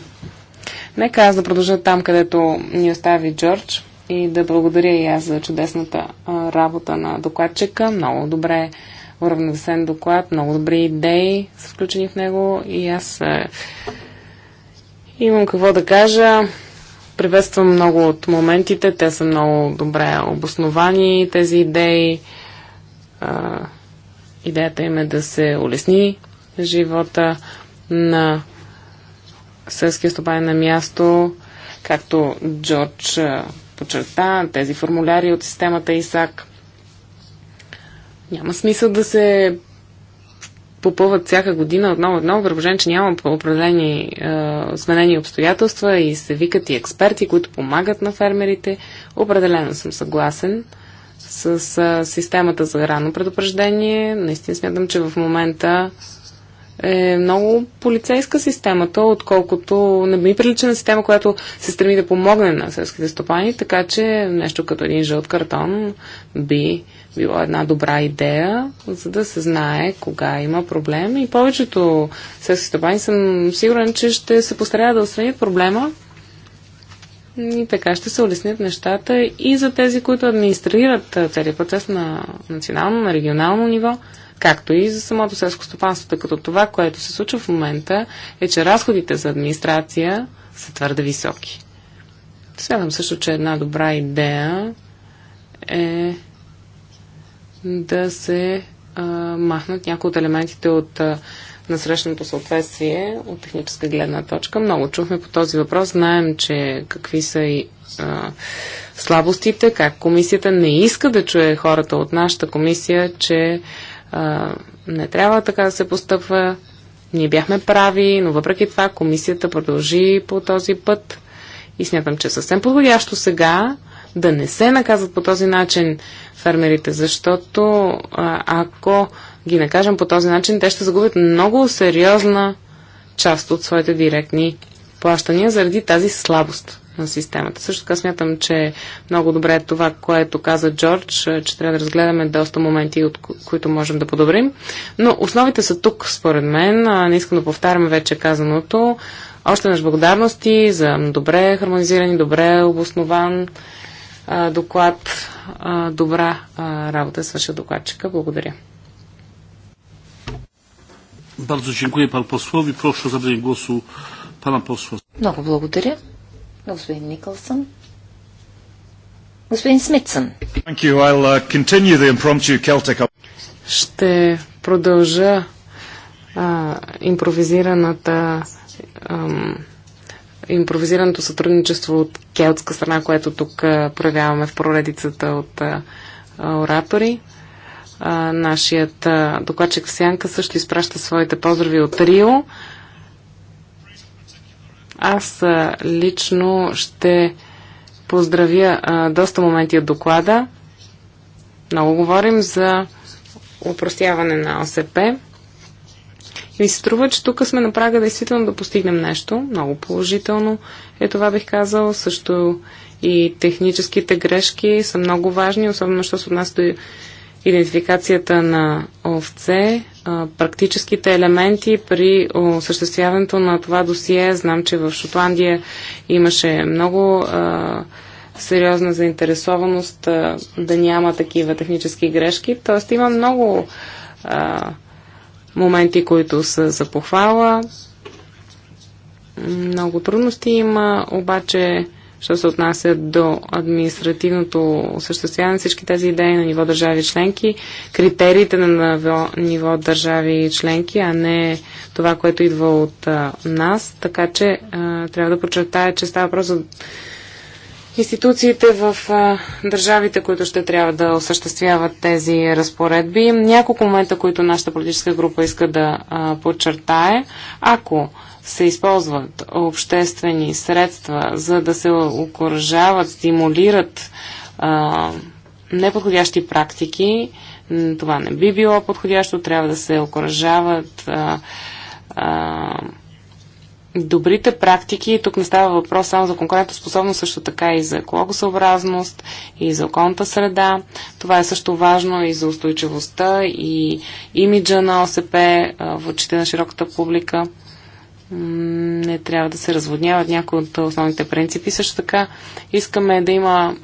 D: Нека аз да продължа там, където ни остави Джордж и да благодаря и аз за чудесната работа на докладчика. Много добре уравновесен доклад, много добри идеи са включени в него и аз имам какво да кажа. Приветствам много от моментите, те са много добре обосновани, тези идеи. А, идеята им е да се улесни живота на селския стопай на място, както Джордж подчерта, тези формуляри от системата ИСАК. Няма смисъл да се попълват всяка година отново едно при че няма определени е, сменени обстоятелства и се викат и експерти, които помагат на фермерите. Определено съм съгласен с, с системата за рано предупреждение. Наистина смятам, че в момента е много полицейска системата, отколкото не ми прилича на система, която се стреми да помогне на селските стопани, така че нещо като един жълт картон би било една добра идея, за да се знае кога има проблем. И повечето селски стопани съм сигурен, че ще се постараят да отстранят проблема. И така ще се улеснят нещата и за тези, които администрират целият процес на национално, на регионално ниво, както и за самото селско стопанство, тъй като това, което се случва в момента, е, че разходите за администрация са твърде високи. Смятам също, че една добра идея е да се а, махнат някои от елементите от а, насрещното съответствие от техническа гледна точка. Много чухме по този въпрос. Знаем, че какви са и а, слабостите, как комисията не иска да чуе хората от нашата комисия, че а, не трябва така да се постъпва. Ние бяхме прави, но въпреки това комисията продължи по този път. И смятам, че е съвсем подходящо сега да не се наказват по този начин фермерите, защото а, ако ги накажем по този начин, те ще загубят много сериозна част от своите директни плащания заради тази слабост на системата. Също така смятам, че много добре е това, което каза Джордж, че трябва да разгледаме доста моменти, от които можем да подобрим. Но основите са тук, според мен. Не искам да повтарям вече казаното. Още наш благодарности за добре хармонизиран и добре обоснован доклад. добра работа работа свърша докладчика. Благодаря.
B: Bardzo dziękuję panu posłowi. Proszę o zabranie głosu pana posła.
A: Много благодаря. Господин Николсън. Господин
D: Смитсън.
F: Uh,
D: Ще продължа а, импровизираната импровизираното сътрудничество от келтска страна, което тук проявяваме в проредицата от оратори. нашият докладчик Сянка също изпраща своите поздрави от Рио. Аз лично ще поздравя доста моменти от доклада. Много говорим за упростяване на ОСП ми се струва, че тук сме на прага действително да постигнем нещо. Много положително е това бих казал. Също и техническите грешки са много важни, особено що се отнася до идентификацията на овце, практическите елементи при осъществяването на това досие. Знам, че в Шотландия имаше много а, сериозна заинтересованост а, да няма такива технически грешки. Тоест има много а, моменти, които са за похвала. Много трудности има, обаче, що се отнася до административното осъществяване на всички тези идеи на ниво държави членки, критериите на ниво, ниво държави членки, а не това, което идва от а, нас. Така че а, трябва да подчертая, че става просто. за институциите в държавите, които ще трябва да осъществяват тези разпоредби. Няколко момента, които нашата политическа група иска да подчертае. Ако се използват обществени средства, за да се окоръжават, стимулират неподходящи практики, това не би било подходящо, трябва да се окоръжават а, а, добрите практики, тук не става въпрос само за конкурентоспособност, също така и за екологосъобразност, и за околната среда. Това е също важно и за устойчивостта, и имиджа на ОСП в очите на широката публика. Не трябва да се разводняват някои от основните принципи. Също така искаме да има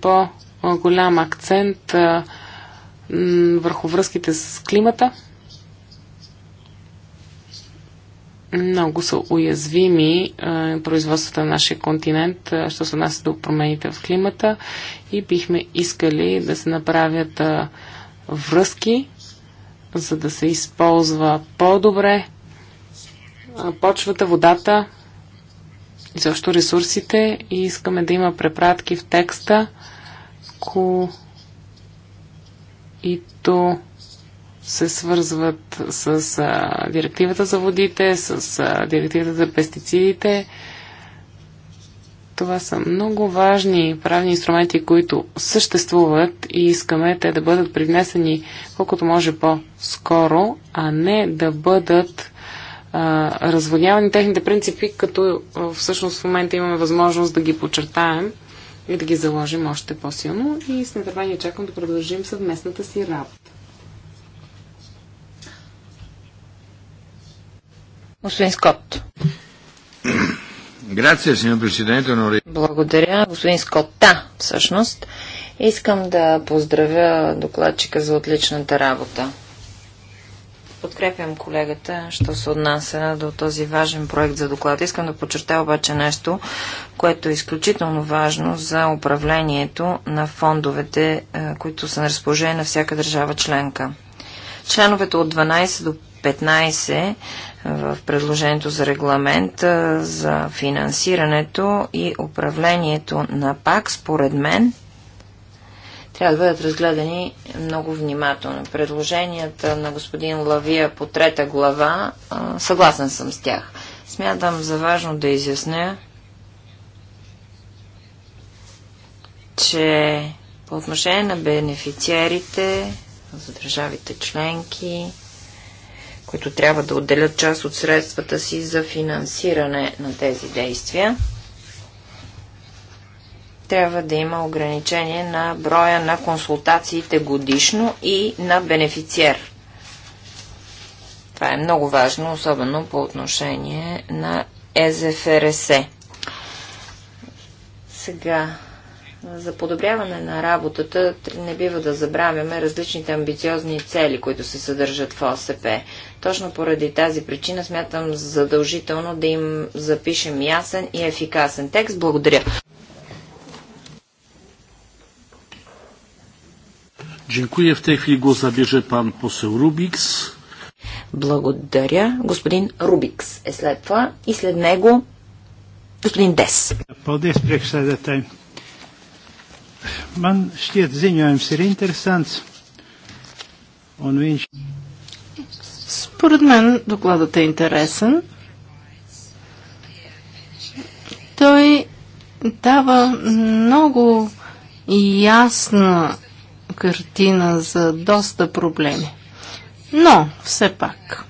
D: по-голям акцент върху връзките с климата, много са уязвими а, е, производствата на нашия континент, а, е, що се отнася до промените в климата и бихме искали да се направят а, е, връзки, за да се използва по-добре почвата, водата, изобщо ресурсите и искаме да има препратки в текста, които се свързват с а, директивата за водите, с а, директивата за пестицидите. Това са много важни правни инструменти, които съществуват и искаме те да бъдат привнесени колкото може по-скоро, а не да бъдат а, разводнявани техните принципи, като а, всъщност в момента имаме възможност да ги подчертаем и да ги заложим още по-силно и с нетърпение чакам да продължим съвместната си работа.
A: Господин Скот. Грация, президент. Благодаря, господин Скотта, да, всъщност. Искам да поздравя докладчика за отличната работа. Подкрепям колегата, що се отнася до този важен проект за доклад. Искам да подчертая обаче нещо, което е изключително важно за управлението на фондовете, е, които са на разположение на всяка държава членка. Членовете от 12 до 15 в предложението за регламент за финансирането и управлението на ПАК, според мен, трябва да бъдат разгледани много внимателно. Предложенията на господин Лавия по трета глава, съгласен съм с тях. Смятам за важно да изясня, че по отношение на бенефициерите за държавите членки, които трябва да отделят част от средствата си за финансиране на тези действия, трябва да има ограничение на броя на консултациите годишно и на бенефициер. Това е много важно, особено по отношение на ЕЗФРС. Сега за подобряване на работата не бива да забравяме различните амбициозни цели, които се съдържат в ОСП. Точно поради тази причина смятам задължително да им запишем ясен и ефикасен текст. Благодаря.
B: Dziękuję. В tej го głos пан посел
A: Рубикс. Благодаря. Господин Рубикс е след това и след него господин Дес. Paldies, priekšsēdētāji.
C: Man šķiet ziņojums ir interesants. Un viņš. Според мен докладът е интересен. Той дава много ясна картина за доста проблеми. Но, все пак,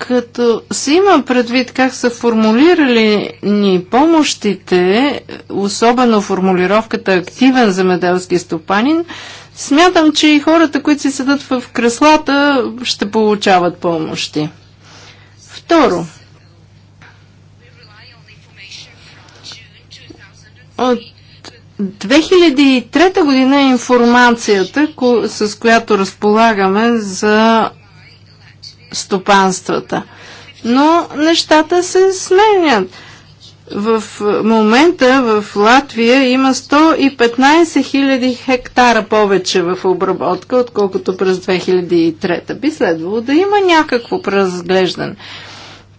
C: Като се има предвид как са формулирали ни помощите, особено формулировката активен земеделски стопанин, смятам, че и хората, които си седат в креслата, ще получават помощи. Второ, от 2003 година е информацията, с която разполагаме за стопанствата. Но нещата се сменят. В момента в Латвия има 115 000 хектара повече в обработка, отколкото през 2003. Би следвало да има някакво преразглеждане.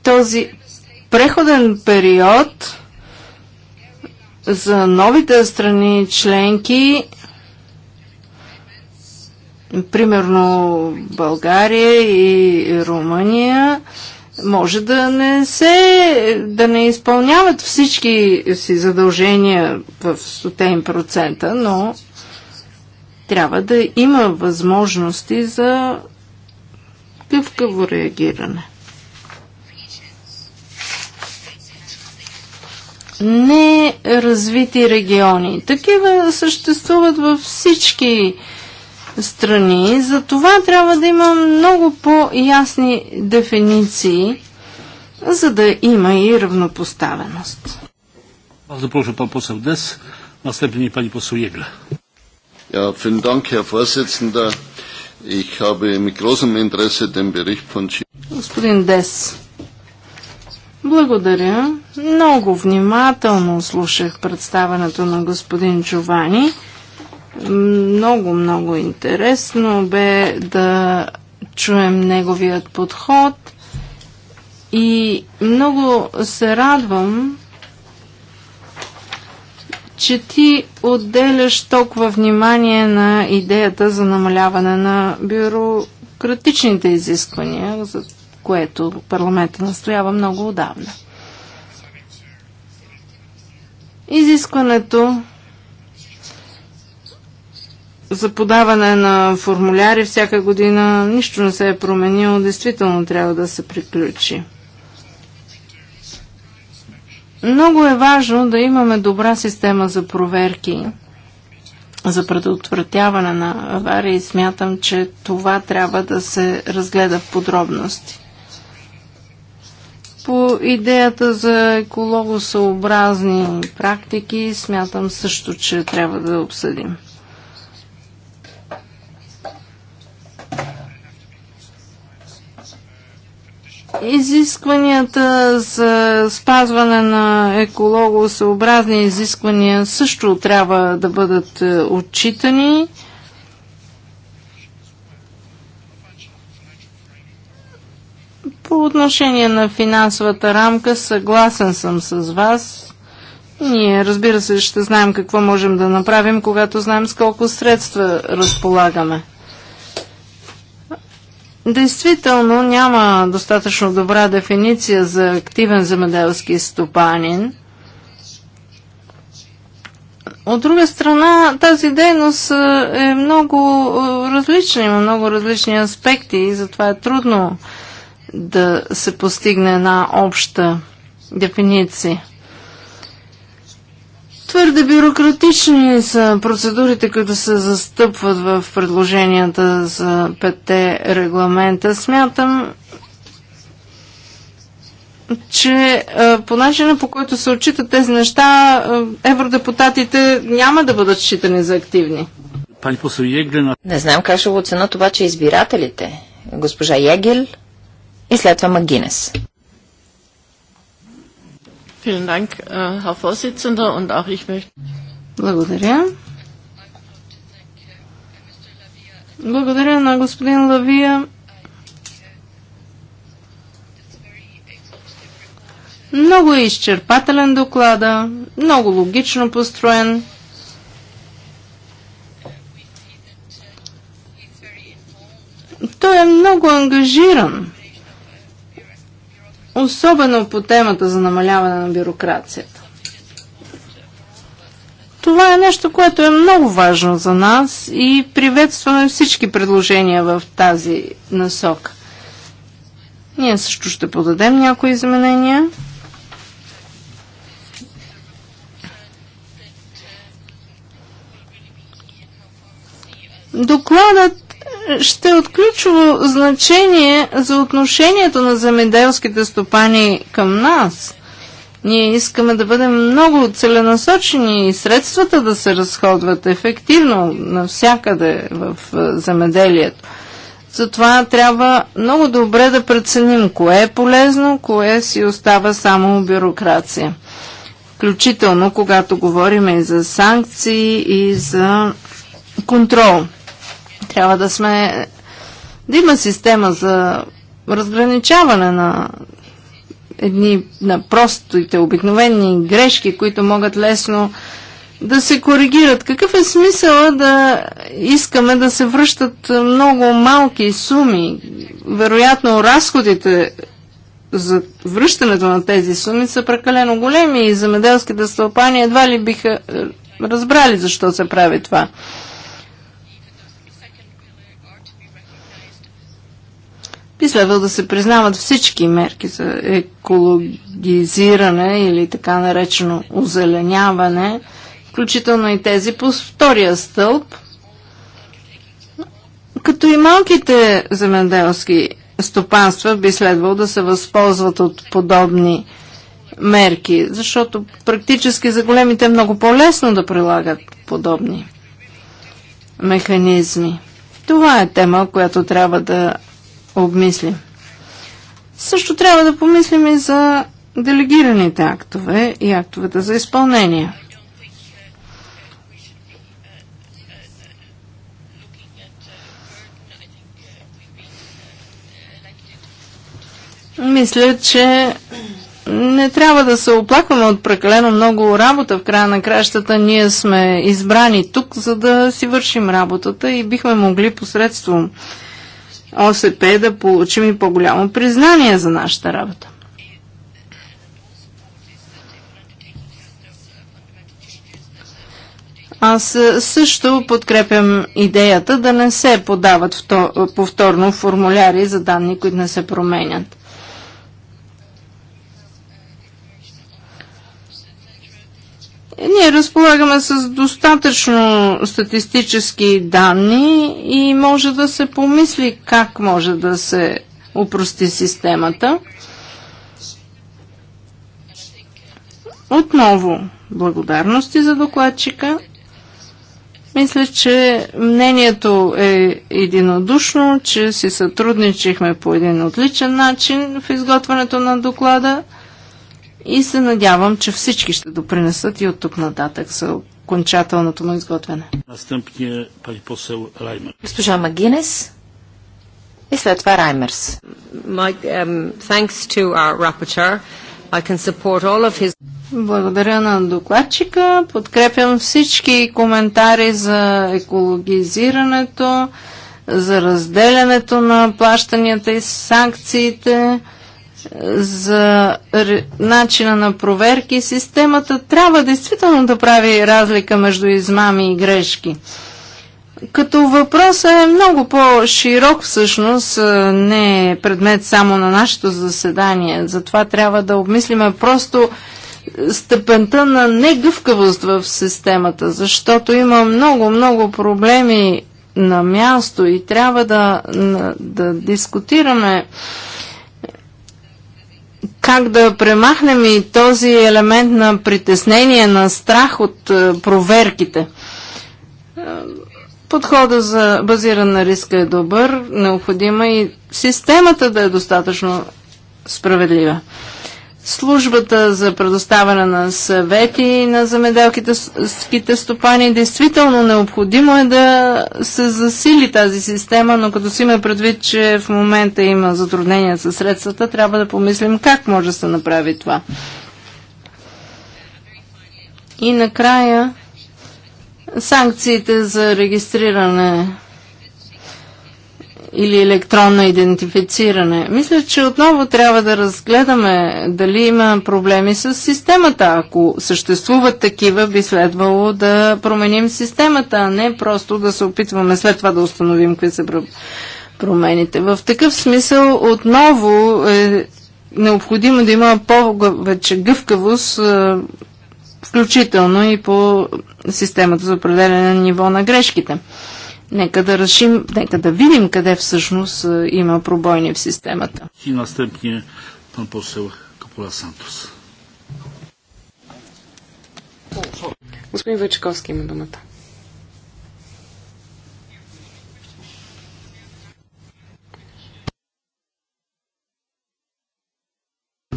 C: Този преходен период за новите страни членки примерно България и Румъния, може да не се, да не изпълняват всички си задължения в 100%, но трябва да има възможности за гъвкаво реагиране. Не развити региони. Такива съществуват във всички страни. За това трябва да има много по-ясни дефиниции, за да има и равнопоставеност.
B: Аз запрошу пан посел Дес, наследен ни пани посел Егле.
E: Ja, vielen Dank, Herr Vorsitzender. Ich habe mit großem Interesse den Bericht von
C: Господин Дес, благодаря. Много внимателно слушах представането на господин Джовани. Много, много интересно бе да чуем неговият подход и много се радвам, че ти отделяш толкова внимание на идеята за намаляване на бюрократичните изисквания, за което парламента настоява много отдавна. Изискването за подаване на формуляри всяка година нищо не се е променило, действително трябва да се приключи. Много е важно да имаме добра система за проверки, за предотвратяване на аварии и смятам, че това трябва да се разгледа в подробности. По идеята за екологосъобразни практики смятам също, че трябва да обсъдим. изискванията за спазване на екологосъобразни изисквания също трябва да бъдат е, отчитани. По отношение на финансовата рамка, съгласен съм с вас. Ние, разбира се, ще знаем какво можем да направим, когато знаем с колко средства разполагаме. Действително няма достатъчно добра дефиниция за активен земеделски стопанин. От друга страна, тази дейност е много различна, има много различни аспекти и затова е трудно да се постигне една обща дефиниция. Твърде бюрократични са процедурите, които се застъпват в предложенията за петте регламента. Смятам, че по начина по който се отчитат тези неща, евродепутатите няма да бъдат считани за активни. Не знам как ще го оценят обаче избирателите. Госпожа Егел
A: и след това Магинес.
C: Äh, Благодаря. Благодаря на господин Лавия. Много е изчерпателен доклада, много логично построен. Той е много ангажиран особено по темата за намаляване на бюрокрацията. Това е нещо, което е много важно за нас и приветстваме всички предложения в тази насока. Ние също ще подадем някои изменения. Докладът ще от ключово значение за отношението на земеделските стопани към нас. Ние искаме да бъдем много целенасочени и средствата да се разходват ефективно навсякъде в е, земеделието. Затова трябва много добре да преценим кое е полезно, кое си остава само бюрокрация. Включително когато говорим и за санкции, и за контрол. Трябва да сме... да има система за разграничаване на едни на простите, обикновени грешки, които могат лесно да се коригират. Какъв е смисъла да искаме да се връщат много малки суми? Вероятно, разходите за връщането на тези суми са прекалено големи и земеделските стълпани едва ли биха е, разбрали защо се прави това. би следвало да се признават всички мерки за екологизиране или така наречено озеленяване, включително и тези по втория стълб, като и малките земеделски стопанства би следвало да се възползват от подобни мерки, защото практически за големите е много по-лесно да прилагат подобни механизми. Това е тема, която трябва да обмислим. Също трябва да помислим и за делегираните актове и актовете за изпълнение. Мисля, че не трябва да се оплакваме от прекалено много работа. В края на кращата ние сме избрани тук, за да си вършим работата и бихме могли посредством ОСП да получим и по-голямо признание за нашата работа. Аз е, също подкрепям идеята да не се подават е, повторно формуляри за данни, които не се променят. Ние разполагаме с достатъчно статистически данни и може да се помисли как може да се упрости системата. Отново, благодарности за докладчика. Мисля, че мнението е единодушно, че си сътрудничихме по един отличен начин в изготвянето на доклада и се надявам, че всички ще допринесат и от тук нататък за окончателното му изготвяне.
B: Настъпния е пари посел Раймер.
C: Госпожа Магинес и след това Раймерс.
A: Um,
C: Благодаря на докладчика. Подкрепям всички коментари за екологизирането, за разделянето на плащанията и санкциите за начина на проверки, системата трябва действително да прави разлика между измами и грешки. Като въпросът е много по-широк всъщност, не е предмет само на нашето заседание. Затова трябва да обмислиме просто степента на негъвкавост в системата, защото има много, много проблеми на място и трябва да, да дискутираме как да премахнем и този елемент на притеснение, на страх от е, проверките. Е, подхода за базиран на риска е добър, необходима и системата да е достатъчно справедлива службата за предоставяне на съвети на замеделките стопани. Действително необходимо е да се засили тази система, но като си има предвид, че в момента има затруднения със средствата, трябва да помислим как може да се направи това. И накрая санкциите за регистриране или електронно идентифициране. Мисля, че отново трябва да разгледаме дали има проблеми с системата. Ако съществуват такива, би следвало да променим системата, а не просто да се опитваме след това да установим какви са промените. В такъв смисъл отново е необходимо да има повече гъвкавост, е, включително и по системата за определене на ниво на грешките. Нека да решим, нека да видим къде всъщност е, има пробойни в системата.
B: И настъпния пан посел Капола Сантос.
D: Господин Вечковски има думата.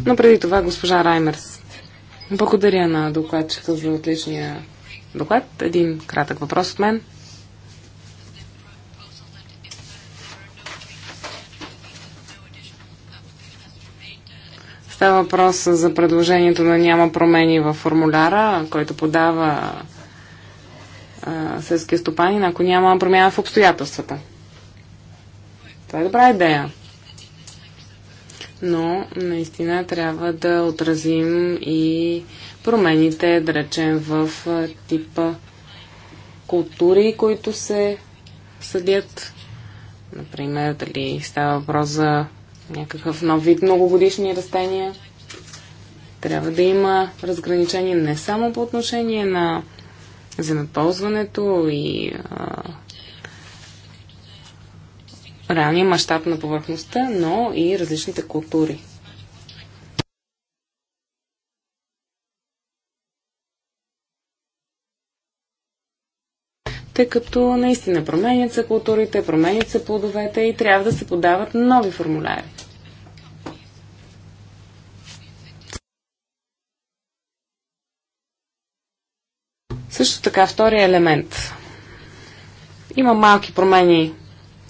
D: Но преди това госпожа Раймерс. Благодаря на докладчика за отличния доклад. Един кратък въпрос от мен. Става въпрос за предложението на няма промени в формуляра, който подава селския стопанин, ако няма промяна в обстоятелствата. Това е добра идея. Но наистина трябва да отразим и промените, да речем, в типа култури, които се съдят. Например, дали става въпрос за някакъв нов вид многогодишни растения. Трябва да има разграничение не само по отношение на земеползването и а, реалния мащаб на повърхността, но и различните култури. тъй като наистина променят се културите, променят се плодовете и трябва да се подават нови формуляри. Също така, втория елемент. Има малки промени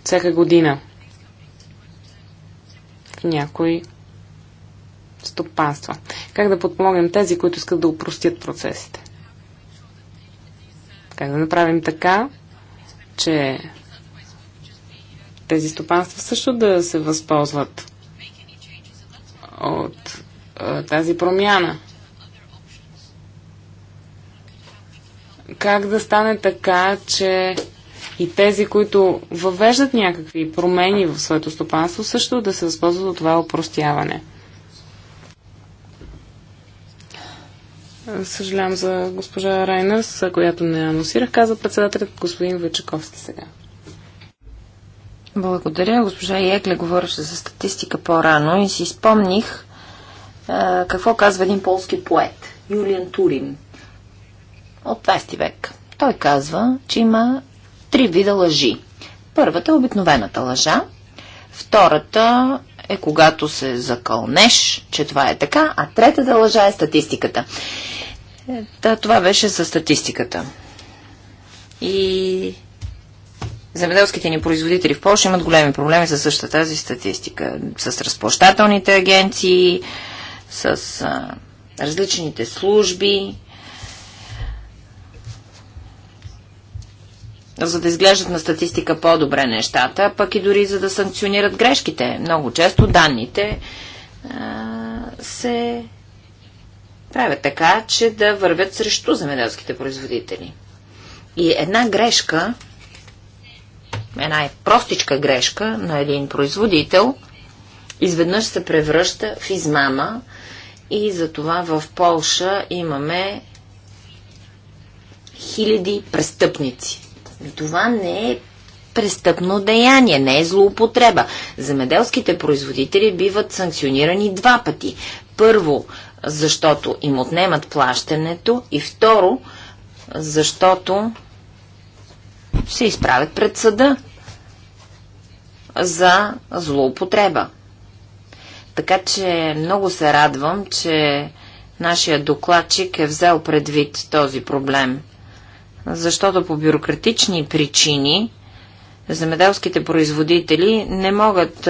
D: всяка година в някои стопанства. Как да подпомогнем тези, които искат да упростят процесите? Как да направим така, че тези стопанства също да се възползват от а, тази промяна. Как да стане така, че и тези, които въвеждат някакви промени в своето стопанство, също да се възползват от това опростяване. Съжалявам за госпожа Райнърс, която не анонсирах, каза председателят господин Вечаковски
A: сега. Благодаря. Госпожа Екле говореше за статистика по-рано и си спомних е, какво казва един полски поет, Юлиан Турин, от 20 век. Той казва, че има три вида лъжи. Първата е обикновената лъжа, втората е когато се закълнеш, че това е така, а третата лъжа е статистиката. Е, та, това беше за статистиката. И земеделските ни производители в Польша имат големи проблеми с същата тази статистика. С разплащателните агенции, с а, различните служби, за да изглеждат на статистика по-добре нещата, пък и дори за да санкционират грешките. Много често данните а, се правят така, че да вървят срещу земеделските производители. И една грешка, една е простичка грешка на един производител, изведнъж се превръща в измама и затова в Полша имаме хиляди престъпници. Това не е престъпно деяние, не е злоупотреба. Земеделските производители биват санкционирани два пъти. Първо, защото им отнемат плащането и второ, защото се изправят пред съда за злоупотреба. Така че много се радвам, че нашия докладчик е взел предвид този проблем защото по бюрократични причини земеделските производители не могат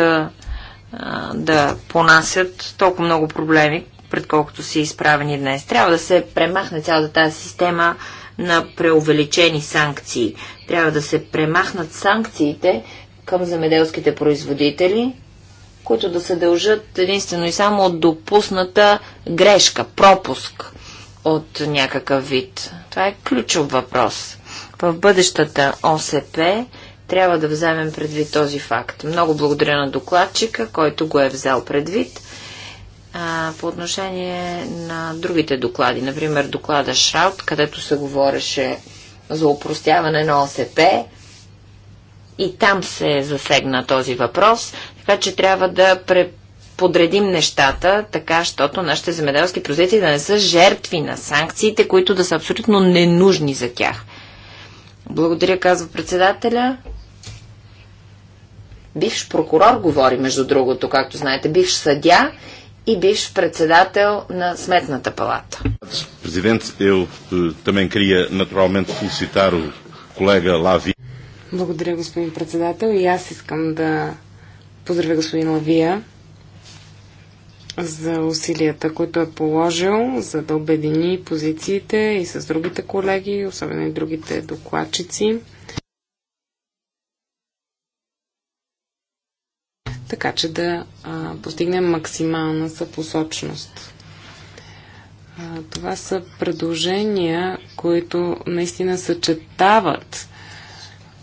A: да понасят толкова много проблеми, пред колкото са изправени днес. Трябва да се премахне цялата тази система на преувеличени санкции. Трябва да се премахнат санкциите към земеделските производители, които да се дължат единствено и само от допусната грешка, пропуск – от някакъв вид? Това е ключов въпрос. В бъдещата ОСП трябва да вземем предвид този факт. Много благодаря на докладчика, който го е взел предвид. А, по отношение на другите доклади, например доклада Шраут, където се говореше за упростяване на ОСП, и там се засегна този въпрос, така че трябва да пре подредим нещата, така, щото нашите земеделски производители да не са жертви на санкциите, които да са абсолютно ненужни за тях. Благодаря, казва председателя. Бивш прокурор говори, между другото, както знаете, бивш съдя и бивш председател на Сметната палата.
B: Президент, eu е, também queria naturalmente felicitar o colega Лави.
D: Благодаря, господин председател. И аз искам да поздравя господин Лавия за усилията, които е положил, за да обедини позициите и с другите колеги, особено и другите докладчици. Така че да а, постигнем максимална съпосочност. А, това са предложения, които наистина съчетават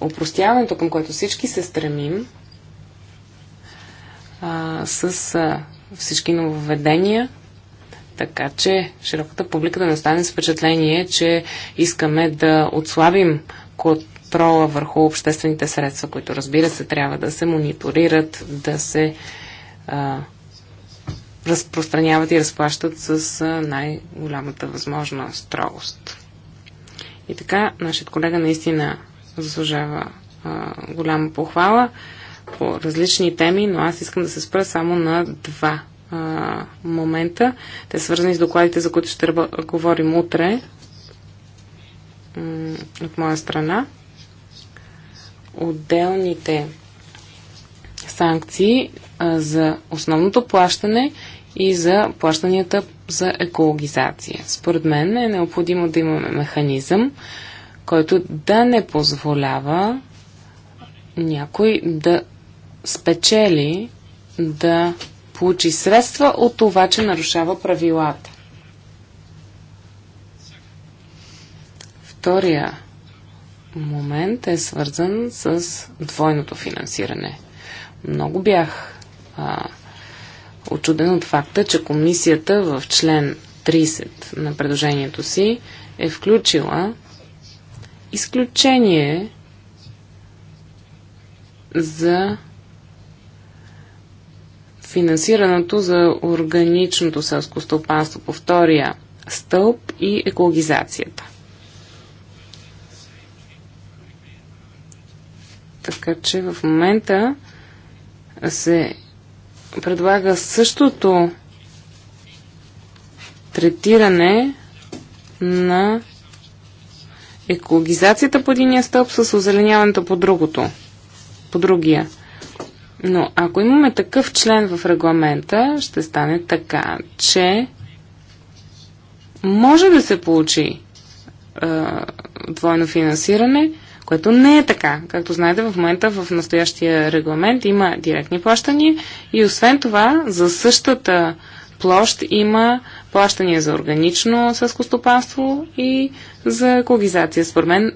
D: опростяването, към което всички се стремим, а, с всички нововведения, така че широката публика да не стане с впечатление, че искаме да отслабим контрола върху обществените средства, които разбира се трябва да се мониторират, да се а, разпространяват и разплащат с най-голямата възможна строгост. И така, нашият колега наистина заслужава а, голяма похвала по различни теми, но аз искам да се спра само на два а, момента. Те са свързани с докладите, за които ще ръба, говорим утре от моя страна. Отделните санкции а, за основното плащане и за плащанията за екологизация. Според мен е необходимо да имаме механизъм, който да не позволява някой да спечели да получи средства от това, че нарушава правилата. Втория момент е свързан с двойното финансиране. Много бях а, очуден от факта, че комисията в член 30 на предложението си е включила изключение за финансирането за органичното селско стопанство по втория стълб и екологизацията. Така че в момента се предлага същото третиране на екологизацията по единия стълб с озеленяването по другото. По другия. Но ако имаме такъв член в регламента, ще стане така, че може да се получи е, двойно финансиране, което не е така. Както знаете, в момента в настоящия регламент има директни плащания и освен това за същата площ има плащания за органично съскостопанство и за екологизация. Според мен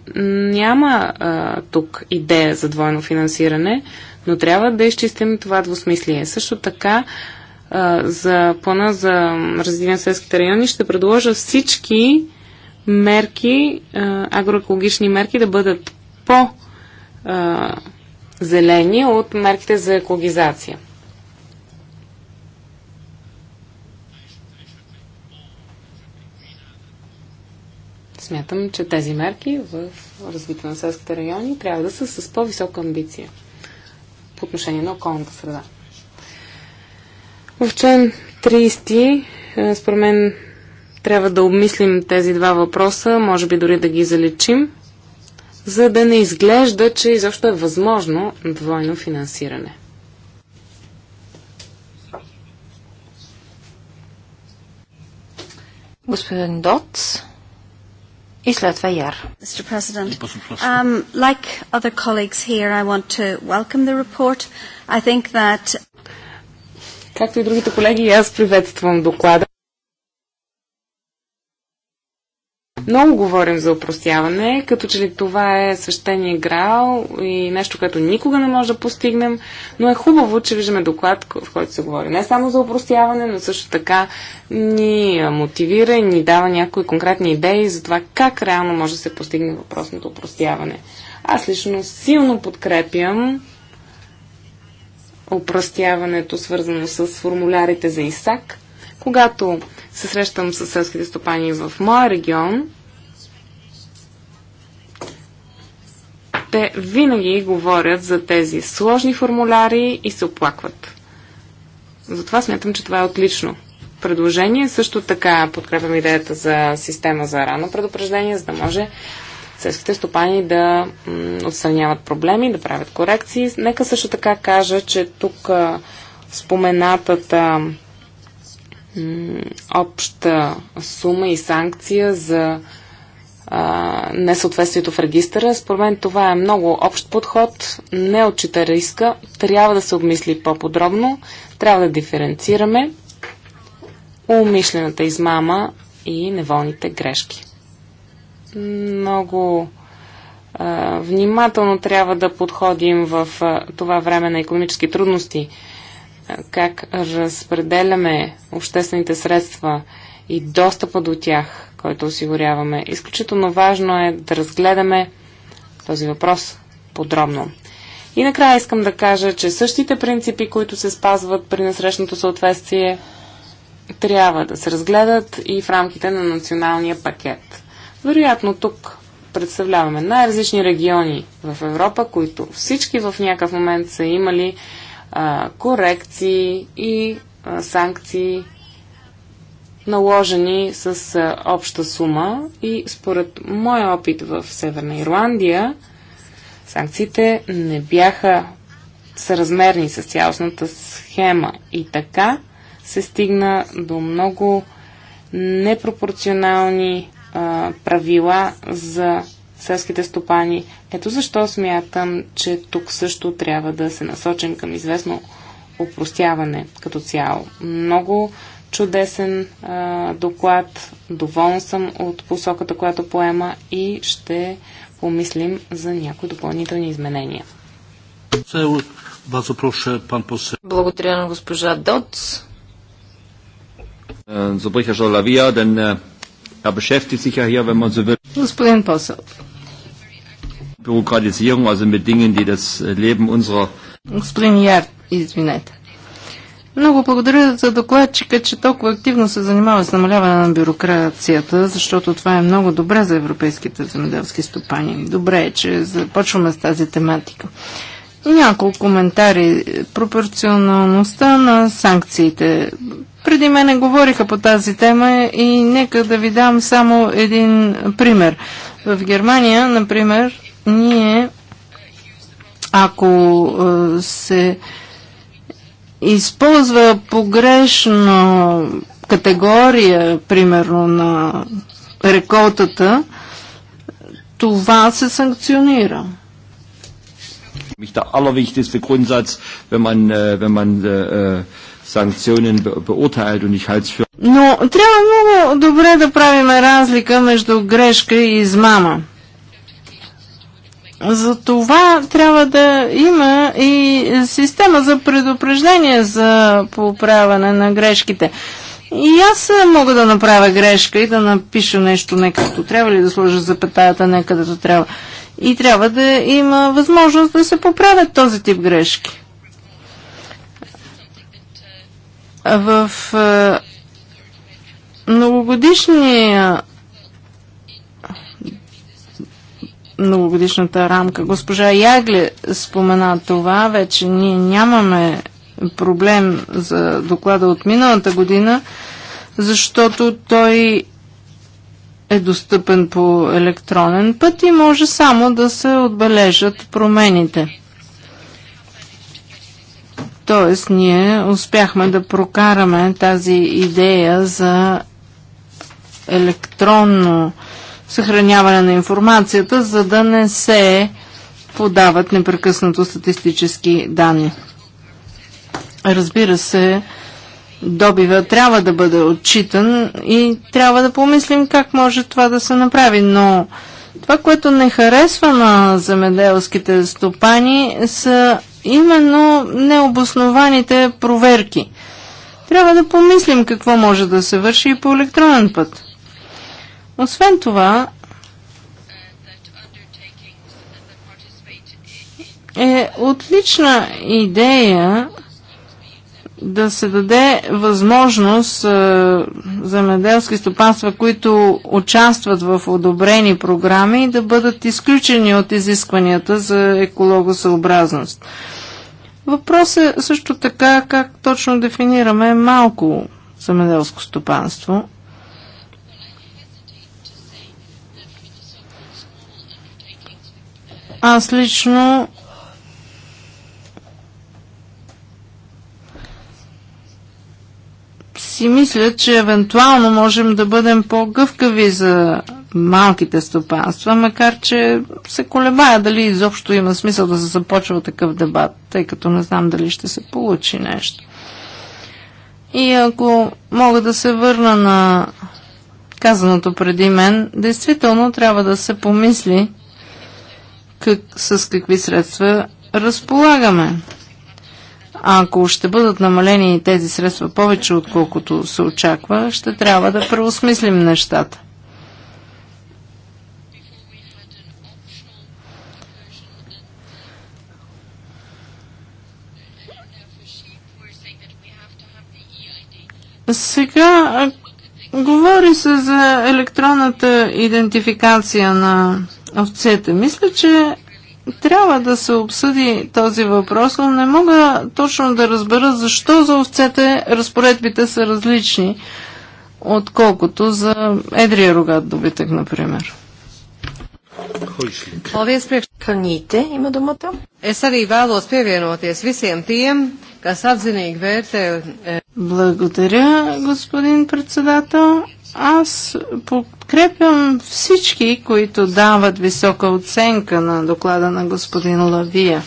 D: няма е, тук идея за двойно финансиране, но трябва да изчистим това двусмислие. Също така, за плана за развитие на селските райони ще предложа всички мерки, агроекологични мерки да бъдат по- зелени от мерките за екологизация. Смятам, че тези мерки в развитие на селските райони трябва да са с по-висока амбиция по отношение на околната среда. В член 30, е, според мен, трябва да обмислим тези два въпроса, може би дори да ги залечим, за да не изглежда, че изобщо е възможно двойно финансиране.
A: Господин Доц. И след това Яр. Um,
C: like
A: here, that... Както и другите
D: колеги, аз приветствам доклада. Много говорим за упростяване, като че ли това е свещения грал и нещо, което никога не може да постигнем, но е хубаво, че виждаме доклад, в който се говори не само за упростяване, но също така ни мотивира и ни дава някои конкретни идеи за това как реално може да се постигне въпросното упростяване. Аз лично силно подкрепям упростяването, свързано с формулярите за ИСАК, когато се срещам с селските стопани в моя регион, те винаги говорят за тези сложни формуляри и се оплакват. Затова смятам, че това е отлично предложение. Също така подкрепям идеята за система за рано предупреждение, за да може селските стопани да отстраняват проблеми, да правят корекции. Нека също така кажа, че тук споменатата обща сума и санкция за а, несъответствието в регистъра. Според мен това е много общ подход, не отчита риска, трябва да се обмисли по-подробно, трябва да диференцираме умишлената измама и неволните грешки. Много а, внимателно трябва да подходим в а, това време на економически трудности как разпределяме обществените средства и достъпа до тях, който осигуряваме. Изключително важно е да разгледаме този въпрос подробно. И накрая искам да кажа, че същите принципи, които се спазват при насрещното съответствие, трябва да се разгледат и в рамките на националния пакет. Вероятно тук представляваме най-различни региони в Европа, които всички в някакъв момент са имали корекции и санкции, наложени с обща сума. И според моя опит в Северна Ирландия, санкциите не бяха съразмерни с цялостната схема. И така се стигна до много непропорционални а, правила за селските стопани. Ето защо смятам, че тук също трябва да се насочим към известно опростяване като цяло. Много чудесен а, доклад, доволен съм от посоката, която поема и ще помислим за някои допълнителни изменения.
A: Благодаря на госпожа Доц.
F: Е, е,
C: Господин Посел,
F: Bürokratisierung, also mit Dingen, die das äh, Leben unserer... Господин Яр, извинете.
C: Много благодаря за докладчика, че толкова активно се занимава с намаляване на бюрокрацията, защото това е много добре за европейските земеделски стопани. Добре е, че започваме с тази тематика. Няколко коментари. Пропорционалността на санкциите. Преди мене говориха по тази тема и нека да ви дам само един пример. В Германия, например, ние, ако е, се използва погрешно категория, примерно на реколтата, това се санкционира.
F: der allerwichtigste Grundsatz, wenn man, äh, wenn man äh, Sanktionen be beurteilt und ich halte es für. Но
C: трябва много добре да правим разлика между грешка и измама. За това трябва да има и система за предупреждение за поправяне на грешките. И аз мога да направя грешка и да напиша нещо не както трябва или да сложа запетаята не където трябва. И трябва да има възможност да се поправят този тип грешки. В е, многогодишния многогодишната рамка. Госпожа Ягле спомена това, вече ние нямаме проблем за доклада от миналата година, защото той е достъпен по електронен път и може само да се отбележат промените. Тоест, ние успяхме да прокараме тази идея за електронно съхраняване на информацията, за да не се подават непрекъснато статистически данни. Разбира се, добива трябва да бъде отчитан и трябва да помислим как може това да се направи, но това, което не харесва на земеделските стопани са именно необоснованите проверки. Трябва да помислим какво може да се върши и по електронен път. Освен това, е отлична идея да се даде възможност е, земеделски стопанства, които участват в одобрени програми, да бъдат изключени от изискванията за екологосъобразност. Въпрос е също така как точно дефинираме малко земеделско стопанство – Аз лично си мисля, че евентуално можем да бъдем по-гъвкави за малките стопанства, макар че се колебая дали изобщо има смисъл да се започва такъв дебат, тъй като не знам дали ще се получи нещо. И ако мога да се върна на казаното преди мен, действително трябва да се помисли как, с какви средства разполагаме. Ако ще бъдат намалени тези средства повече, отколкото се очаква, ще трябва да преосмислим нещата. Сега говори се за електронната идентификация на овцете. Мисля, че трябва да се обсъди този въпрос, но не мога точно да разбера защо за овцете разпоредбите са различни, отколкото за едрия рогат добитък, например. има думата. Е domāta. Es вало спевено от тези tiem, kas apzinīgi гверте. Eh, Благодаря, господин председател. Аз подкрепям всички, които дават висока оценка на доклада на господин Лавия.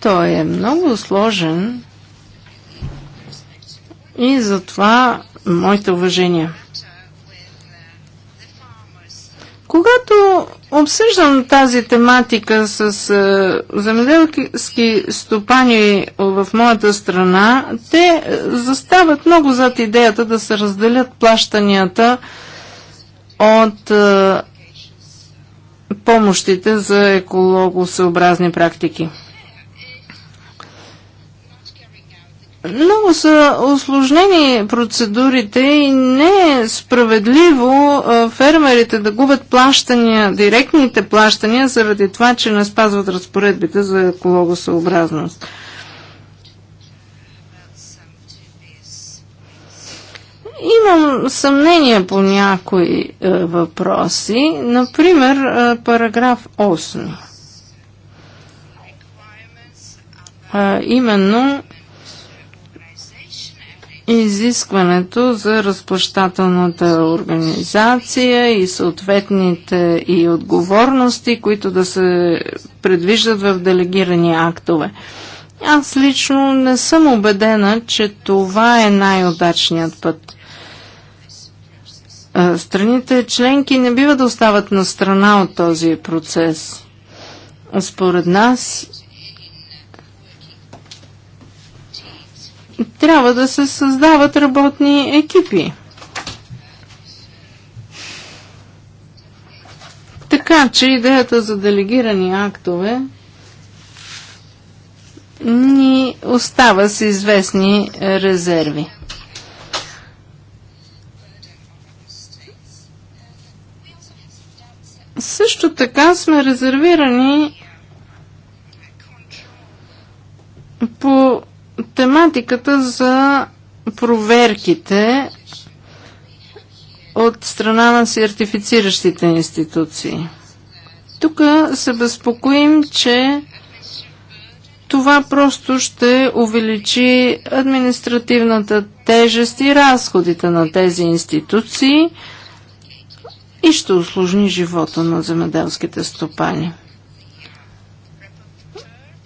C: Той е много сложен и затова моите уважения. Когато обсъждам тази тематика с е, земеделски стопани в моята страна, те е, застават много зад идеята да се разделят плащанията от е, помощите за екологосъобразни практики. Много са осложнени процедурите и не е справедливо е, фермерите да губят плащания, директните плащания, заради това, че не спазват разпоредбите за екологосъобразност. Имам съмнение по някои е, въпроси, например е, параграф 8. Е, именно изискването за разплащателната организация и съответните и отговорности, които да се предвиждат в делегирани актове. Аз лично не съм убедена, че това е най-удачният път. Страните членки не бива да остават на страна от този процес. Според нас трябва да се създават работни екипи. Така че идеята за делегирани актове ни остава с известни резерви. Също така сме резервирани по тематиката за проверките от страна на сертифициращите институции. Тук се безпокоим, че това просто ще увеличи административната тежест и разходите на тези институции – и ще усложни живота на земеделските стопани.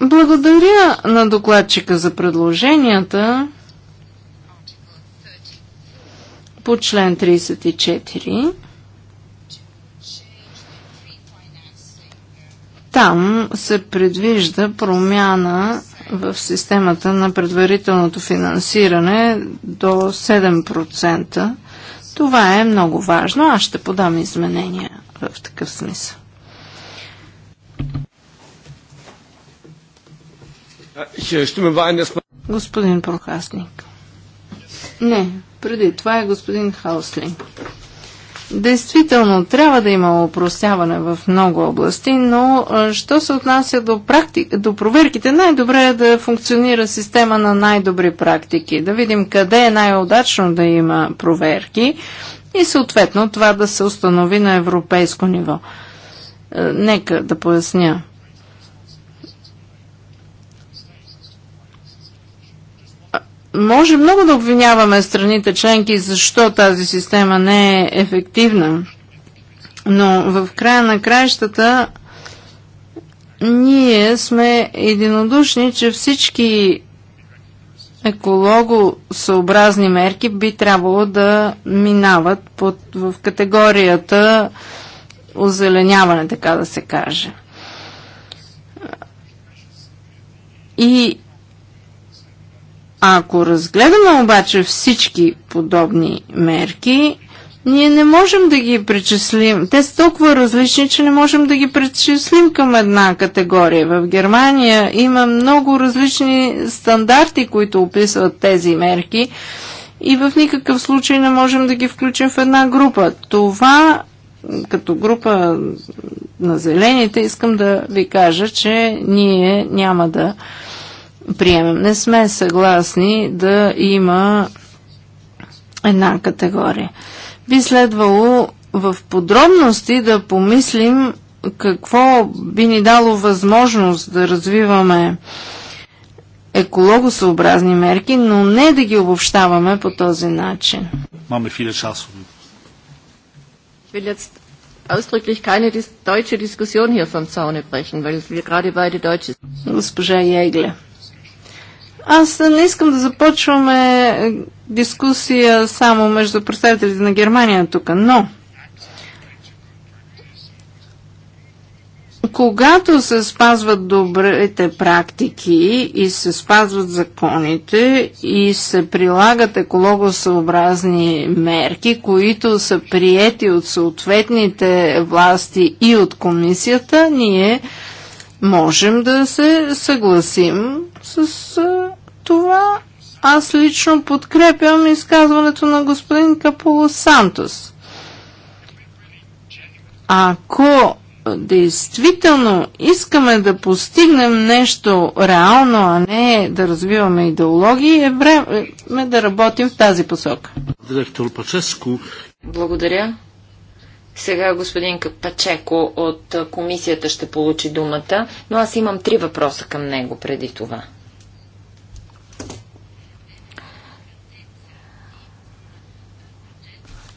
C: Благодаря на докладчика за предложенията по член 34. Там се предвижда промяна в системата на предварителното финансиране до 7% това е много важно. Аз ще подам изменения в такъв смисъл.
F: Е,
C: господин Прокасник. Не, преди това е господин Хауслинг. Действително, трябва да има опростяване в много области, но що се отнася до, практик, до проверките, най-добре е да функционира система на най-добри практики, да видим къде е най-удачно да има проверки и съответно това да се установи на европейско ниво. Е, нека да поясня. може много да обвиняваме страните членки, защо тази система не е ефективна. Но в края на краищата ние сме единодушни, че всички екологосъобразни мерки би трябвало да минават под, в категорията озеленяване, така да се каже. И ако разгледаме обаче всички подобни мерки, ние не можем да ги причислим. Те са толкова различни, че не можем да ги причислим към една категория. В Германия има много различни стандарти, които описват тези мерки и в никакъв случай не можем да ги включим в една група. Това като група на зелените искам да ви кажа, че ние няма да приемем. Не сме съгласни да има една категория. Би следвало в подробности да помислим какво би ни дало възможност да развиваме екологосъобразни мерки, но не да ги обобщаваме по този начин.
B: Маме филе часов.
C: ausdrücklich keine deutsche Diskussion hier vom Zaune brechen, weil wir gerade beide Deutsche sind. Госпожа Jägle. Аз не искам да започваме дискусия само между представителите на Германия тук, но когато се спазват добрите практики и се спазват законите и се прилагат екологосъобразни мерки, които са приети от съответните власти и от комисията, ние можем да се съгласим с това аз лично подкрепям изказването на господин Каполо Сантос. Ако действително искаме да постигнем нещо реално, а не да развиваме идеологии, е време да работим в тази посока. Директор Паческо. Благодаря.
A: Сега господин Пачеко от комисията ще получи думата, но аз имам три въпроса към него преди това.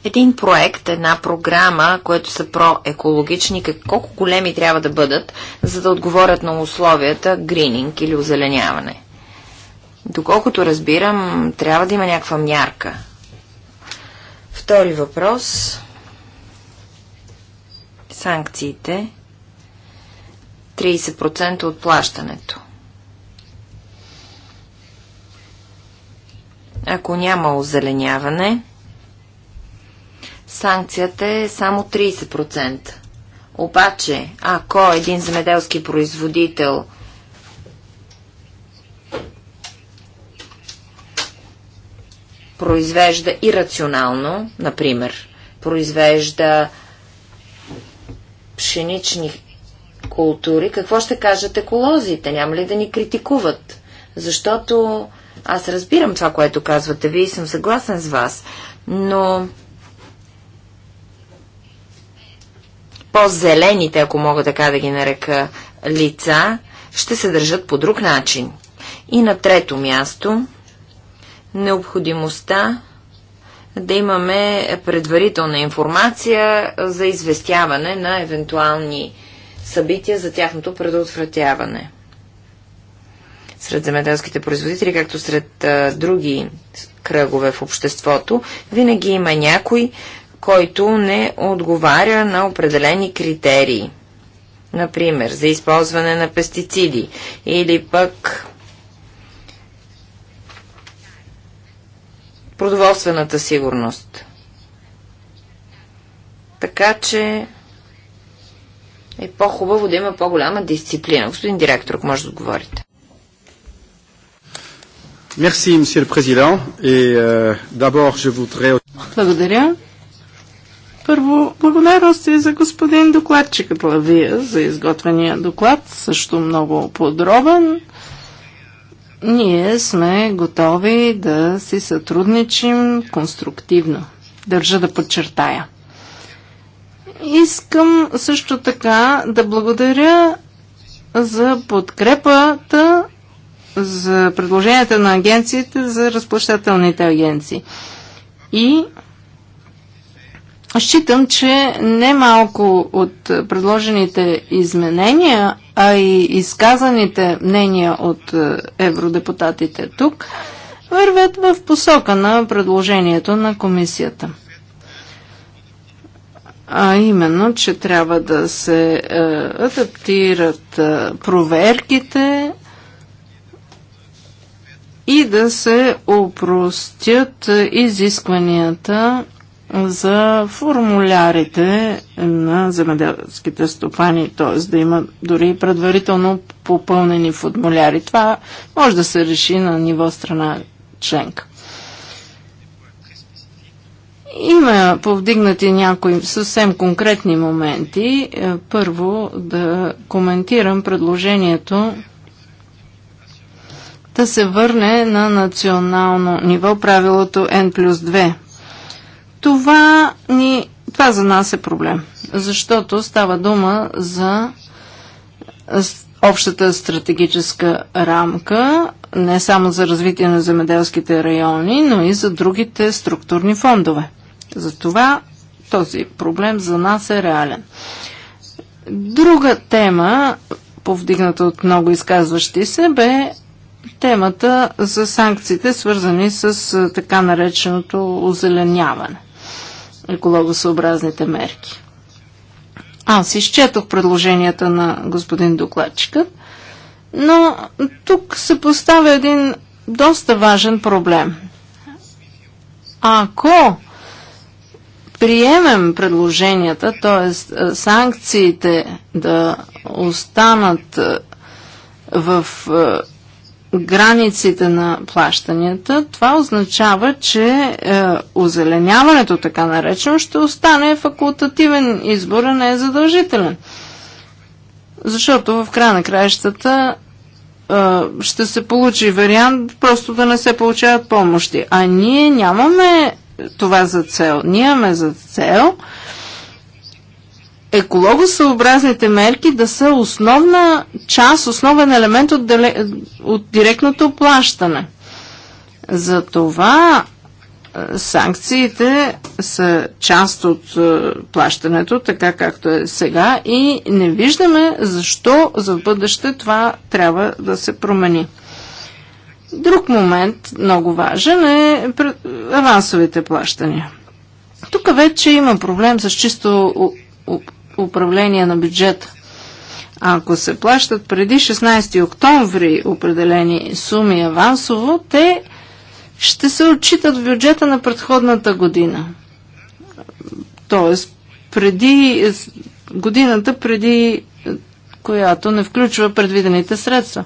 A: един проект, една програма, които са проекологични, колко големи трябва да бъдат, за да отговорят на условията грининг или озеленяване? Доколкото разбирам, трябва да има някаква мярка. Втори въпрос. Санкциите. 30% от плащането. Ако няма озеленяване, санкцията е само 30%. Обаче, ако един земеделски производител произвежда ирационално, например, произвежда пшенични култури, какво ще кажат еколозите? Няма ли да ни критикуват? Защото аз разбирам това, което казвате вие и съм съгласен с вас, но по-зелените, ако мога така да ги нарека, лица, ще се държат по друг начин. И на трето място, необходимостта да имаме предварителна информация за известяване на евентуални събития за тяхното предотвратяване. Сред земеделските производители, както сред а, други кръгове в обществото, винаги има някой, който не отговаря на определени критерии. Например, за използване на пестициди или пък продоволствената сигурност. Така че е по-хубаво да има по-голяма дисциплина. Господин директор, ако
C: може да отговорите.
B: Merci, monsieur le Président. Et euh, d'abord, je voudrais...
C: Благодаря. Първо, благодарности за господин докладчикът Лавия за изготвения доклад, също много подробен. Ние сме готови да си сътрудничим конструктивно. Държа да подчертая. Искам също така да благодаря за подкрепата за предложенията на агенциите за разплащателните агенции. И Считам, че не малко от предложените изменения, а и изказаните мнения от е, евродепутатите тук, вървят в посока на предложението на комисията. А именно, че трябва да се е, адаптират е, проверките и да се опростят е, изискванията за формулярите на земеделските стопани, т.е. да има дори предварително попълнени формуляри. Това може да се реши на ниво страна членка. Има повдигнати някои съвсем конкретни моменти. Е, първо да коментирам предложението да се върне на национално ниво правилото N плюс 2 това, ни, това за нас е проблем, защото става дума за общата стратегическа рамка, не само за развитие на земеделските райони, но и за другите структурни фондове. Затова този проблем за нас е реален. Друга тема, повдигната от много изказващи се, бе темата за санкциите, свързани с така нареченото озеленяване екологосъобразните мерки. Аз изчетох предложенията на господин докладчикът, но тук се поставя един доста важен проблем. Ако приемем предложенията, т.е. санкциите да останат в границите на плащанията, това означава, че е, озеленяването, така наречено, ще остане факултативен избор, а не е задължителен. Защото в края на краищата е, ще се получи вариант просто да не се получават помощи. А ние нямаме това за цел. Ние имаме за цел е, екологосъобразните мерки да са основна част, основен елемент от, деле, от директното плащане. Затова е, санкциите са част от е, плащането, така както е сега, и не виждаме защо за бъдеще това трябва да се промени. Друг момент, много важен, е авансовите плащания. Тук вече има проблем с чисто управление на бюджета. Ако се плащат преди 16 октомври определени суми авансово, те ще се отчитат в бюджета на предходната година. Тоест, преди годината, преди която не включва предвидените средства.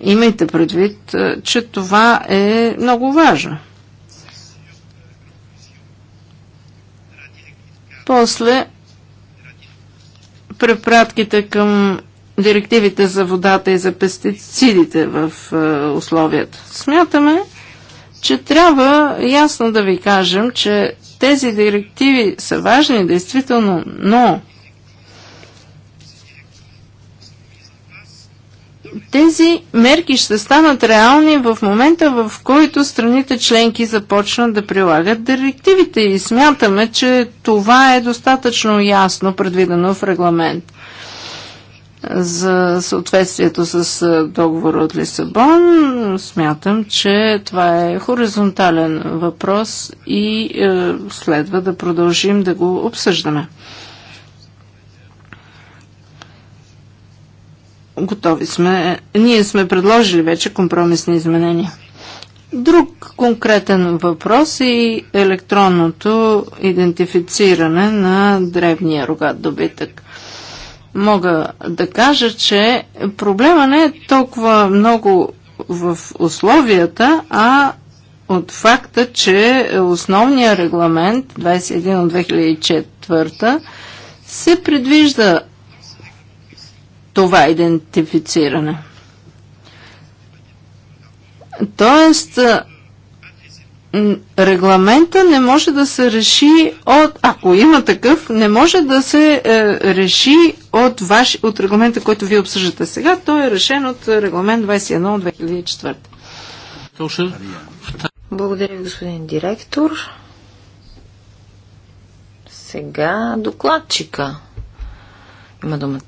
C: Имайте предвид, е, че това е много важно. После препратките към директивите за водата и за пестицидите в е, условията. Смятаме, че трябва ясно да ви кажем, че тези директиви са важни, действително, но тези мерки ще станат реални в момента, в който страните членки започнат да прилагат директивите и смятаме, че това е достатъчно ясно предвидено в регламент за съответствието с договора от Лисабон. Смятам, че това е хоризонтален въпрос и е, следва да продължим да го обсъждаме. готови сме. Ние сме предложили вече компромисни изменения. Друг конкретен въпрос е електронното идентифициране на древния рогат добитък. Мога да кажа, че проблема не е толкова много в условията, а от факта, че основният регламент 21 от 2004 се предвижда това идентифициране. Тоест, регламента не може да се реши от, ако има такъв, не може да се е, реши от, ваш, от регламента, който вие обсъждате сега. Той е решен от регламент 21 от 2004. Благодаря господин директор. Сега
A: докладчика има думата.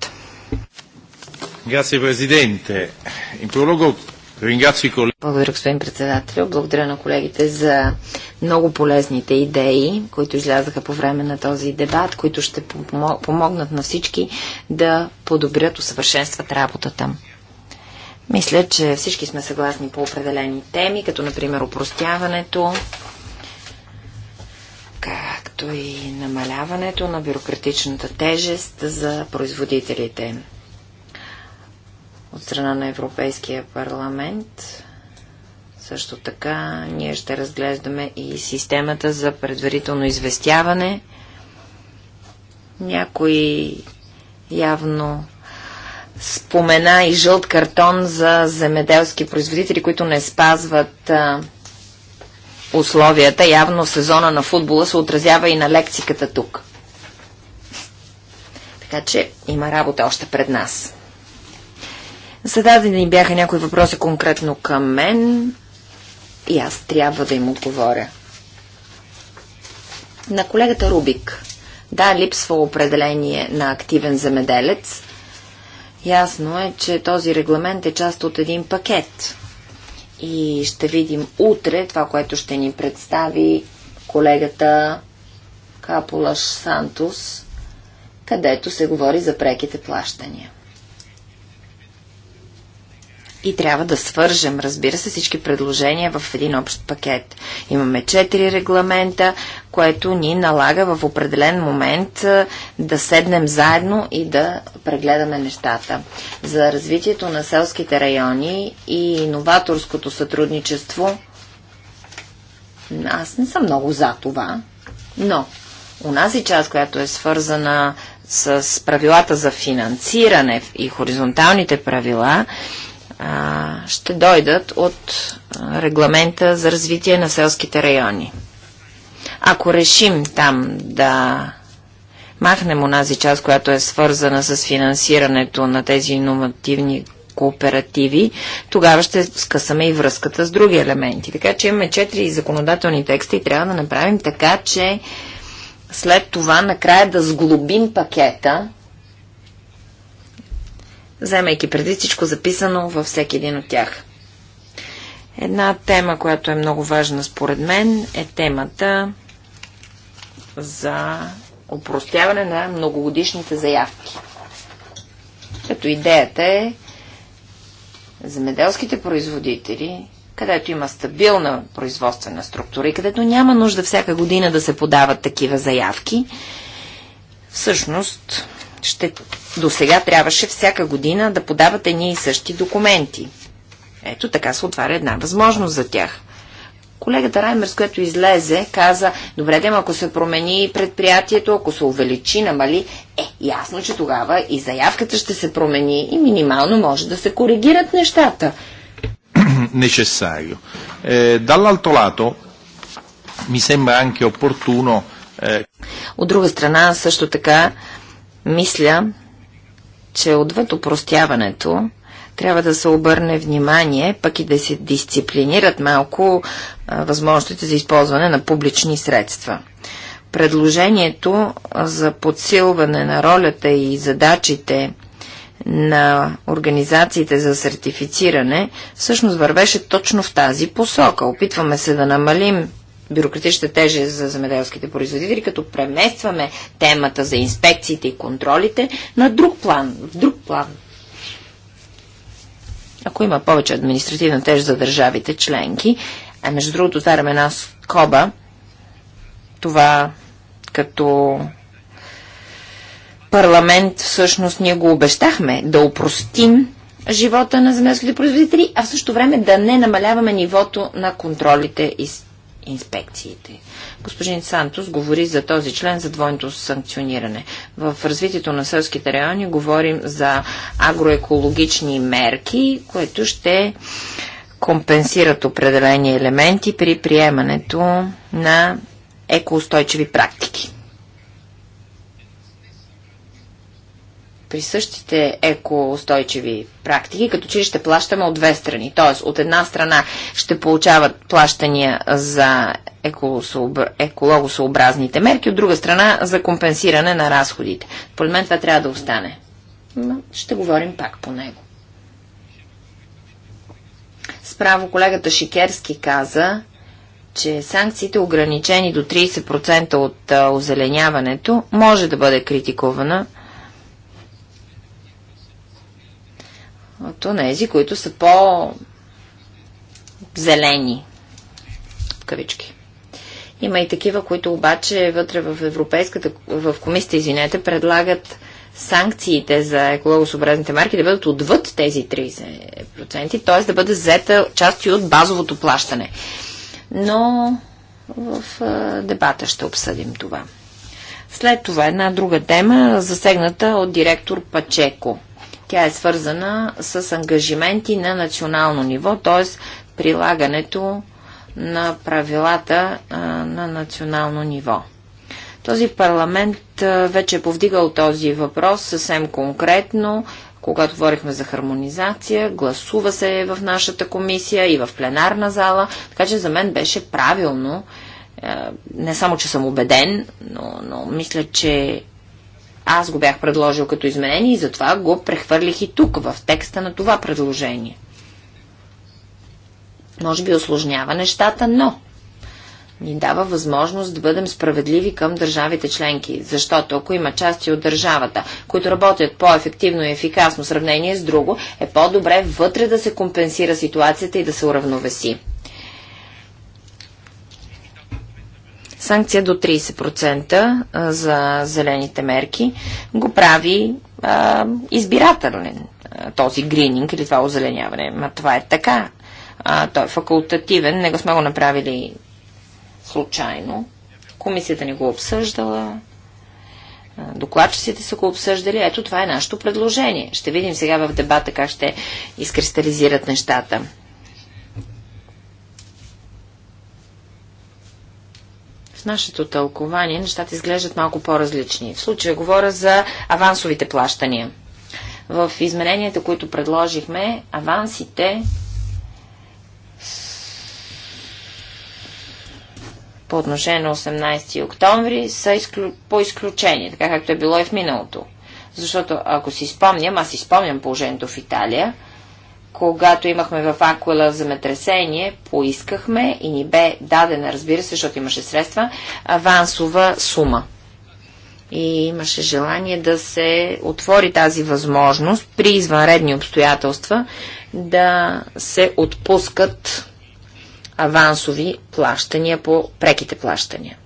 A: Благодаря, господин председател. Благодаря на колегите за много полезните идеи, които излязаха по време на този дебат, които ще помогнат на всички да подобрят, усъвършенстват работата. Мисля, че всички сме съгласни по определени теми, като например упростяването, както и намаляването на бюрократичната тежест за производителите от страна на Европейския парламент. Също така ние ще разглеждаме и системата за предварително известяване. Някой явно спомена и жълт картон за земеделски производители, които не спазват а, условията. Явно сезона на футбола се отразява и на лекциката тук. Така че има работа още пред нас. Зададени бяха някои въпроси конкретно към мен и аз трябва да им отговоря. На колегата Рубик. Да, липсва определение на активен земеделец. Ясно е, че този регламент е част от един пакет. И ще видим утре това, което ще ни представи колегата Капулаш Сантус, където се говори за преките плащания и трябва да свържем, разбира се, всички предложения в един общ пакет. Имаме четири регламента, което ни налага в определен момент да седнем заедно и да прегледаме нещата. За развитието на селските райони и новаторското сътрудничество аз не съм много за това, но унази част, която е свързана с правилата за финансиране и хоризонталните правила, а, ще дойдат от регламента за развитие на селските райони. Ако решим там да махнем онази част, която е свързана с финансирането на тези иновативни кооперативи, тогава ще скъсаме и връзката с други елементи. Така че имаме четири законодателни текста и трябва да направим така, че след това накрая да сглобим пакета вземайки преди всичко записано във всеки един от тях. Една тема, която е много важна според мен, е темата за упростяване на многогодишните заявки. Като идеята е земеделските производители, където има стабилна производствена структура и където няма нужда всяка година да се подават такива заявки, всъщност ще, до сега трябваше всяка година да подават едни и същи документи. Ето така се отваря една възможност за тях. Колегата Раймерс, което излезе, каза, добре, дем, ако се промени предприятието, ако се увеличи, намали, е, ясно, че тогава и заявката ще се промени и минимално може да се коригират нещата. Necessario. Eh, dall'altro lato, mi sembra anche opportuno... Eh... От друга страна, също така, мисля, че отвъд упростяването трябва да се обърне внимание, пък и да се дисциплинират малко възможностите за използване на публични средства. Предложението за подсилване на ролята и задачите на организациите за сертифициране всъщност вървеше точно в тази посока. Опитваме се да намалим бюрократичната тежест за земеделските производители, като преместваме темата за инспекциите и контролите на друг план, в друг план. Ако има повече административна тежест за държавите членки, а между другото отварям една скоба, това като парламент всъщност ние го обещахме да упростим живота на земеделските производители, а в същото време да не намаляваме нивото на контролите и инспекциите. Господин Сантос говори за този член за двойното санкциониране. В развитието на селските райони говорим за агроекологични мерки, които ще компенсират определени елементи при приемането на екоустойчиви практики. при същите екоустойчиви практики, като че ще плащаме от две страни. Т.е. от една страна ще получават плащания за екологосообразните мерки, от друга страна за компенсиране на разходите. Поред мен това трябва да остане. Ще говорим пак по него. Справо колегата Шикерски каза, че санкциите, ограничени до 30% от озеленяването, може да бъде критикувана – от тези, които са по-зелени. В кавички. Има и такива, които обаче вътре в Европейската, в комисията, извинете, предлагат санкциите за екологосъобразните марки да бъдат отвъд тези 30%, т.е. да бъде взета части от базовото плащане. Но в дебата ще обсъдим това. След това една друга тема, засегната от директор Пачеко. Тя е свързана с ангажименти на национално ниво, т.е. прилагането на правилата а, на национално ниво. Този парламент а, вече е повдигал този въпрос съвсем конкретно, когато говорихме за хармонизация, гласува се в нашата комисия и в пленарна зала, така че за мен беше правилно, а, не само, че съм убеден, но, но мисля, че аз го бях предложил като изменение и затова го прехвърлих и тук, в текста на това предложение. Може би осложнява нещата, но ни дава възможност да бъдем справедливи към държавите членки, защото ако има части от държавата, които работят по-ефективно и ефикасно в сравнение с друго, е по-добре вътре да се компенсира ситуацията и да се уравновеси. санкция до 30% за зелените мерки го прави а, избирателен този грининг или това озеленяване. Ма това е така. А, той е факултативен, не го сме го направили случайно. Комисията ни го обсъждала, докладчиците са го обсъждали. Ето това е нашето предложение. Ще видим сега в дебата как ще изкристализират нещата. В нашето тълкование нещата изглеждат малко по-различни. В случая говоря за авансовите плащания. В измененията, които предложихме, авансите по отношение на 18 октомври са изклю... по изключение, така както е било и в миналото. Защото ако си спомням, аз си спомням положението в Италия, когато имахме в Аквела земетресение, поискахме и ни бе дадена, разбира се, защото имаше средства, авансова сума. И имаше желание да се отвори тази възможност при извънредни обстоятелства да се отпускат авансови плащания по преките плащания.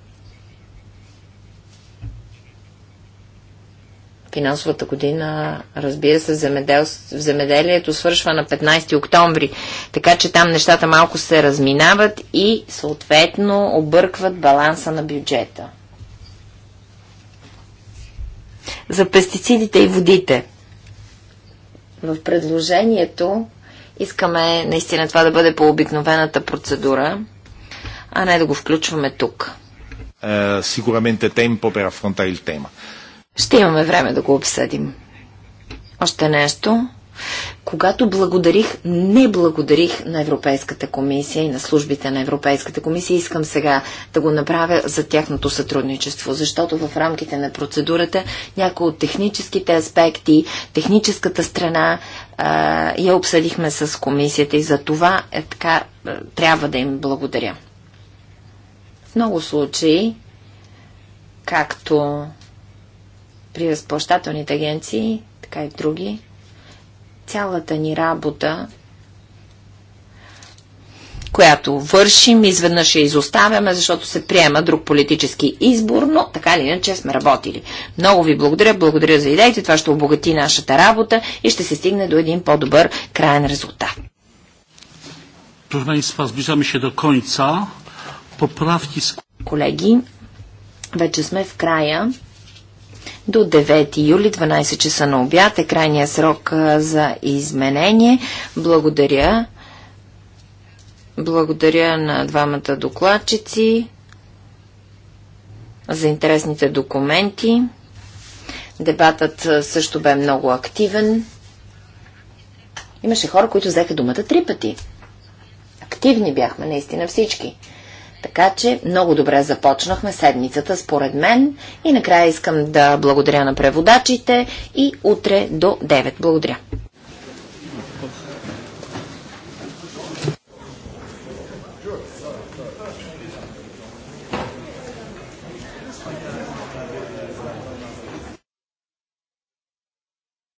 A: финансовата година, разбира се, земедел... земеделието свършва на 15 октомври, така че там нещата малко се разминават и съответно объркват баланса на бюджета. За пестицидите и водите. В предложението искаме наистина това да бъде по обикновената процедура, а не да го включваме тук. Uh, sicuramente tempo per affrontare il tema. Ще имаме време да го обсъдим. Още нещо. Когато благодарих, не благодарих на Европейската комисия и на службите на Европейската комисия, искам сега да го направя за тяхното сътрудничество, защото в рамките на процедурата някои от техническите аспекти, техническата страна а, я обсъдихме с комисията и за това е така, е, трябва да им благодаря. В много случаи, както при разплащателните агенции, така и други, цялата ни работа, която вършим, изведнъж я изоставяме, защото се приема друг политически избор, но така или иначе сме работили. Много ви благодаря, благодаря за идеите, това ще обогати нашата работа и ще се стигне до един по-добър крайен резултат. Колеги, вече сме в края до 9 юли, 12 часа на обяд е крайния срок за изменение. Благодаря. Благодаря на двамата докладчици за интересните документи. Дебатът също бе много активен. Имаше хора, които взеха думата три пъти. Активни бяхме наистина всички. Така че много добре започнахме седмицата, според мен. И накрая искам да благодаря на преводачите и утре до 9. Благодаря.